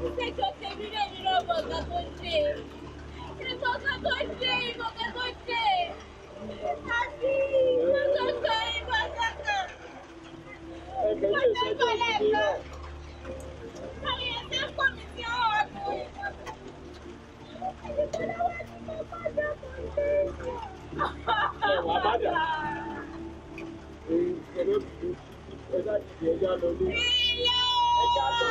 Speaker 4: Você que eu sempre me você. Eu você, vou você. Assim, eu não sei, vou com você.
Speaker 1: Você colega.
Speaker 2: Aí, até coisa. Ele falou assim, meu pai, já aconteceu.
Speaker 1: É uma baga. Filha!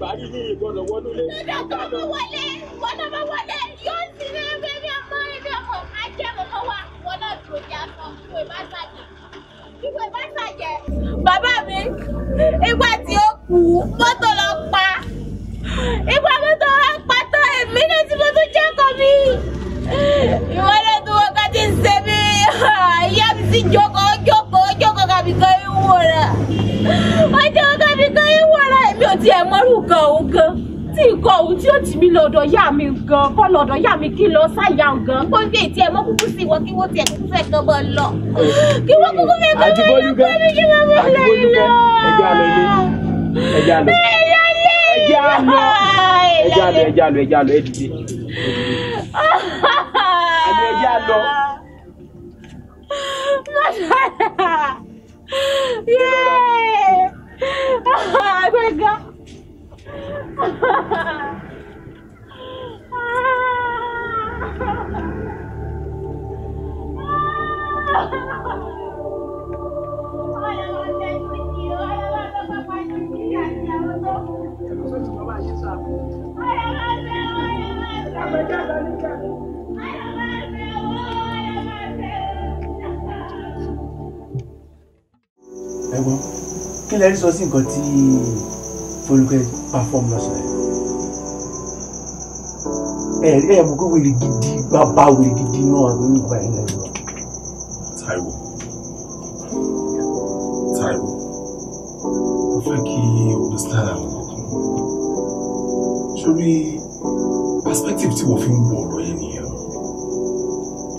Speaker 1: àgbárí ní ìgbọ̀nà wọnú lé. lọ́dọ̀ tó mú wọlé.
Speaker 4: gan kọ́ lọ́dọ̀ yá mi kí lọ sáyà gan. kó fi ètí ẹ mọ kúkú sí ìwọ kí wọ́n tiẹ̀ kúkú fẹ́ kan bọ́ lọ. kí wọ́n kúkú fẹ́ kan bọ́ lọ kó ní kí wọ́n bọ́ lọ ilé. ẹjẹ àlọ ilé ẹjẹ
Speaker 1: àlọ ẹjẹ àlọ ẹjẹ àlọ ẹjẹ àlọ ẹjẹ àlọ ẹjẹ àlọ ẹjẹ àlọ ẹjẹ àlọ sọ sí nǹkan tí Fọlúkẹ́ pàfọ́ọ̀mù lọ́sọ̀ ẹ̀ ẹ̀rí ẹ̀ mú kó wèrè gidi bàbá wèrè gidi náà ló ń gba ẹ̀ lẹ́nu. Táíwò Táíwò mo fẹ́ kí understand àwọn ọkùnrin perspective tí wọ́n fi ń wo ọ̀rọ̀ yẹn nìyẹn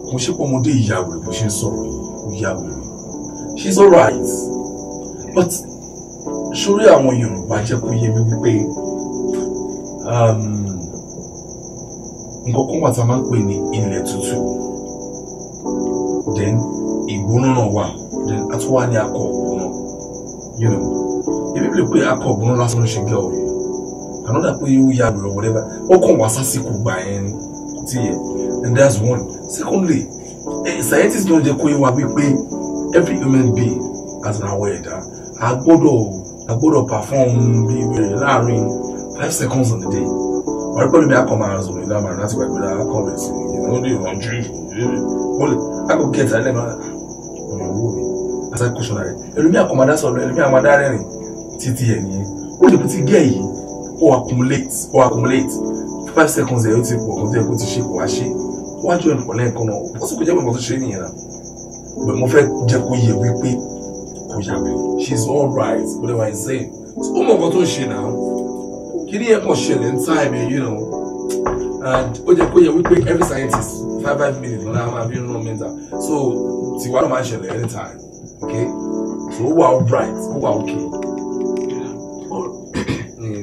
Speaker 1: mo ṣe pé ọmọdé ìyá wèrè bó ṣe ń sọ̀rọ̀ yìí ó yá wèrè she's alright but. nítorí àwọn Yorùbá jẹ́ kó yé mi wípé um, nǹkan kan wà tá a máa ń pè ní ilẹ̀ tútù then ìgbóná náà wà then a tún wá ní akọ ògbóná you know ebi akọ ògbóná lásán ló ṣe gẹ́ ọ̀rẹ́ another pe yóò yá àgbèrè whatever ó kàn wá sásìkò gbà yẹn ni ti yẹ and that's one secondly eh, scientists don jẹ́ kó yé wa wípé every human being as an aware ẹ̀dá a gbọ́dọ̀. a gbọ́dọ̀ perform bí wèrè láàrin five seconds on the day wọ́n rí pẹ̀lú mi akọ máa zòrò ìlànà màrún láti gbàgbé lára kọ̀wé i ìnáwó lè ràn jù ó lè akọ gẹ̀ẹ́tì alẹ́ máa ọ̀nà owó mi àti akọ̀ṣọ́nà rẹ̀ ẹlòmí àkọ̀mọ̀dá sọ̀rọ̀ ẹlòmí àmọ̀dá rẹ̀rìn títí ẹ̀ nìyẹn ó lè pété gẹ́ẹ̀ yìí ó accumulate ó accumulate five seconds ẹ̀ ó ti pọ̀ kó tó yẹ kó ti ṣe kó wá ṣe wájú ẹ̀ nìkan lẹ́ẹ̀kan náà ó sì kó jẹ́ pé mo tó ṣe é nìyẹn náà mo fẹ́ jẹ́ kó yẹ wípé kọjá she's all right whatever lè say. ẹ sẹ́yìn ó mọ̀ nǹkan tó ń ṣe náà kí ni kàn ṣẹlẹ̀ ní time yẹn you know and ó jẹ́ kó yẹ wípé every scientist five five minutes lọ́la máa bí rún mẹ́ta so tiwa náà máa ṣẹlẹ̀ anytime okay so ó wà all right ó wà okay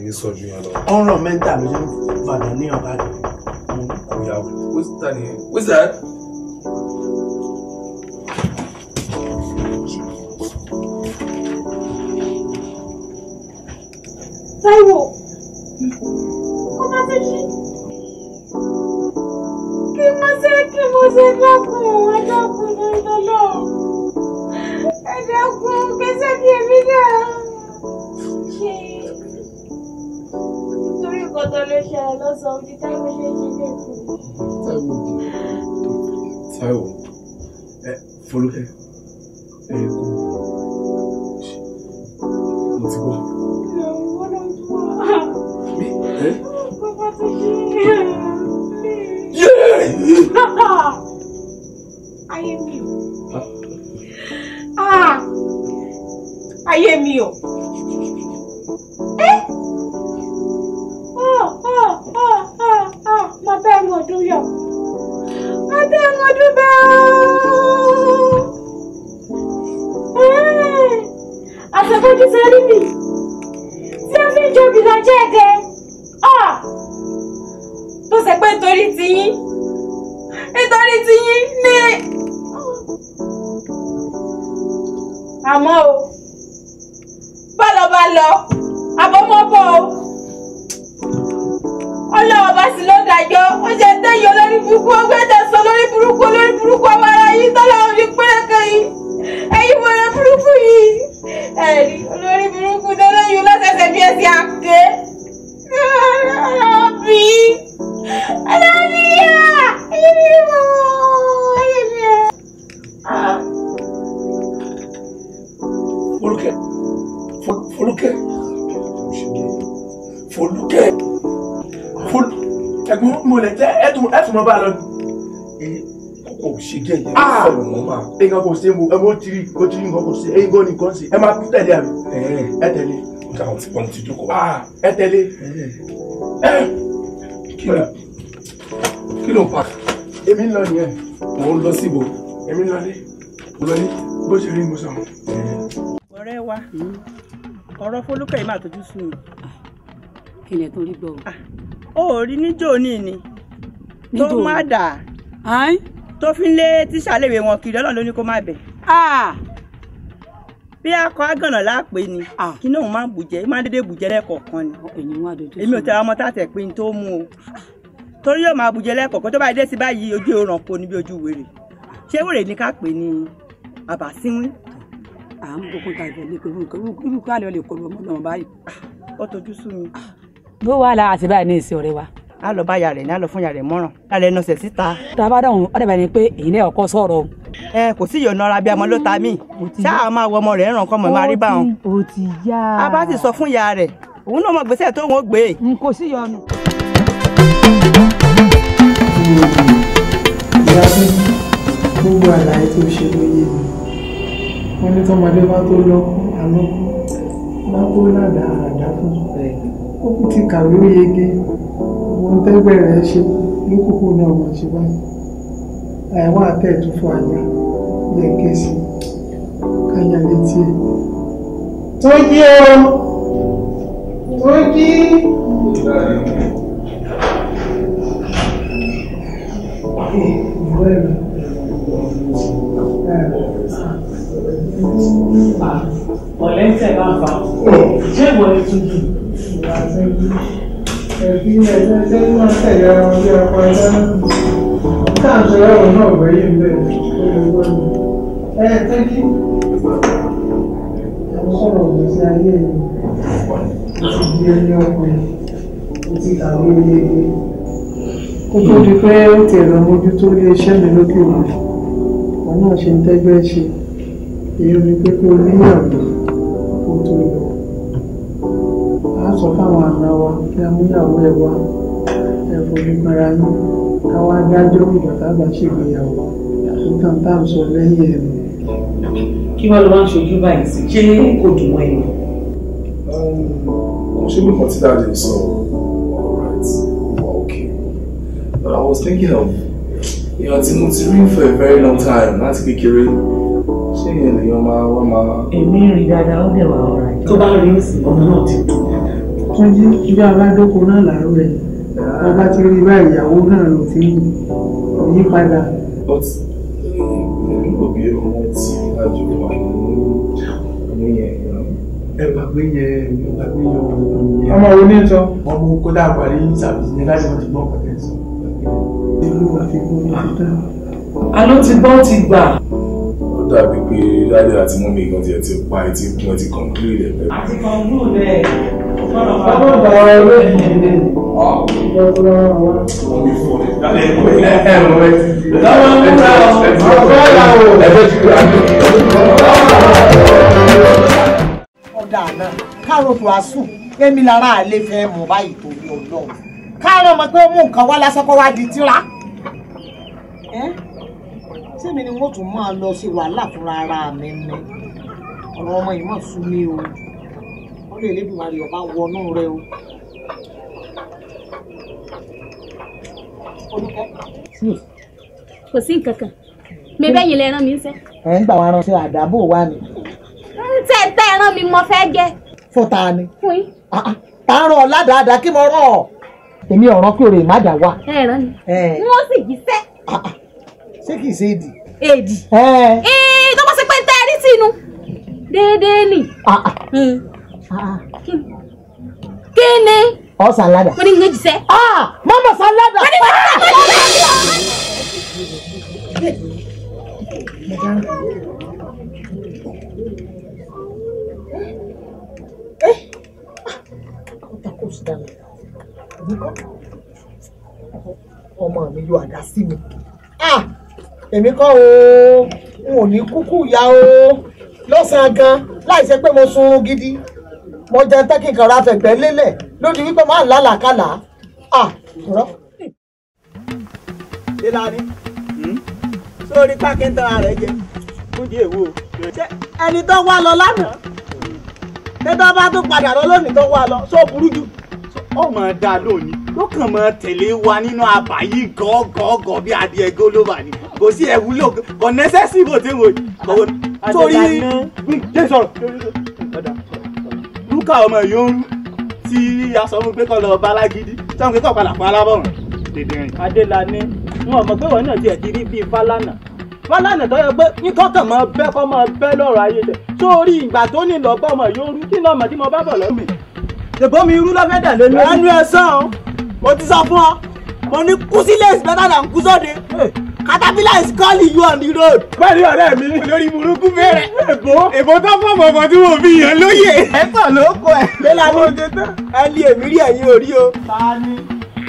Speaker 1: ní sọ́jú yẹn lọ. ọ̀rọ̀ mẹ́ta ló ń bàdàn ní ọ̀gá rẹ̀. kò yà wò ó ta nìyẹn. wíṣẹ́ nǹkan kò sí mu ẹ mọ tiri o tiri nǹkan kò sí eyín gọ́ọ̀nì kan sí ẹ máa tẹ̀lé àmì ẹ tẹ̀lé. káwọn ti pọ́n ti jókòó. ẹ tẹ̀lé. kí ló ń pa. èmi ń lọ nìyẹn. mo ń lọ síbo. èmi ń lọ ní. mo lọ ní bó ṣe rí mo sọ. ọ̀rẹ́ wa ọ̀rọ̀ Fọlúkẹ́ yìí máa tójú sùn o. kí ni ẹ tó rí gbọ́ o. Ah, ó rí níjó ní ni tó má dà tó fi ń lé tíṣà léwe wọn kiri ọlọ́run ló ní kó má bẹ̀. Ah! bí akọ agànnà láàpẹ ni ah! kí náà má bùjẹ má dédé bùjẹ lẹ́kọ̀ọ̀kan ni èmi ò tẹ́ra ọmọ tàtẹ̀ pé n tó mú o torí yóò máa bùjẹ lẹ́kọ̀ọ̀kan tó bá dé sí báyìí ojú òòràn po níbi ojú wèrè ṣé wèrè ni ká pè ní àbàsíwín. à ń bọ́ kúta ìbẹ̀lẹ̀ irú ká lè kọ́ ọmọ náà báyìí. ó tojú sú mi. Ah! bó wàá àti báyìí ní ìsìn ọ̀rẹ́ wa á lọ bá ya rẹ̀ ní á lọ fún ya rẹ̀ mọ́ràn lálẹ́ ẹnu ọ̀sẹ̀ síta. tá a bá dáhùn ó dàbí ẹni pé èyí náà ọkọ sọ̀rọ̀ o. ẹ kò sí ìyọ̀nà ara bí amọ ló ta mí ṣáà máa wọ ọmọ rẹ̀ ẹ̀ràn kọ́ mọ̀ máa rí bá wọn. o ti yá. a bá sì sọ fún ya rẹ̀ òun náà mọ gbèsè tó wọn gbé. n kò sí ìyọnu. ìyá bí gbogbo àlàyé tó ṣe ló yé mi wọn ní tọmọdé bá tó lọkùn àlọkùn bá tó ládàá àdá fún ó ti kàwé ó yege ohun tẹ́gbẹ́ rẹ̀ ṣe lókùkù ní ọmọ ṣe báyìí àìwá àtẹ̀tún fún àyà yẹ ké sí káyà létí ẹ̀. tó yí o tó
Speaker 2: ọ̀lẹ́sẹ̀ bá ń fa ṣé ìwọ ni tuntun? ẹbí ẹgbẹ́ ẹgbẹ́ tí wọ́n tẹ̀lé ara wọn bí ọkọ ẹgbẹ́ náà káàtó ọ̀rọ̀ náà wẹ̀yìn ń bẹ̀ olùwọ́ ni ẹ tẹ́ kí àwọn sọ̀rọ̀ ìgbésí ayé mi ti di ẹni ọkùnrin mo ti kàwé tó di
Speaker 1: pé ó ti ẹ̀rọ mójútó ilé iṣẹ́ mi lókè òkun òun náà ṣe ń tẹ́gbẹ́ ṣe èyí ni pé kó o níyàwó kó tó lọ. a sọ fáwọn ìyàmúyàwó ẹ wá ẹ̀fọ́ mara yín káwá dájọ́ ìgbàtà bá ṣègbéyàwó àtúntàn tá à ń sọ lẹ́yìn ẹ̀ kí wọ́n lọ wá ń ṣojú báyìí sí ṣé kò dùn mọ́ ẹ lọ. mo ṣe tí dáadé sọ but I was thinking of èèyàn tí mo ti rí for a very long time láti kékeré ṣé èèyàn lèèyàn máa wá máa. èmi rí dáadáa ó dẹ̀ wá ọ̀rọ̀ àjọ. tó bá rí ìsìn ọmọ náà ti dùn túnjí bí abádókò náà làárọ̀ ẹ̀ ọba ti rí bá ìyàwó náà ló ti yí padà. òbí eh, ọmọ tí àjọ wà ní ẹ gbàgbé yẹn ẹ gbàgbé yẹn ọmọ wo ní ìtọ́ ọmọ oko dá àpárí sàbìsì ní láti wọn ti gbọ́ pẹ̀lẹ́ sọ. ìlú àfikún ní ti dá. àló ti gbọ́ ti gbà dàbí pé dáadé àti mọ́mí gan tiẹ̀ ti pa etí kún ẹtí kan lórí ilẹ̀ àti kan lóò ọ̀dà náà kárọ̀tù àṣù èmi lára àlè fẹ́ mọ̀ báyìí torí ọlọ́run káàárọ̀ mọ̀ pé mú nǹkan wá lásán kó wá di tíra. sẹ́mi ni wọ́n tún máa lọ sí wàhálà fúnra ara mi ni ọ̀rọ̀ ọmọ yìí mọ̀ sú mi o kúlẹ̀ Elédùmarè ọba wọnú rẹ o. kò
Speaker 4: sí nǹkan kan mi bẹ́ẹ̀ yìí lè rán mi ń sẹ́.
Speaker 1: ẹ̀ ń gbà wá ránṣẹ́ àdábò wa ni.
Speaker 4: tẹ́ tẹ́ ẹran mi mo fẹ́ jẹ. fún ta ni. fún yín.
Speaker 1: Ah, ah, tààrọ̀ ládàáda kí mo rán ọ. èmi ọ̀ràn kí oore má dà wá. ẹ rán mi.
Speaker 4: wọ́n sì jí sẹ́. Ah,
Speaker 1: ṣé kìí ṣe èdì. èdì. ẹ ẹ
Speaker 4: tó bá ṣe pé ń tẹ́ ẹ rí sínú déédéé nì kí ni. ọ̀sán ládàá. mo ní ń gbèjì sẹ́. mọ́mọ́ sàn ládàá. mo mo ní mo ní mo
Speaker 1: ní. kóòtù ọmọ mi yóò àdá sí mi èmi kọ́ o n ò ní kúkú ya o lọ́sàn-án gan láì ṣe pé mo sun gidi mo jẹ tẹ́kì kan ra fẹ̀gbẹ́ lélẹ̀ lódì wípé máa ń lálàkàlà à rọ. ìlànà sórí hmm? pákíntàn rẹ jẹ kúndì èwo ẹni tó wá lọ lánàá tẹ́tọ́ bá tún padà lọ lónìí tó wá lọ sọ burú jù. ọmọ dá lónìí ló kàn mọ tẹ̀lé wa nínú àbá yìí gọ́gọ́gọ́ bí adìẹ gólóbà ni kò sí ẹ̀wúlò kò nẹ́sẹ̀sì bò tí wò yìí. torí hmm, jẹ́ sọ̀rọ̀ ká ọmọ yìí ń tí a sọ fún pé kọ́ lọ bá lágídí sọ́run pé kọ́ padà fún alábọ̀rùn dèdè rìn. mọ̀ pé wọn náà tiẹ̀ ti rí bíi fálànà fálànà tó yẹ pé nǹkan kàn máa bẹ́ kọ́ máa bẹ́ lọ́rọ̀ ayé tẹ̀ sórí ìgbà tó ní lọ bọ́ ọmọ yóò rú kí náà mọ̀ tí mo bá bọ̀ lọ́mì. ṣèbó mi irú lọ́fẹ́ dà lónìí. ẹnu ẹ̀ sàn mo ti sọ fún ọ mo ní kú sílé is better than kú sóde caterpillar is calling you on the road. bẹ́ẹ̀ni ọ̀rẹ́ mi lórí burúkú bẹ̀rẹ̀. èbó èbó tó fọ bọ̀bọ̀ tí mo fi yàn lóye. ẹ tọ̀ ló kọ ẹ. lọ́la ní ẹ ní èmi rí ẹ̀yìn orí o. tani.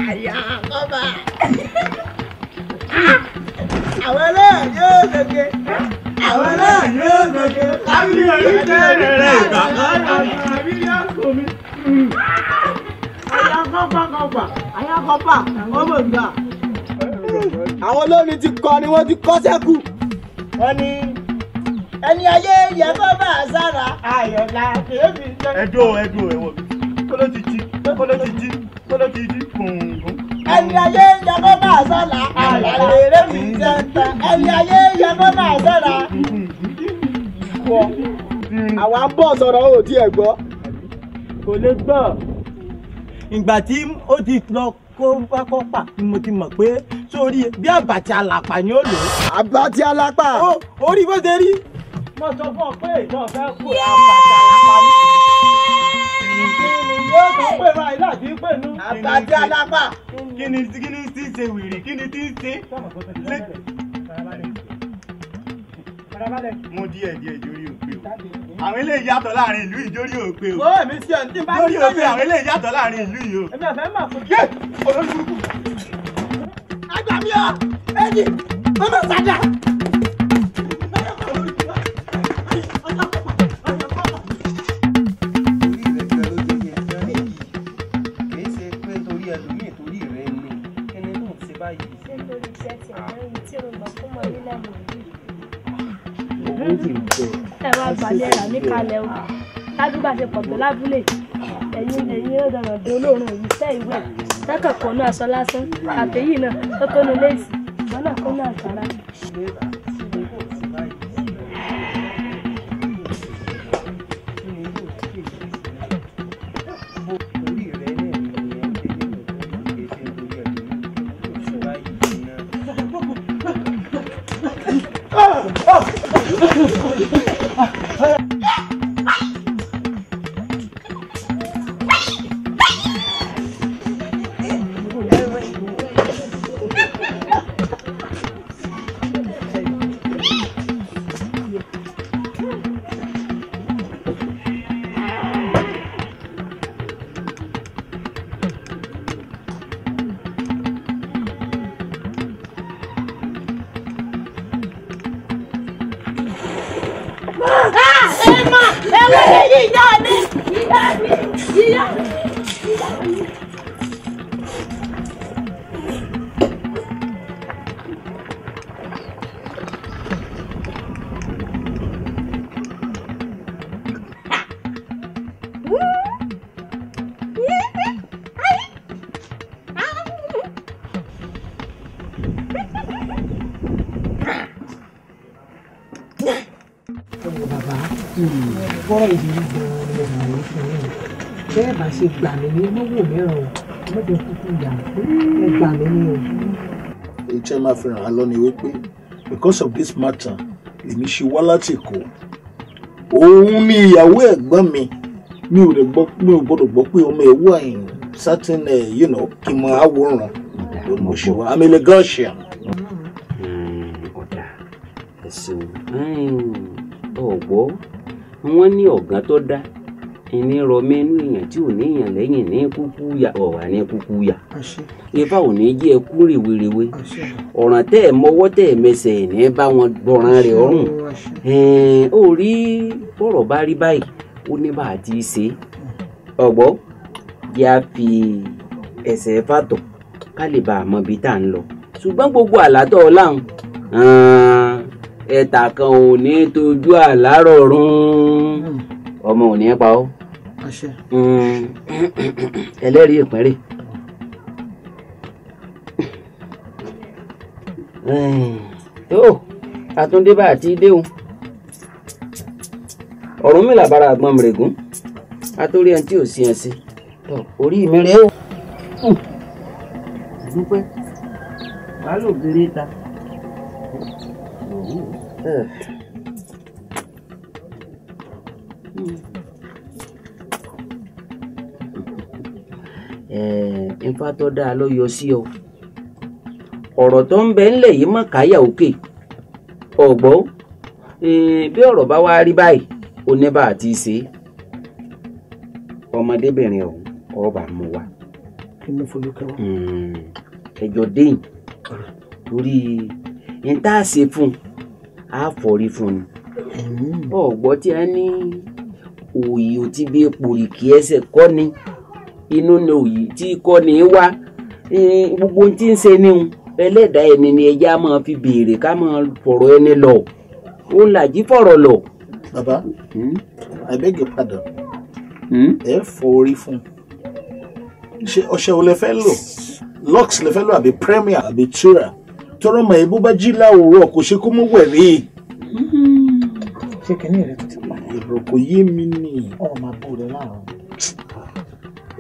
Speaker 2: àyà kọ́ba. àwọn náà yóò gbẹgẹ. àwọn náà yóò gbẹgẹ. àbí orí bẹ̀rẹ̀ rẹ̀ bàbá
Speaker 1: àbí yàgò mi. àyà kọ́ba kọ́ba àyà kọ́ba ọmọ ìgbà àwọn olórin ti kọ ni wọ́n ti kọ́ sẹ́kù. wọ́n ní ẹni ayé yẹ kó bá a sára ayọ̀lá bèbí. ẹdùn ọ ẹdùn ọ ẹwọ kóló ti jí kóló ti jí kóló ti jí gbòǹgbò. ẹni ayé yẹ kó bá a sára ayọ̀lá bèbí sẹ́ńtà ẹni ayé yẹ kó bá a sára. àwa ń bọ̀ sọ̀rọ̀ ò tí ẹ̀ gbọ́ kò lè gbọ́ ìgbà tí ó ti lọ kó bá kó pa ni mo ti mọ̀ pé sórí bí àbàtì alàpà ni ó lò. àbàtì alàpà. ó orí bó ṣe rí. mo sọ fún ọ pé ìjọ fẹ́ kú àbàtì alàpà ni. yóò tó pè máa ilé àti pè nú. àbàtì alàpà. kí ni kí ni tí ń ṣe wìrì kí ni tí ń ṣe. mo di ẹ̀ díẹ̀ jórí o àwọn eléyìí yàtọ̀ láàrin ìlú yìí lórí òpè o lórí òpè àwọn eléyìí yàtọ̀ láàrin ìlú yìí o. èmi àfẹ́ mà fún yé olórí burúkú. àgbà mi ọ ẹni mọ́mọ́ sádà.
Speaker 2: ẹ wá gbàdé ẹ̀rà níkàlẹ̀
Speaker 4: o ládùúgbà ṣe pọ̀ tó lábúlé ẹ̀yin ẹ̀yin ọ̀dọ̀rọ̀ dé olóòórùn yìí tẹ́ ìwé kẹ́kọ̀ọ́ kan náà lásán àtẹ̀yìn náà tó tó nu léèsì ìgbọ́n náà kó
Speaker 1: ràn án lọ ni wípé because of this matter èmi ṣe wá láti Èkó òun ni ìyàwó ẹ̀gbọ́n mi mi ò gbọ́dọ̀ gbọ́ pé ọmọ ẹ̀ wà in certain uh, you know kí n mọ àwòrán ló mọ̀ ṣe wá àmì ilẹ̀ gọ́ọ̀ṣìà. ọ̀dà ẹ̀sìn hmm, ọ̀gbọ́ wọ́n ní ọ̀gá tó dá ìní rọmí inú èèyàn tí ò ní èèyàn lẹ́yìn ní kúkú yà ọ̀wà ní kúkú yà ifá ò ní jẹ́ ẹkú rèwerèwe ọ̀ràn tẹ́ ẹ̀ mọ́wọ́ tẹ́ ẹ̀ mẹsẹ̀ ẹ̀ ní bá wọn gbọ́ràn rẹ̀ ọ̀rùn ó rí bọ́rọ̀ bá rí báyìí ó ní bá a ti ṣe ọ̀gbọ́ yà fi ẹsẹ̀ fàtọ̀ ká lè bá a mọ ibi tá à ń lọ ṣùgbọ́n gbogbo àlátọ̀ ọ̀làhùn ẹ̀ta kan ò ní tójú àlárọ̀ hmm. ọmọ ò ní pa ọ́. Hmm. ẹlẹ́rìí ìpínrẹ̀ hmm. tó àtúndébà àti déhùn ọ̀rùn mi làbára àgbọn mìrègún àtòrí ẹni tí ò sí ẹ sí orí mi rèé o. Hmm. dúpẹ́ wàá lò gèrè ta. ifá tó dáa ló yọ sí ọ ọ̀rọ̀ tó ń bẹ ńlẹ̀ yìí mọ̀ káyà òkè ọ̀gbọ́ eh, bí ọ̀rọ̀ bá wá rí báyìí ó ní bá àti ṣe ọmọdébìnrin ọ̀hún ọba mú wa hmm, ẹjọ́ déyìn torí n tá a ṣe fún un á fọrí fún ni ọ̀gbọ́ tí a ní òòyì ò ti bí epo rìkì ẹsẹ̀ kọ́ ni inú ni òyì tí kò ní í wá gbogbo tí ń ṣe níhun ẹlẹ́dàá ẹni ni ẹja máa fi béèrè ká máa fọ̀rọ̀ ẹni lọ ó làjí fọ̀rọ̀ lọ. baba hmm? i beg your pardon hmm? ẹ forí fún ṣe ọṣẹ wo lẹ fẹ́ lò lux lẹ fẹ́ lò àbí premier àbí tura tọrọ mọ ebó bá jí láwùrọ̀ kò ṣe kó mú wẹrí.
Speaker 2: Hmm.
Speaker 1: ṣé kìnìún rẹ tó ti pa. èrò yé mi ni. ọmọ àbúrò láàárọ̀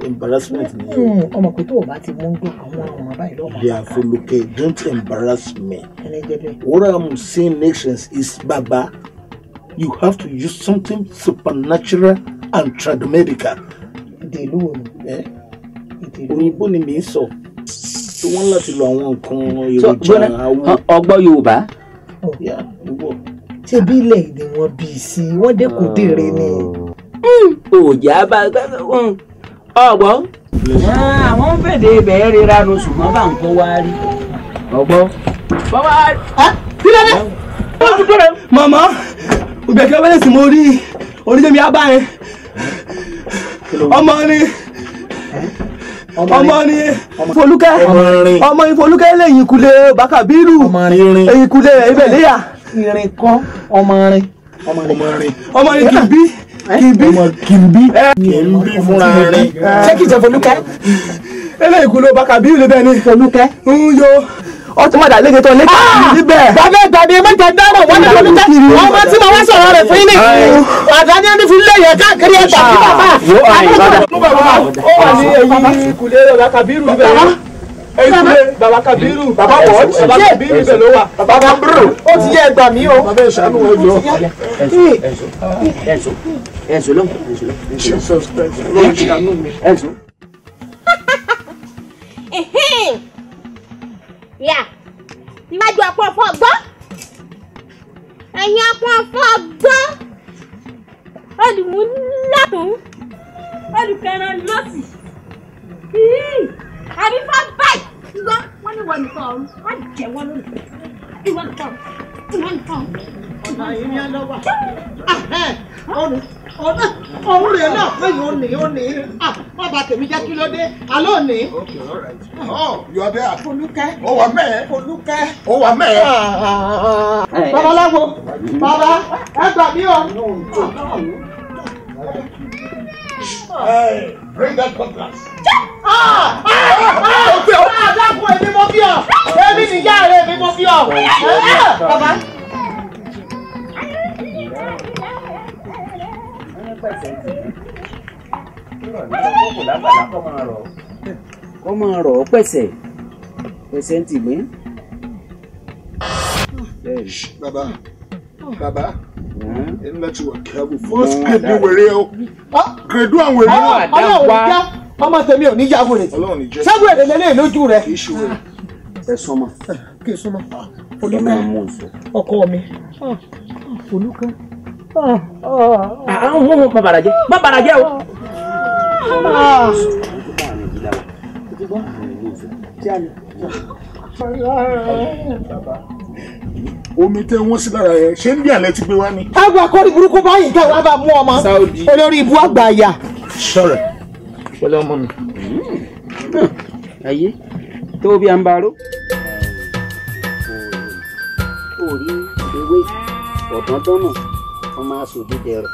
Speaker 1: embarrassment ni. Hmm, ọmọ pé tó o bá ti mú gbọ́ àwọn ọmọ báyìí lọ́wọ́. they are don't embarrass me. what i'm saying next is baba you have to use something supernatural and tradomedical. ìdèlú wo ni. Eh? òyìnbó ni mi sọ tí wọ́n láti lo àwọn nǹkan èròjà àwọn. ọgbọ́ yorùbá. Oh, ṣé bí ilẹ̀ ìdè wọn bí sí wọ́n dẹ́kun dèrè ni. òòjà bá a ọgbọ́n. Ah, àwọn ń fèdè ibẹ̀ rira nu ṣùgbọ́n bá ń kó wá rí ọgbọ́n. Ah, bàbá kí ló dé wọ́n ti dúró. màmá ògbẹ̀kẹ́ wẹ́lẹ̀ sí mo rí oríṣiríṣi abá yẹn ọmọ ni ọmọ ni folúkẹ́ ọmọ ni folúkẹ́ lẹ́yìn kulẹ̀ bákàbírù ẹ̀yìn kulẹ̀ ibẹ̀ léyà. irin kọ́ ọmọ rin ọmọ rin ọmọ rin kì í bí kìnbí kìnbí kìnbí fúnra rẹ ṣé kìí ṣe folúkẹ́ eléyìí kú ló bá kàbí ìlú bẹ́ẹ̀ ni folúkẹ́ ń yo ọ tún padà léke tó léke ah! níbẹ̀. bàbá ìgbàdì mẹ́jọ dárò wọn náà lóbi tẹ́sí ọmọ tí mo wá sọ̀rọ̀ rẹ̀ fún yín nìyí àdáni ẹni fi lé yẹ káàkiri ẹ̀ta kí ah, bàbá àbúrò ó wà ní èyí kùlé bàbá kabiru bẹ̀rẹ̀ èyí kùlé bàbá kabiru bàbá wọ́ọ̀tì bàbá kabiru bẹ̀ ló wà bàbá kabiru ó ti yẹ ẹgbà mí o. bàbá ìṣàánú wọn jọ. Enzo, Enzo, Enzo. Enzo. lọ́wọ́ Jesus Christ lọ́wọ́ ìṣàánú mi. ẹ̀sùn.
Speaker 4: yà níwájú ọ̀pọ̀ọ̀pọ̀ gbọ́ ẹ̀yìn ọ̀pọ̀ọ̀pọ̀ gbọ́ olùmúlọ́tún olùkẹ́ran lọ́sì àbífọ́ báyìí gbọ́ wọ́n Enzo, wọ́n nìkan ọ̀run wọ́n jẹ́ wọ́n lónìí ìwọ́n nìkan
Speaker 1: ìwọ́n nìkan ọ̀nà yìí yẹn lọ́wọ́ ọ̀nà òun rèé náà lẹ́yìn tèmi jẹ́ kí ló dé alẹ́ òní. okay
Speaker 2: all
Speaker 1: oh you are there. folúkẹ́ ó wà mẹ́ẹ̀. folúkẹ́ ó wà mẹ́ẹ̀. babaláwo baba ẹ gbà mí o. Hey, bring that contrast. Ah! Ah! Ah! Ah! Dákun
Speaker 2: èmi mo bí ọ. Èmi nìyá rẹ̀ èmi mo bí ọ.
Speaker 1: Bàbá kọ́ máa rọ̀ ọ́ pẹ̀sẹ̀ pẹ̀sẹ̀ ń tìgbé. bàbá bàbá ẹ ní láti wà kí a bò first grade ni wèrè o ah, grade one wèrè o ah, ọlọ́run ní já ọmọ tèmi ò ní já wèrè sẹ́gun èdè lélẹ́yìn lójú rẹ̀. ẹ sọmọ kí n sọmọ olùkọ́ ọkọ mi. Ah. Olúkan.
Speaker 2: àwọn
Speaker 1: ohun má bàrà jẹ́ má bàrà jẹ́ o. omi tẹ wọn sí lára yẹn ṣé ní alẹ́ ti gbé wá ni. àgbà kọ́ni burúkú báyìí tẹ wàá bá mú ọmọ olórí ibú àgbà àyà. sọ̀rọ̀ wọlé ọmọ mi hmm. ayé tó bí a ń bá ró. orí ewé ọ̀dán wọ́n máa sòdí dẹrọ̀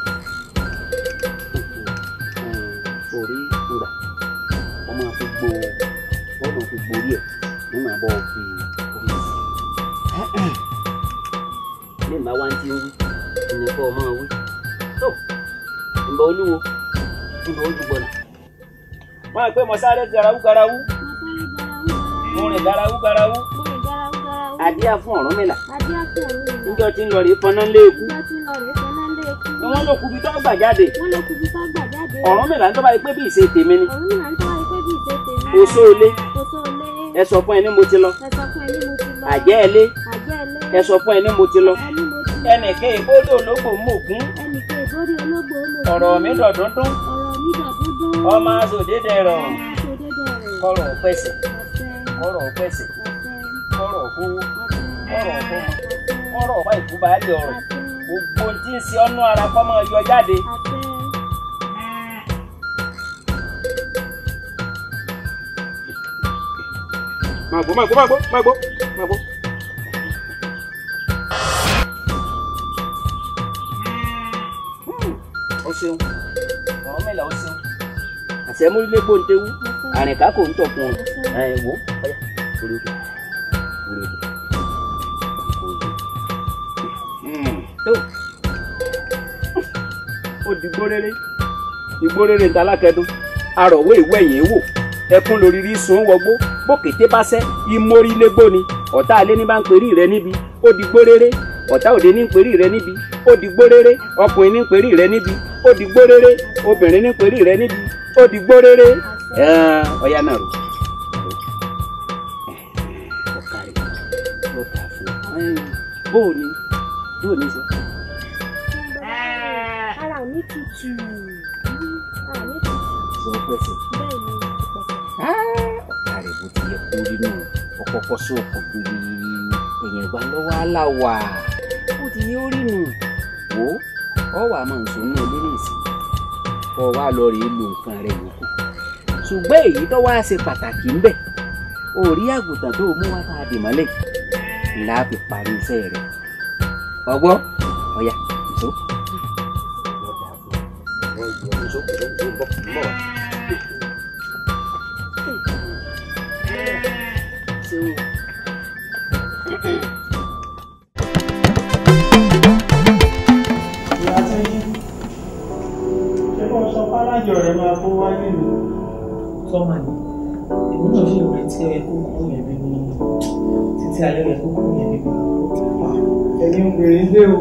Speaker 1: orí ìgbà wọ́n máa fi gbó bọ́ọ̀lù fi gborí ẹ̀ nínú àbọ̀ fi omi lè má wá ti ń wí ìyẹn kọ́ ọ wí tó ìgbà olúwo ìgbà olúgbọ̀nà. wọ́n á pé mo sáré garawu garawu mo rìn garawu garawu
Speaker 4: àdíyà fún Ọ̀rúnmìlà
Speaker 1: níjọ́ tí ń lọ rèé fọnà lé ikú. wọ́n ló kubi tó gbà jáde. ọ̀rọ̀ mìíràn tó bá yẹ pé bí ìṣe tèmi ni. oṣó ilé ẹ sọ fún ẹ ní mo ti lọ. àjẹ́ ilé ẹ sọ fún ẹ ní mo ti lọ. ẹnìkan ìbódò ológbò mògún. ọ̀rọ̀ mi dọ̀dúndún. ọmọ azòdédẹrọ kọ̀rọ̀ pẹ̀sẹ̀ kọ̀rọ̀ pẹ̀sẹ̀ kọ̀rọ̀ kówó kọ̀rọ̀ kówó kọ́rọ̀ wá ìfúbàálì ọ̀rọ̀ gbogbo tí ń ṣe ọ́nú ara kọ́ máa yọ jáde. máa gbó máa gbó máa o ṣeun ọ̀rọ̀ mẹ́la o ṣeun àṣẹ múlílẹ́gbọ̀n tẹ́wú àrìnká kò ń tọkùn ẹ̀ wò ó orí òkè. igbórere igbórere ìdálákẹdùn arọwé ìwé yẹn wò ẹkún lórí rísun wọgbó bókété bá sẹ ìmórí légbó ni ọ̀tá alé ní bá ń perí rẹ níbi ó di gbórere ọ̀tá òde ní ń perí rẹ níbi ó di gbórere ọkùnrin ní ń perí rẹ níbi ó di gbórere obìnrin ní ń perí rẹ níbi ó di gbórere ọ̀yá náà rò. bóò ni bóò ni sọ
Speaker 4: àmì tutù
Speaker 1: àmì tutù. wọ́n pèsè. bẹ́ẹ̀ ni ọ̀gá rẹ̀ bó ti yẹ kó rí nù ọ̀pọ̀pọ̀ sóòkù gbèrè èèyàn ìgbà lọ́wọ́ aláwà ó ti yẹ ó rí nù wò ó wà mọ̀ nsọ́nù olóyèsí kọ́ wa lọ rèé lo nǹkan rẹ̀ yòókù ṣùgbọ́n èyí tó wá ṣe pàtàkì ń bẹ òrí àgùntàn tó mú wá tá dì mọ́lẹ̀ láàbì parí iṣẹ́ rẹ̀ ọgbọ́n ọ̀yà ìṣó.
Speaker 2: bọ̀ mọ̀ wá. ṣé o. ìyá tó
Speaker 1: yí ṣé kò sọ fálájọ rẹ máa kó wáyé mi. sọ́mà ni èmi náà ṣì ń retí ẹ kó kú yẹn bí mi títí ayé rẹ kó kú yẹn obìnrin dé o.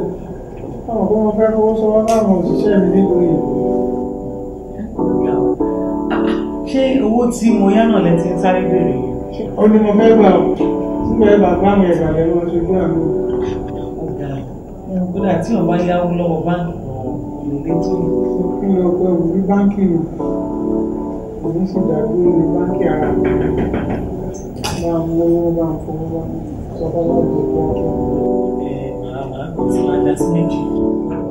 Speaker 1: Àwọn ọmọ fẹ́ fọwọ́sowọ́ láwọn òṣìṣẹ́ mi nítorí ìlú. ṣé owó tí mo yá náà lẹ ti ń sáré béèrè. ó ní mo fẹ́ gbà ó nígbà ẹ̀ bàbá mi ẹ̀gbà lẹ́nu ọ̀ṣun fún àmì. ó ga
Speaker 2: kódà tí wọn bá yáwó
Speaker 1: lọ́wọ́ báńkì ọ̀hún lè tó yìí. mo fi lọ pé òun ní báńkì nù òun sì dàdúró ní báńkì ara mi.
Speaker 2: máa mú owó máa fowó wá sọ fún wọn tó kọ́ ọ́. ẹ màmá kò sí máa dá sí méjì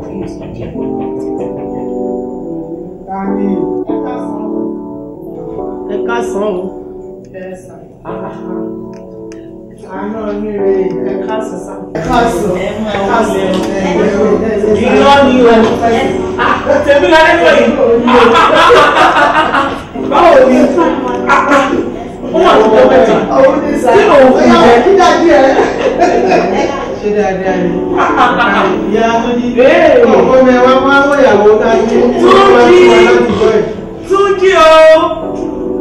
Speaker 2: kí ló sọ jẹ́. ta ni. ẹ ká
Speaker 1: sọ ẹ ká sàn o. àná mi rè ẹ ká sàn sàn. ẹ ká sàn ẹ ká sàn ẹ irọ́ ni o tẹ̀mí lálẹ́ pẹ̀lú báwo ni ah, ah.
Speaker 3: ó wà lọ́wọ́ mẹ́ta
Speaker 2: kí
Speaker 1: ló ń fi jẹ́ kíjà díẹ̀. ṣé dáadáa ni ìyá tó ní ọ̀pọ̀ mẹ́wàá máa ń wọ̀yàwó dájú tó ń bá tó wà láti bọ̀ ẹ̀. Túnjí o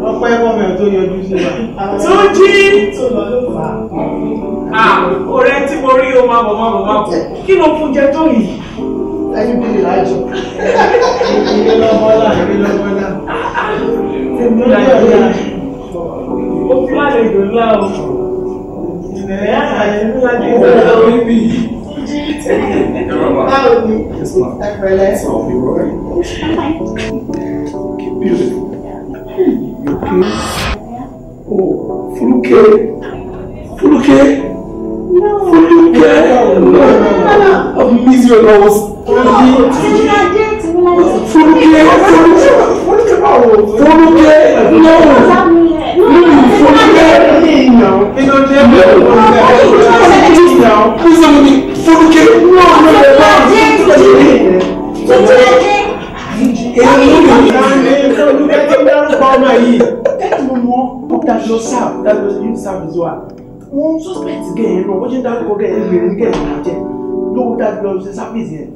Speaker 1: wọ́n pẹ́ kọ́mọ̀ tó yọjú sí wa. tó jí ọ̀rẹ́ tí mo rí o máa bọ̀ máa bọ̀ máa bọ̀ kí ló fún jẹ tó yìí. ẹyin bí ìlàjọ. èmi lọ́mọ́lá èmi lọ́mọ́lá. èmi lọ́mọ́lá. ó fi àlejò ńlá o. ìrẹ̀lẹ̀ àyẹ̀mí láti ìgbàlá orí mi yìí. Báwo ni? Ẹ pẹ̀lẹ́. Beautiful. Yòókè o Fúrúkẹ́ Fúrúkẹ́ Fúrúkẹ́ náà I miss you lọ́wọ́
Speaker 4: Fúrúkẹ́ Fúrúkẹ́ báwo Fúrúkẹ́ náà lórí
Speaker 2: Fúrúkẹ́ náà
Speaker 1: kí ló dé bẹ́ẹ̀ service wa wọ́n suspect gẹ̀ẹ́ yẹn náà wọ́n ṣe ń dárúkọ gẹ̀ẹ́ yẹn gbèrè gẹ̀ẹ́ yẹn jẹ́ lówó dájú lọ ṣe service yẹn.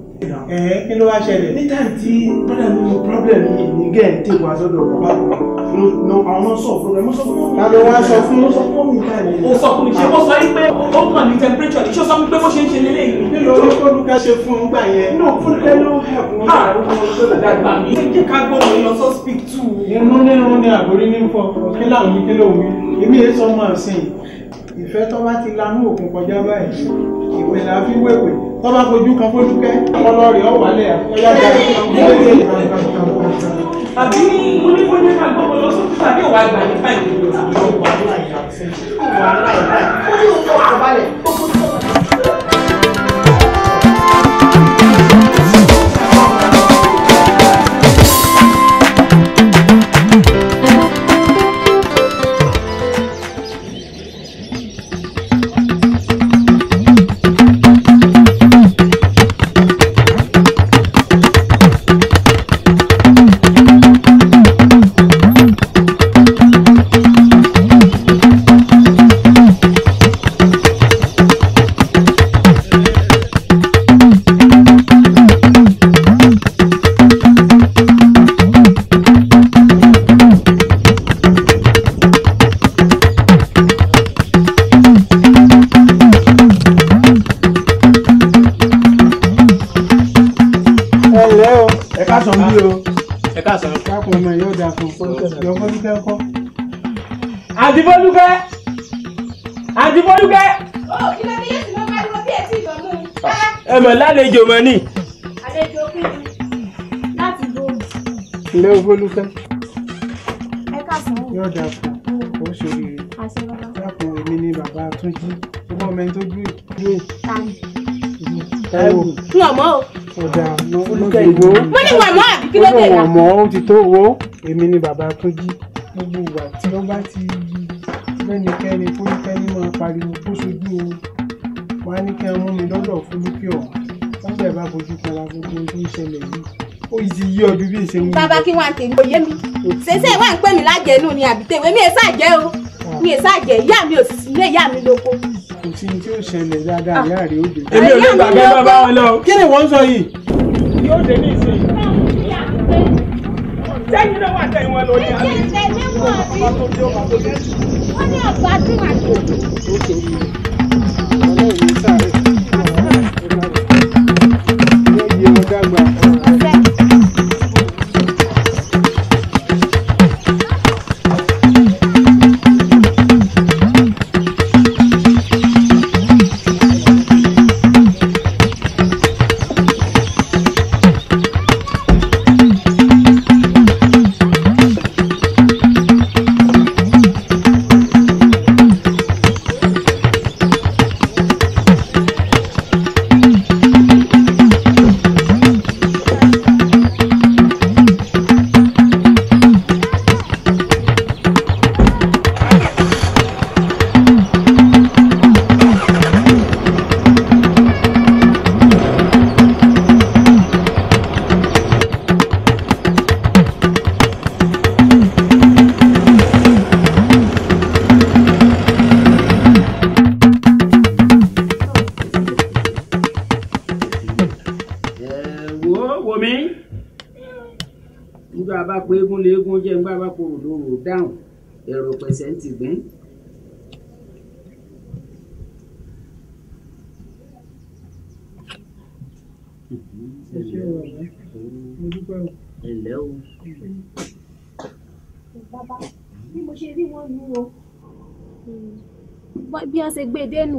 Speaker 1: ẹ̀ẹ́n kí ló wá ṣẹlẹ̀. ní táyì tí brother mi ní problem yìí ní gẹ̀ẹ́ ń tèkọ́ àsọdọ̀ bàbá mi àwọn sọ fún mi. ta ló wá sọ fún mi. o sọ fún mi ṣé mo sọ yín pé ó kàn ní temperature ní ṣé o sọ fún mi pé bó ṣe ń ṣe lélẹ̀ yìí. kí ló rí fọlùkẹ́ ṣe fún un gbà yẹn. náà fọlùkẹ́ ló hẹ̀pù ah, wọn. dàgbà mi ṣe jẹ́ ká gbọ́ mi lọ sọ speak to. inú nínú ni àgórí ní fọ kí láwọn ní kí ló wí èmi èso máa sìn ìfẹ́ tó bá ti lanú òkun kọjá báyìí ìwé la fi wéwèé tó bá fojú kan fójú kẹ́ ọlọ́ọ̀rẹ́ ọ̀wálẹ̀ àkọ́yájà ìwé ìwé ìwé àbí oníkó ní ká gbọ́mọ lọ sókè tàbí òwà àgbà ní fáìlì ìlú òwò wàhálà ìlà ó ní òkú ọ̀pọ̀ balẹ̀. ẹ mọ̀ lálejò mọ̀ ni.
Speaker 4: àlejò kí ni láti bóòlù.
Speaker 1: ilé olúfẹ́. ẹ káàsán. yóò dáa fún ọ ó ṣoríire. àṣẹ bàbá. dákun èmi ni bàbá túnjí ọmọ mi tó jú ìlú ẹ. táìwò. n ò mọ̀ o. ọ̀dà mo ló ti wo. mo ní wà mọ́ àbí kí ló dé la. ó lọ́wọ́ mọ́ ó ti tó wo èmi ni bàbá túnjí gbogbo ìwà tí ó bá ti yí lẹ́nikẹ́ni fúnikẹ́ni máa pariwo kó ṣojú o. bàbá
Speaker 4: kí wọ́n tèmi òye mi ṣẹṣẹ wà ń pè mí lájẹnú ni àbítẹ̀wé mi ẹ̀ ṣàjẹ́ o mi ẹ̀ ṣàjẹ́ ìyá mi ò sí ilé ìyá mi lóko
Speaker 1: kò sí ní tí ó ṣẹlẹ̀ dáadáa ìyá rẹ̀ ó dé. Ah. èmi ò lè gbàgbé bàbá wọn lọ. kí ni wọ́n ń sọ yìí. yóò dé ní ìsìn. sẹ́yìn ló wà sẹ́yìn wọn lórí àná. ìṣẹ̀lẹ̀ ní wọ̀n bí. wọ́n ní ọ̀gbádùn àti. ẹ ṣe wọ ọ̀rẹ́ mo dúpẹ́ o. ẹ ǹlẹ́ o.
Speaker 4: bàbá bí mo ṣe rí wọn nù o bí wọ́n ṣe gbé e dénú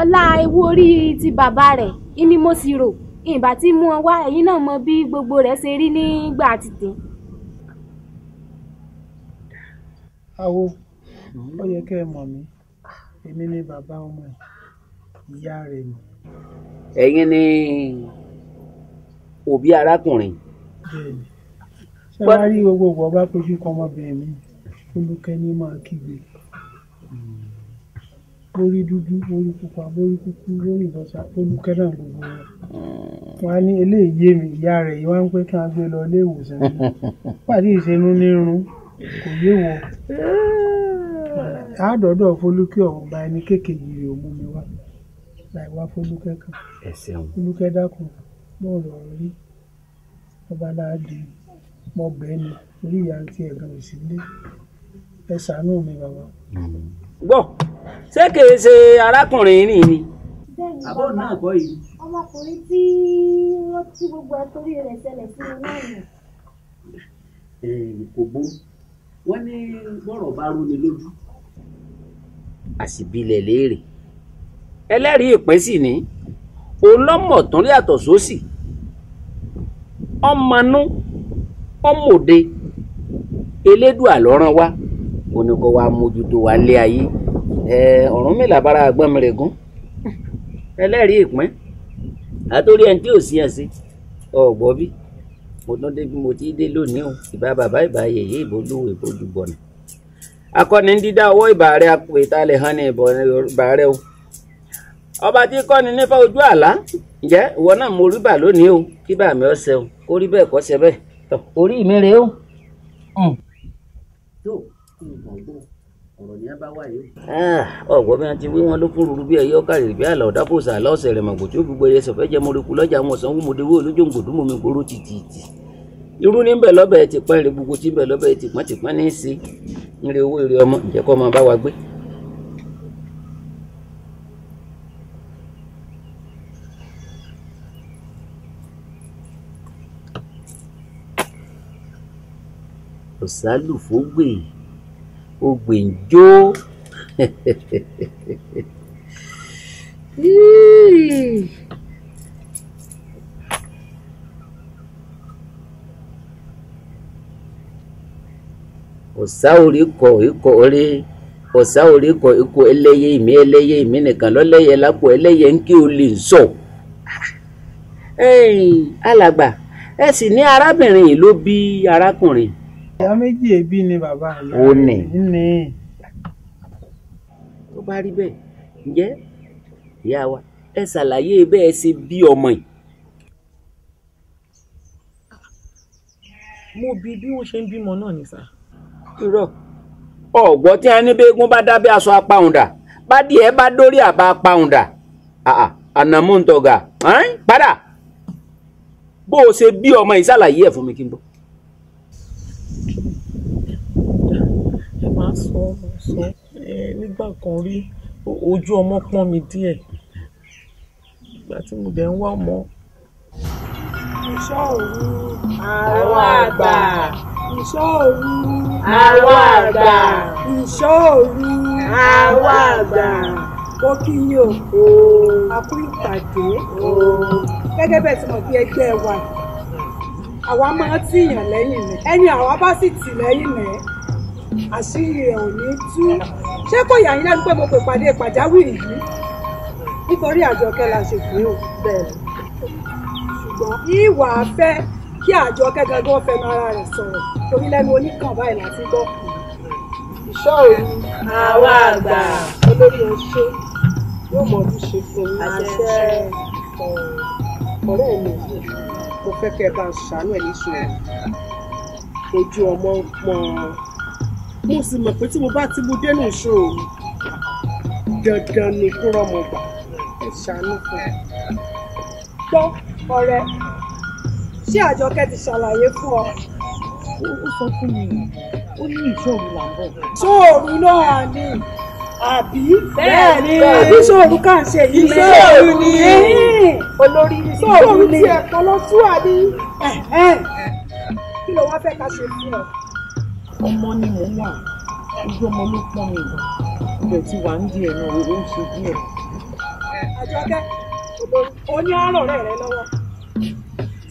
Speaker 4: ọlá ewu orí ti bàbá rẹ̀ ni mo sì rò ìbá tí mú ọ wá ẹ̀yin náà mọ bí gbogbo rẹ̀ ṣe rí nígbà títí.
Speaker 1: àwo ó yẹ kẹ́ ẹ mọ̀ mí èmi ni bàbá ọmọ ẹ̀ ìyá rẹ̀ nìyí ẹ̀yin ni òbí arákùnrin. ṣé wàá rí gbogbo ìwọ bá fojú kan ọmọbìnrin mi olùkẹ́ ni máa kígbe borí dúdú borí pupa borí kúkú borí ìbọ̀sà olùkẹ́ náà gbogbo wọn. wàá ní eléyìí yé mi ìyá rẹ̀ yìí wá ń pẹ́ kí wọ́n gbé lọ ilé ìwòsàn pàdé ìṣẹ́nu nírun kò yé wọn (laughs) àádọ́dọ̀ folúkẹ́ ọ̀hún ba ẹni kékeré rẹ̀ òmùmí láì wá fọlúkẹ́ kan ẹ ṣeun fọlúkẹ́ dákun náà lọ́ọ́ rí ọba láàdì mọ́gbẹ́ni orí ìyá àti ẹ̀gbọ́n òsínlé ẹ ṣàánú mi bàbá. gbọ́ ṣé kìí ṣe arákùnrin rìn ni
Speaker 3: àbọ̀ náà kọ́ yìí. ọmọkùnrin tí wọ́n ti gbogbo àtọ́rí rẹ̀ ṣẹlẹ̀
Speaker 1: sí mi náà nù. kò bó wọ́n ní bọ́rọ̀ bá rú ni lójú. àṣìbílẹ̀ léèrè ẹlẹ́rìí ìpín sì ní òun lọ́mọ̀ tó rí àtọ̀ sósì ọmọnú ọmọdé elédùà lọ́rán wa oníkó wa mójútó wa lé ayé ẹ ọ̀run mi làbára àgbọ̀n rẹ̀ gún ẹlẹ́rìí ìpín àtòrí ẹni tí ò sí ẹ̀ sí ọ̀gbọ́ bí mo tún débi mo ti dé lónìí o ìbá bàbá ìbá yèyé ìbòjú ìbòjú bọ̀nà akọni dídá ọwọ́ ìbà rẹ̀ apò ìtàlẹ̀ hàn ní ìbà rẹ̀ o ọba tí kọ́ni nífà ojú àlá ǹjẹ́ ìwọ náà mo rí bà lónìí o kí bàmí ọ̀sẹ̀ o kó rí bẹ́ẹ̀ kọ́ ṣe bẹ́ẹ̀ tọ̀ orí mi rèé o. Hmm. Ah, ọ̀gbọ́n mi àti wí wọn ló kún rúru bí ẹyọ kárìrì bí àlọ́ ọ̀dàpọ̀ sàlá ọ̀sẹ̀ rẹ̀ màgò tí ó gbogbo ẹyẹ sọ̀fẹ́ jẹ́ mọ́rẹ́kù lọ́jà wọn sanwó mọ́dẹ́wó olójòǹgò dúnmọ́ mi gbòòrò tìtìtì irú ní bẹ̀ lọ́bẹ̀ ti pọ́n gbogbo tí bẹ̀ lọ́bẹ̀ ti pọ́n ní í sí ire owó ire ọmọ ìjẹ́kọ́ ọmọ bá wa gbé. ọ̀sálùfógbè ògbèǹjó (laughs) ọ̀sá orí kọ ikọ̀ orí ọ̀sá orí kọ ikọ̀ ẹlẹ́yẹ ìmí ẹlẹ́yẹ ìmí nìkan lọ́lẹ́yẹ lápò ẹlẹ́yẹ ń kí o lè sọ. alàgbà ẹ sì ní arábìnrin yìí ló bí arákùnrin. ìyá méjì ẹbí ni bàbá mi. ó ní. ní. tó bá rí bẹ́ẹ̀ ǹjẹ́ ìyá wa ẹ ṣàlàyé bẹ́ẹ̀ ṣe bí ọmọ yìí. mo bi bí wọ́n ṣe ń bímọ náà ni sà. irọ́ ọ̀gbọ́ tí a ní bẹ́ẹ̀gún bá dábẹ́ aṣọ apáhùndà bá díẹ̀ bá dórí àbá apáhùndà ànàmúntọ̀gà padà bó o ṣe bí ọmọ yìí ṣàlàyé ẹ̀ fún mi kí n bọ̀. sọ mo sọ ẹ nígbà kan rí ojú ọmọ pọ́n mi díẹ̀ ìgbà tí mo dẹ̀ ń wá ọmọ. iṣẹ́ òru
Speaker 3: àrò àgbà
Speaker 1: iṣẹ́ òru àrò àgbà
Speaker 2: iṣẹ́ òru àrò àgbà ó kí yín
Speaker 1: ìpàdé gẹ́gẹ́ bẹ́ẹ̀ tí mo fi ẹgbẹ́ wa àwa máa ń tìyàn lẹ́yìn rẹ̀ ẹni àwa bá sì tì lẹ́yìn rẹ̀ àṣírí ẹ̀ ò ní tú ṣé kò yà yín lẹ́nu pé mo pè pàdé pàjáwìrì yìí nítorí àjọkẹ́ la ṣe pé ò bẹ̀rẹ̀ ṣùgbọ́n ìwà afẹ́ kí àjọkẹ́ gangan fẹnu ara rẹ̀ sọ̀rọ̀ torí lẹ́nu oníkàn báyìí láti gbọ́ kù. ìṣọ́ òru àwa àgbà olórí oṣó yóò mọ bí ṣe fún mi àṣẹ ọ̀rẹ́ mi mo fẹ́ kẹ́ ẹ bá ń ṣàánú ẹ̀ níṣòro ojú ọmọ ń pọn mo sì mọ̀ pé tí mo bá ti mu dénú ìṣòro dandan ni kó rọmọ gbà ẹ ṣàánú fún un. gbọ́ ọ̀rẹ́ ṣé àjọkẹ́ ti ṣàlàyé fún ọ. ó sọ fún mi ó ní ìṣòro là ń bọ̀. ṣóòrù náà ni àbí bẹ́ẹ̀ ni àbí ṣòòrù kà ń ṣe yìí ṣòòrù ni olórí ṣòòrù ni ṣòòrù ti ẹ̀kọ́ lọ́tún àbí kí ló wá fẹ́ ká ṣe fún ọ ọmọ ni mò wà ojú ọmọ ló pọ́n mi lọ ilẹ̀ ti wà ń di ẹ̀nà òwe ṣe díẹ̀. àjọkẹ́ o ní àárọ̀ rẹ̀ rẹ lọ́wọ́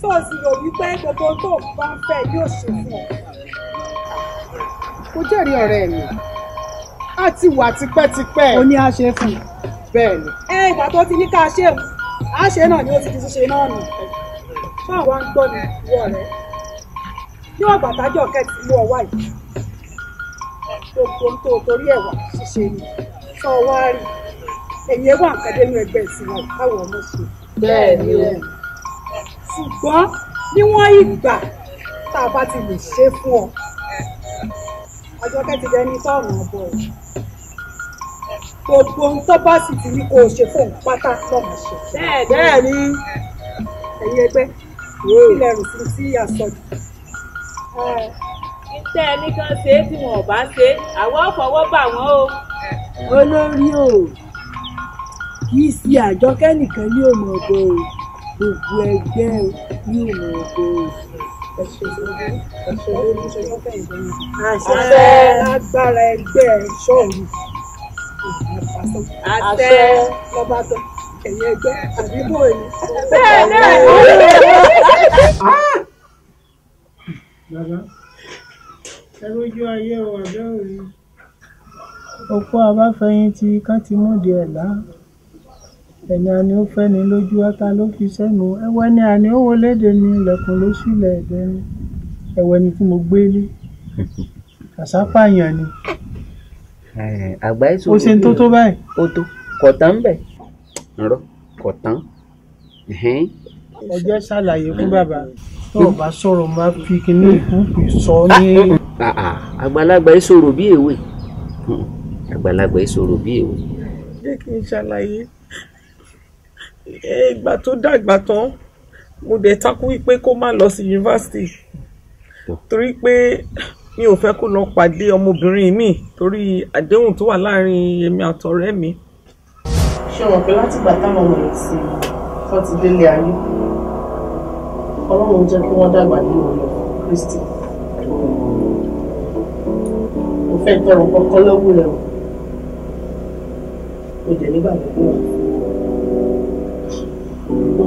Speaker 1: tó o sì rò wípé gbogbo tó o bá fẹ́ yóò ṣe fún ọ. mo jẹ́rìí ọ̀rẹ́ mi a ti wà tipẹ́tipẹ́. o ní a ṣe fún un. bẹ́ẹ̀ ni. ẹ ìgbà tó ti ní ká ṣe a ṣe náà ni ó ti di ṣíṣe náà nù. fún àwa ń gbọ́ ni ìwọ yóò gbàtàjọ́ kẹ́tì lú ọwá yìí gbogbo tó torí ẹ̀wà ṣíṣe ni sọ wá rí ẹ̀yìn ẹ̀wà nǹkan ẹgbẹ́ ìsìn wa ọmọ ṣe.
Speaker 4: bẹ́ẹ̀ ni o. ṣùgbọ́n níwọ̀n ìgbà
Speaker 1: tá a bá ti lè ṣe fún ọ ọjọ́ kẹ́tìdẹ́ ní tọ́ọ̀nù ọ̀bọ̀ ẹ̀ gbogbo tó bá sì ti ní kó o ṣe fún pátá lọ́mọ ṣe. bẹ́ẹ̀ ni ẹ̀yin ẹgbẹ́ ìlẹ̀ rùsùn sí àsọjù tẹ́ ẹni kan ṣe é tí wọn ò bá ṣe é àwa ò fọwọ́ bà wọ́n o. olórí o kì í ṣe àjọkẹ́ nìkan ní òmò ọ̀bọ o gbogbo ẹgbẹ́ ní òmò ọ̀bọ o. àṣẹ agbára ẹgbẹ́ ṣọ́ọ̀rù àṣẹ lọ́ba tán ẹ̀yìn ẹgbẹ́ àdúgbò yìí. bẹ́ẹ̀ náà ló ń lò ó ẹ ayé o àbẹ́ òye. òpó abáfẹ̀yìntì kan ti múdi ẹ̀ lá ẹ̀yìn àní ó fẹ́ni lójú ata ló fi sẹ́nu ẹ̀wẹ́ ni àní ó wọlé dè ní ilẹ̀kùn ló sílẹ̀ ẹ̀dẹ́ ni ẹ̀wẹ́ ni tí mo gbé lé (laughs) àsápàyàn ni. àgbà ìṣòro ó ṣe ń tó tó báyìí. ó tó kọ̀tán ń bẹ̀ ńrọ́ kọ̀tán. ẹ jẹ́ ṣàlàyé fún bàbá tó o bá sọ̀rọ̀ máa fi kinní ìkúùkù sọ ní. (laughs) Ah, ah, àgbàlagbà yìí sọ̀rọ̀ bí èwe hmm, àgbàlagbà yìí sọ̀rọ̀ bí èwe. jẹ́ kí n ṣàlàyé eh, ìgbà tó dàgbà tán mo dẹ̀ takú wípé kó má lọ sí yunifásitì hmm. torí pé mi ò fẹ́ kó lọ pàdé ọmọbìnrin mi torí àdéhùn tó wà láàrin èmi àtọ̀rẹ́ mi. ṣé o mọ̀ pé látìgbà táwọn ọmọ yìí sí tó ti délé ayé ọlọ́run jẹ́ kí wọ́n dàgbà nínú ọ̀rọ̀ Kristi fẹ́ tọrọ kankan lọ́wọ́ rẹ o o dẹ̀ nígbàgbọ́ pé wà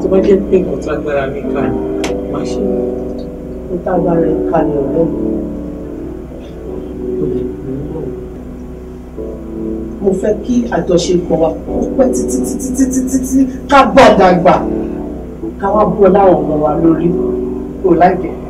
Speaker 1: tó bá jẹ́ pé nǹkan tágbára mi ká ní máa ṣe ní tágbára ẹ̀ ká ní ọ̀rẹ́ mi o lè mú un mo fẹ́ kí àjọṣepọ̀ wa kó pẹ́ títí títí títí títí ká bọ̀ dàgbà ká wá bọ́ láwọn ọmọ wa lórí kò láìpẹ́.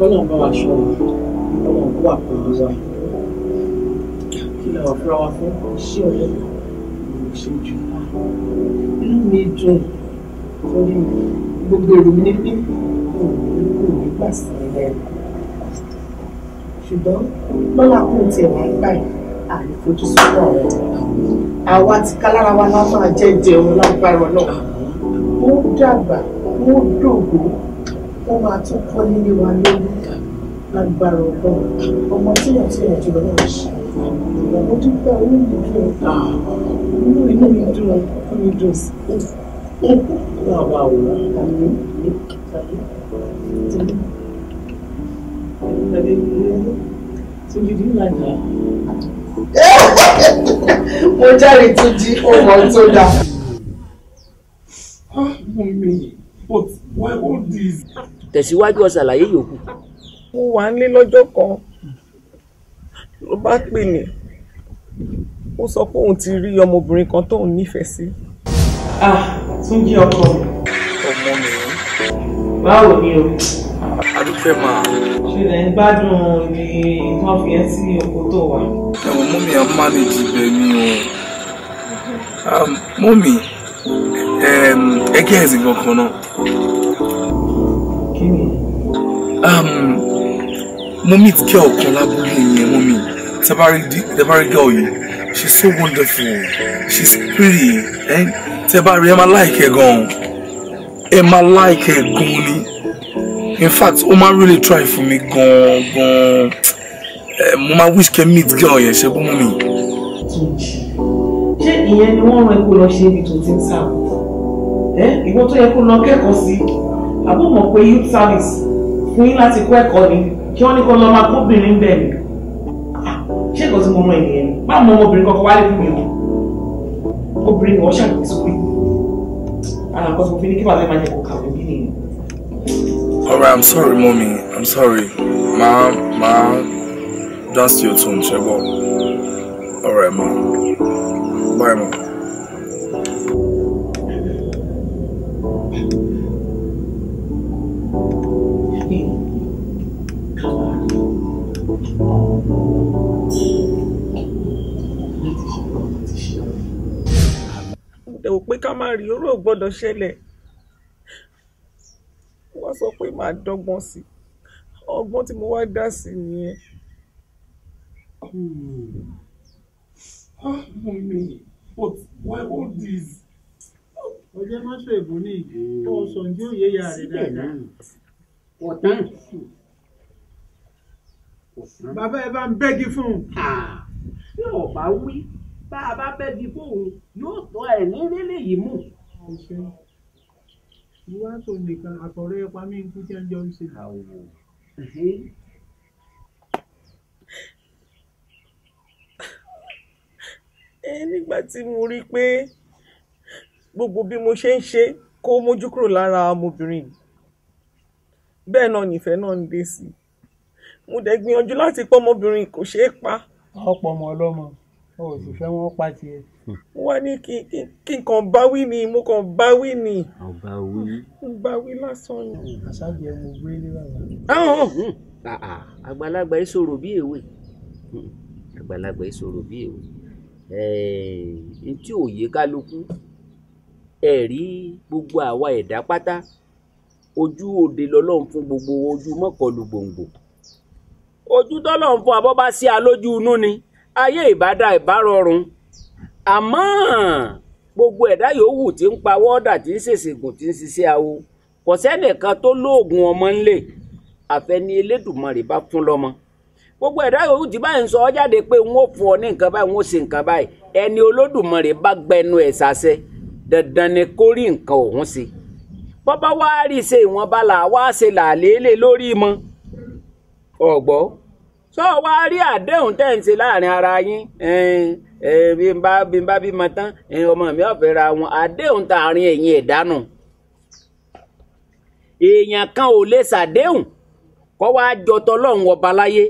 Speaker 1: ọlọ́run bá wa ṣọ́ ọlọ́run kó wà pẹ̀lú wa
Speaker 2: kí la wà fúra wa
Speaker 1: fún iṣẹ́ ọ̀rẹ́ mi ìṣojú inú mi dùn torí gbogbo èrò mi ní pípọ̀ ìlú mi gbà sí ilẹ̀ ṣùgbọ́n lọ́la kò tiẹ̀ wá gbà yìí àìfojú sọ́kọ̀ rẹ̀ àwa ti ká lára wa lá máa jẹ́ jẹun lágbára náà ó dàgbà ó dògbò ó máa tún kọ́ nílé wa lórí agbára ọ̀gbọ́n ọmọ tí yàn tí yàn jùlọ náà ṣe ìyàwó dúpẹ́ owó mi dùn inú inú mi dùn inú mi dùn sí i wà wà wò àmì Tunji di ńlá ni a. Mo jáde Tunji, ó mọ̀ tó dáa. Mọ̀ mi tẹ̀síwájú ọ̀sàlàyé yòókù. mo wà nílé lọ́jọ́ kan ló bá pè mí ó sọ pé òun ti rí ọmọbìnrin kan tóun nífẹ̀ẹ́ sí. ah Túnjí ọkọ mi. ọmọ mi ò. báwo ni o. adúpẹ́ máa. ṣẹlẹ̀ ń gbádùn ibi nǹkan fi ẹ́ sí oko tó wà. ẹ̀wọ̀n mú mi à ń máa lè jìbẹ̀ o. mú um, mi ẹgbẹ́ ẹ̀sìn kankan náà. mo meet girl kan lábúlé yẹn mọ́ mi tabari girl yìí she's so wonderful she's pretty tabari ẹ máa like ẹ gan ẹ máa like ẹ gan ni in fact ó máa really try for me gan gan mo máa wish kẹ́ meet girl yẹn ṣe bó mọ́ mi. ṣé ìyẹn ni wọ́n rán epo lọ ṣe ibi tó ti ń sáà ìwọ tó yẹ kó lọ kẹ́kọ̀ọ́ sí àbó mọ̀ pé youth service fún yín láti kó ẹ̀kọ́ ni kí wọ́n ní kó lọ máa kóbìnrin bẹ̀ mí ah, ṣé kò sí mo mọ ènìyàn ni má mọ ọmọbìnrin kankan wálé fún mi o obìnrin ni wọ́n ṣàkóso sókè àlàkọ́ tó fi ní kí bàbá máa jẹ kó kàwé bí nìyẹn. Alright, I'm sorry, mommy. I'm sorry. Ma, ma, dance to your tune, Chebo. Alright, mom. Bye, mom. dẹ̀ wò pé ká má rí oró gbọ́dọ̀ ṣẹlẹ̀ wá sọ pé màá dọ́gbọ́n sí ọgbọ́n tí mo wá dá sí nìyẹn. Hmm. Ah, mommy, but why all this? ọjọ́ mọ́ṣọ èbó ní ìgbò ọ̀sán jí òye ya rẹ̀ dáadáa. ọ̀tá ìtúsù. Hmm. bàbá ẹ bá ń bẹ́gi fún un. bí ọba wí bá a bá bẹ́gi fóun yóò tọ́ ẹ̀ ní rélé yìí mú. mo wá sọ nìkan àkọ́rẹ́ ẹ̀pá mi ń kú tí wọ́n jọ ń ṣe. ẹ nígbà tí mo rí i pé gbogbo bí mo ṣe ń ṣe kó mójú kúrò lára ọmọbìnrin yìí bẹ́ẹ̀ náà nìfẹ́ náà ń dé sí i mo dẹ̀ gbìyànjú láti pọ́ ọmọbìnrin kò ṣeé pa. ọ̀pọ̀ ọmọ ọlọ́mọ o ò sì fẹ́ wọ́n pa tiẹ̀. mo wá ní kí kí n kàn báwí ni mo kàn báwí ni. báwí. báwí lásán ni. àṣàbí ẹ mo gbé ní bàbá. Ah, ah, àgbàlagbà yìí sọ̀rọ̀ bí èwe àgbàlagbà yìí sọ̀rọ̀ bí èwe ẹ̀ ẹ̀ ntí òye kálukú ẹ̀rí gbogbo àwa ẹ̀dá pátá ojú òde lọ́lọ́run fún gbogbo ojú mọ́kànlù gbòǹgbò ojú tọ́lọ́run fún abọ́ sí alójú inú ni ayé ìbádá ìbárọ̀rùn àmọ́ gbogbo ẹ̀dá yòówù tí ń pa ọmọ bá gbogbo ẹ̀dá yòówù tí báyìí ń sọ ọ́ jáde pé n ó ẹni bá gbẹnu ẹ̀ dandan ni kó rí nǹkan ọ̀hún ṣe bọ́bá wá rí ṣe ìwọ̀nba là wá ṣe làlélẹ̀ lórí mọ́ ọ̀gbọ́ sọ wá rí àdéhùn tẹ̀ ń ṣe láàrin ara yín bí n bá bí n bá bímọ tán ọmọ mi ọ̀fẹ́ ra wọn àdéhùn tààrin ẹ̀yìn ẹ̀dánù èèyàn kan ò lè ṣàdéhùn kọ́ wá jọ tọlọ́run ọba láyé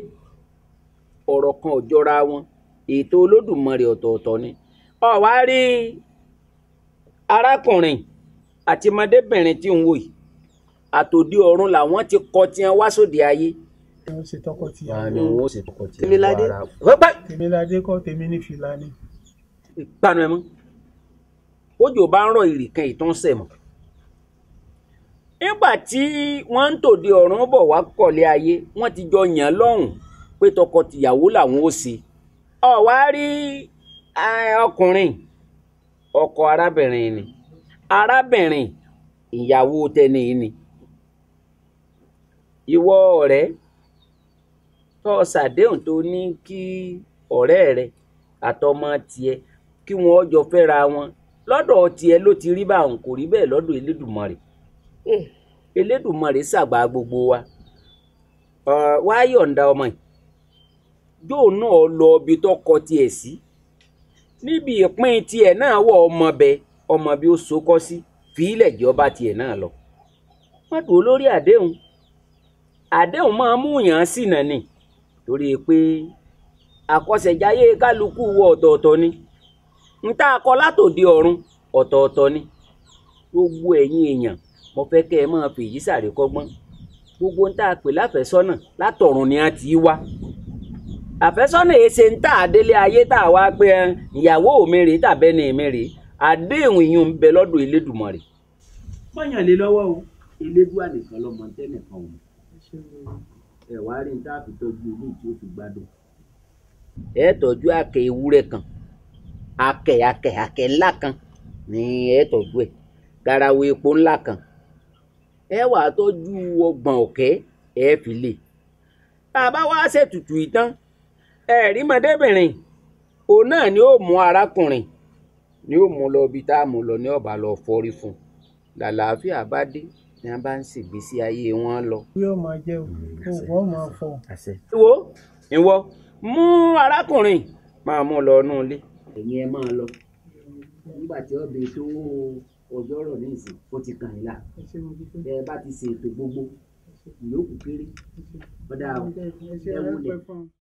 Speaker 1: ọ̀rọ̀ kan ò jọra wọn ètò Olódùmarè ọ̀tọ̀ọ̀tọ̀ ni ọ̀wá rí arákùnrin àti ọmọdébìnrin tí ń wò yìí àtòdí ọ̀run làwọn ti kọ tiẹ̀ wá sóde ayé. wọ́n ó ṣe tọkọtìyàwó. wọ́n á ní wọ́n ó ṣe tọkọtìyàwó. tèmíládé tèmíládé kọ́ tèmi ní fìlà ni. ìpanu ẹ mọ́ òjò bá ń rọ ìrìkan ìtàn sẹ̀ mọ́. nígbà tí wọ́n ń tòde ọ̀run bọ̀ wá kọ̀lé ayé wọ́n ti jọ yàn lọ́hùn pé tọkọtìyàwó làwọn ó ṣe. ọ̀wá rí ọkùnrin ọkọ arábìnrin ni arábìnrin ìyàwó tẹni ni ìwọ ọrẹ tó ṣàdéhùn tó ní kí ọrẹ rẹ àtọmọ tiẹ̀ kí wọn jọ fẹ́ra wọn Lọdọ tiẹ̀ ló ti rí báwọn kò rí bẹ́ẹ̀ lọ́dọ̀ Elédùmarè hmm. Elédùmarè ṣàgbà gbogbo wa wá yọ̀ǹda ọmọ yìí yóò náà lọ ibi tó kọ tiẹ̀ sí. Si níbi ìpín tiẹ̀ náà wọ̀ ọmọ bẹ ọmọ bí ó sokọ́ sí fìílẹ̀ jẹ́ ọba tiẹ̀ náà lọ. wọ́n dùn lórí àdéhùn àdéhùn máa mú yàn sí nàní torí pé àkọsẹ̀jáyé kálukú wọ ọ̀tọ̀ọ̀tọ̀ ni n tá a ọ̀run ọ̀tọ̀ọ̀tọ̀ ni gbogbo ẹ̀yin èèyàn mo fẹ́ kẹ́ ẹ máa fèyí sàrékọ́gbọ́n gbogbo n pè láfẹ́sọ́nà látọ̀run ni a ti wá àfẹ́sọ́nà èsè ń tà délé ayé tá a wá pé ìyàwó mi rèé tàbẹ́ni mi rèé àdéhùn ìyún ń bẹ lọ́dọ̀ Elédùmarè. pọ́yàn lé lọ́wọ́ o elédùá nìkan lọ́mọ tẹ́nìkan o ẹ wá rí tá a fi tọ́jú ilé tí ó fi gbádùn. ẹ tọ́jú àkè ewúrẹ́ kan àkè àkè àkè ńlá kan ni ẹ tọ́jú ẹ garawo epo ńlá kan ẹ wàá tọ́jú ọgbọ̀n ọ̀kẹ́ ẹ fi lè. bàbá wa ṣètùtù ìtàn ẹ̀rí mọ̀débìnrin òun náà ni ó mú arákùnrin ni ó mú lọ ibi tá a mú lọ ní ọba lọ fọrí fún làlàáfíà bá dé ni a bá ń ṣègbésí ayé wọn lọ.
Speaker 2: yóò máa jẹ òwò máa fọ.
Speaker 1: ìwọ ìwọ mú arákùnrin máa mú lọ inú ilé. ẹ̀yin ẹ máa lọ nígbà tí ọbẹ̀ tó ọjọ́ rọ̀ ní ìsìn ó ti kàn yín là ẹ bá ti ṣètò gbogbo ìyókù kéré ọ̀dà ẹ wúlẹ̀.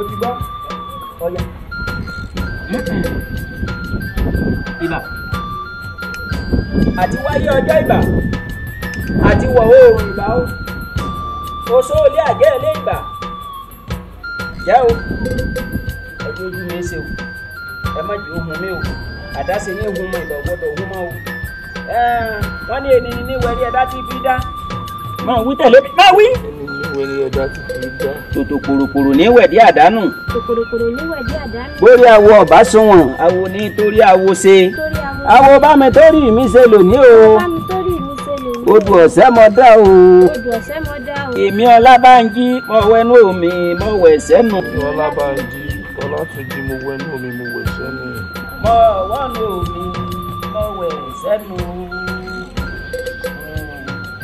Speaker 1: o ti gbọ́ ọ̀yà. ibà àti wáyé ọjọ́ ibà àti wọ̀ oòrùn ibà o oṣó olé àgẹ́ ilé ibà jẹ́ o ẹjọ́ ojú mi ṣe o ẹ má jù ohun mi o àdáṣe ní ohun mọ ìgbà ohun mọ o wọ́n ní ènìyàn ní wẹ́rí ẹ̀dá tí fi dá. máa wí tẹ̀lé máa wí wèrè ọ̀dà ti fi gbọ́. tòtò kòròkòrò ní wẹ̀dí àdánù. kòròkòrò ní wẹ̀dí àdánù. bórí awo ọ̀bá sunwọ̀n awo ní torí awo ṣe. awo bá mi torí mi ṣe lónìí o. odò ọ̀sẹ́ mọ dá o. odò ọ̀sẹ́ mọ dá o. èmi Ọlábánjí mọ wẹnu omi mọ wẹ̀ sẹ́nu. Ọlábánjí Ọlátúnjí mo wẹnu omi mo wẹ̀ sẹ́nu. mọ wọnú omi mọ wẹ̀ sẹ́nu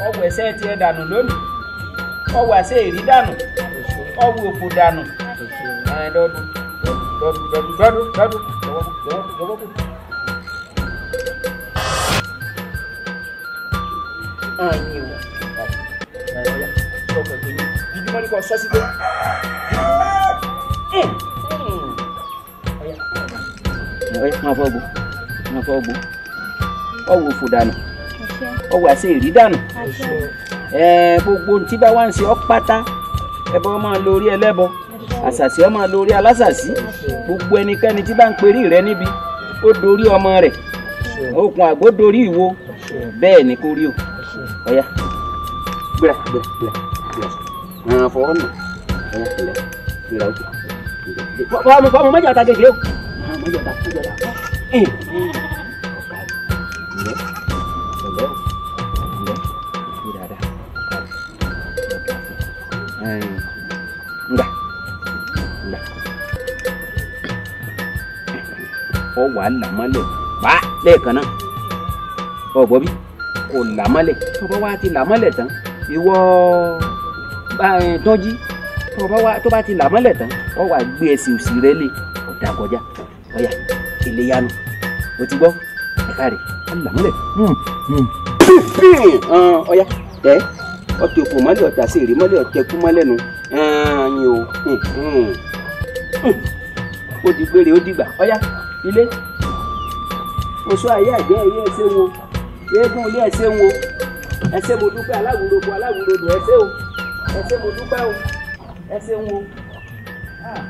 Speaker 1: ọwọ́ ẹ̀sẹ̀ tiẹ̀ dànù lónìí ọwọ́ àṣẹ èrí dànù ọwọ́ òfò dànù dọdú dọdú dọdú dọdú dọdú lọ́wọ́ kù. ẹ̀yin o jíjúmọ́ ní kò sọ sí pé. Hmm. máa fọ́ gbó máa fọ́ gbó ọwọ́ òfò dànù ọwọ́ àṣẹ èrí dànù gbogbo ntí bá wá ń ṣe ọ́ ẹbọ máa lo orí ẹlẹ́bọ àṣàṣì ọmọ lo orí alásàṣì gbogbo ẹnikẹ́ni tí bá ń perí rẹ níbi ó dorí ọmọ rẹ̀ okùn àgbo dorí ìwo bẹ́ẹ̀ ni kò rí o ọ̀yà gbéra gbéra gbéra gbéra fọwọ́ mọ̀ ọ̀yà gbéra gbéra òkè. bọ́ọ̀lù bọ́ọ̀lù mọ́jà ta kékeré o. mọ́jà ta mọ́jà ọ wà là mọ́lẹ̀ pa lẹ́ẹ̀kan náà ọ̀gbọ́n bí o là mọ́lẹ̀ tó bá wá ti là mọ́lẹ̀ tán ìwọ tọ́jú tó bá ti là mọ́lẹ̀ tán ọ wà gbé ẹsẹ̀ òsì rẹ lé ọ̀dà kọjá ọ̀yà ìléyanu o ti gbọ́ ẹ̀ka rẹ̀ ọ là mọ́lẹ̀ ọ̀yà tẹ́ ọtí mọ́lẹ̀ ọ̀tà sí èrè mọ́lẹ̀ ọ̀tẹ̀kú mọ́lẹ̀ nu ẹ̀ẹ́n ó di gbére ó dìgbà ọ̀yà ilé oṣù ayé ẹ̀jẹ̀ ẹ̀yẹ ẹ̀ṣẹ̀ wọn eégún ilé ẹ̀ṣẹ̀ wọn ẹ̀ṣẹ̀ mo dúpẹ́ aláwùrọ̀ bo aláwùrọ̀ dò ẹ̀ṣẹ̀ o ẹ̀ṣẹ̀ mo dúpẹ́ o ẹ̀ṣẹ̀ wọn. Ah.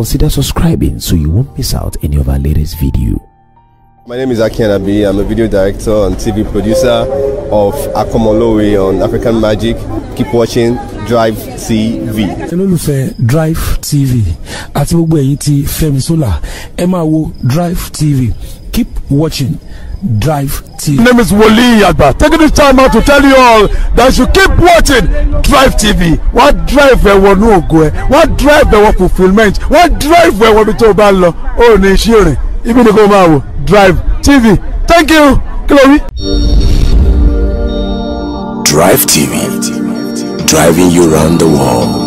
Speaker 1: consider subscribing so you won't miss out any of our latest video. My name is Akian Abi. I'm a video director and TV producer of Akomolowe on African Magic. Keep watching Drive TV. Drive TV àti gbogbo ẹ̀yin ti Sola wo Drive TV keep watching Drive active. My name is Wole Agba. Taking this time out to tell you all that you keep watching Drive TV. Wọ́n drive ẹ̀wọ̀n ní ògo ẹ̀, wọ́n drive ẹ̀wọ̀n fulfilment, wọ́n drive ẹ̀wọ̀n ní tó o bá lọ, ó ní iṣẹ́ rìn, ibi ni kò máa wò Drive TV. Thank you, Chloe. Drive TV,
Speaker 2: driving you round the world.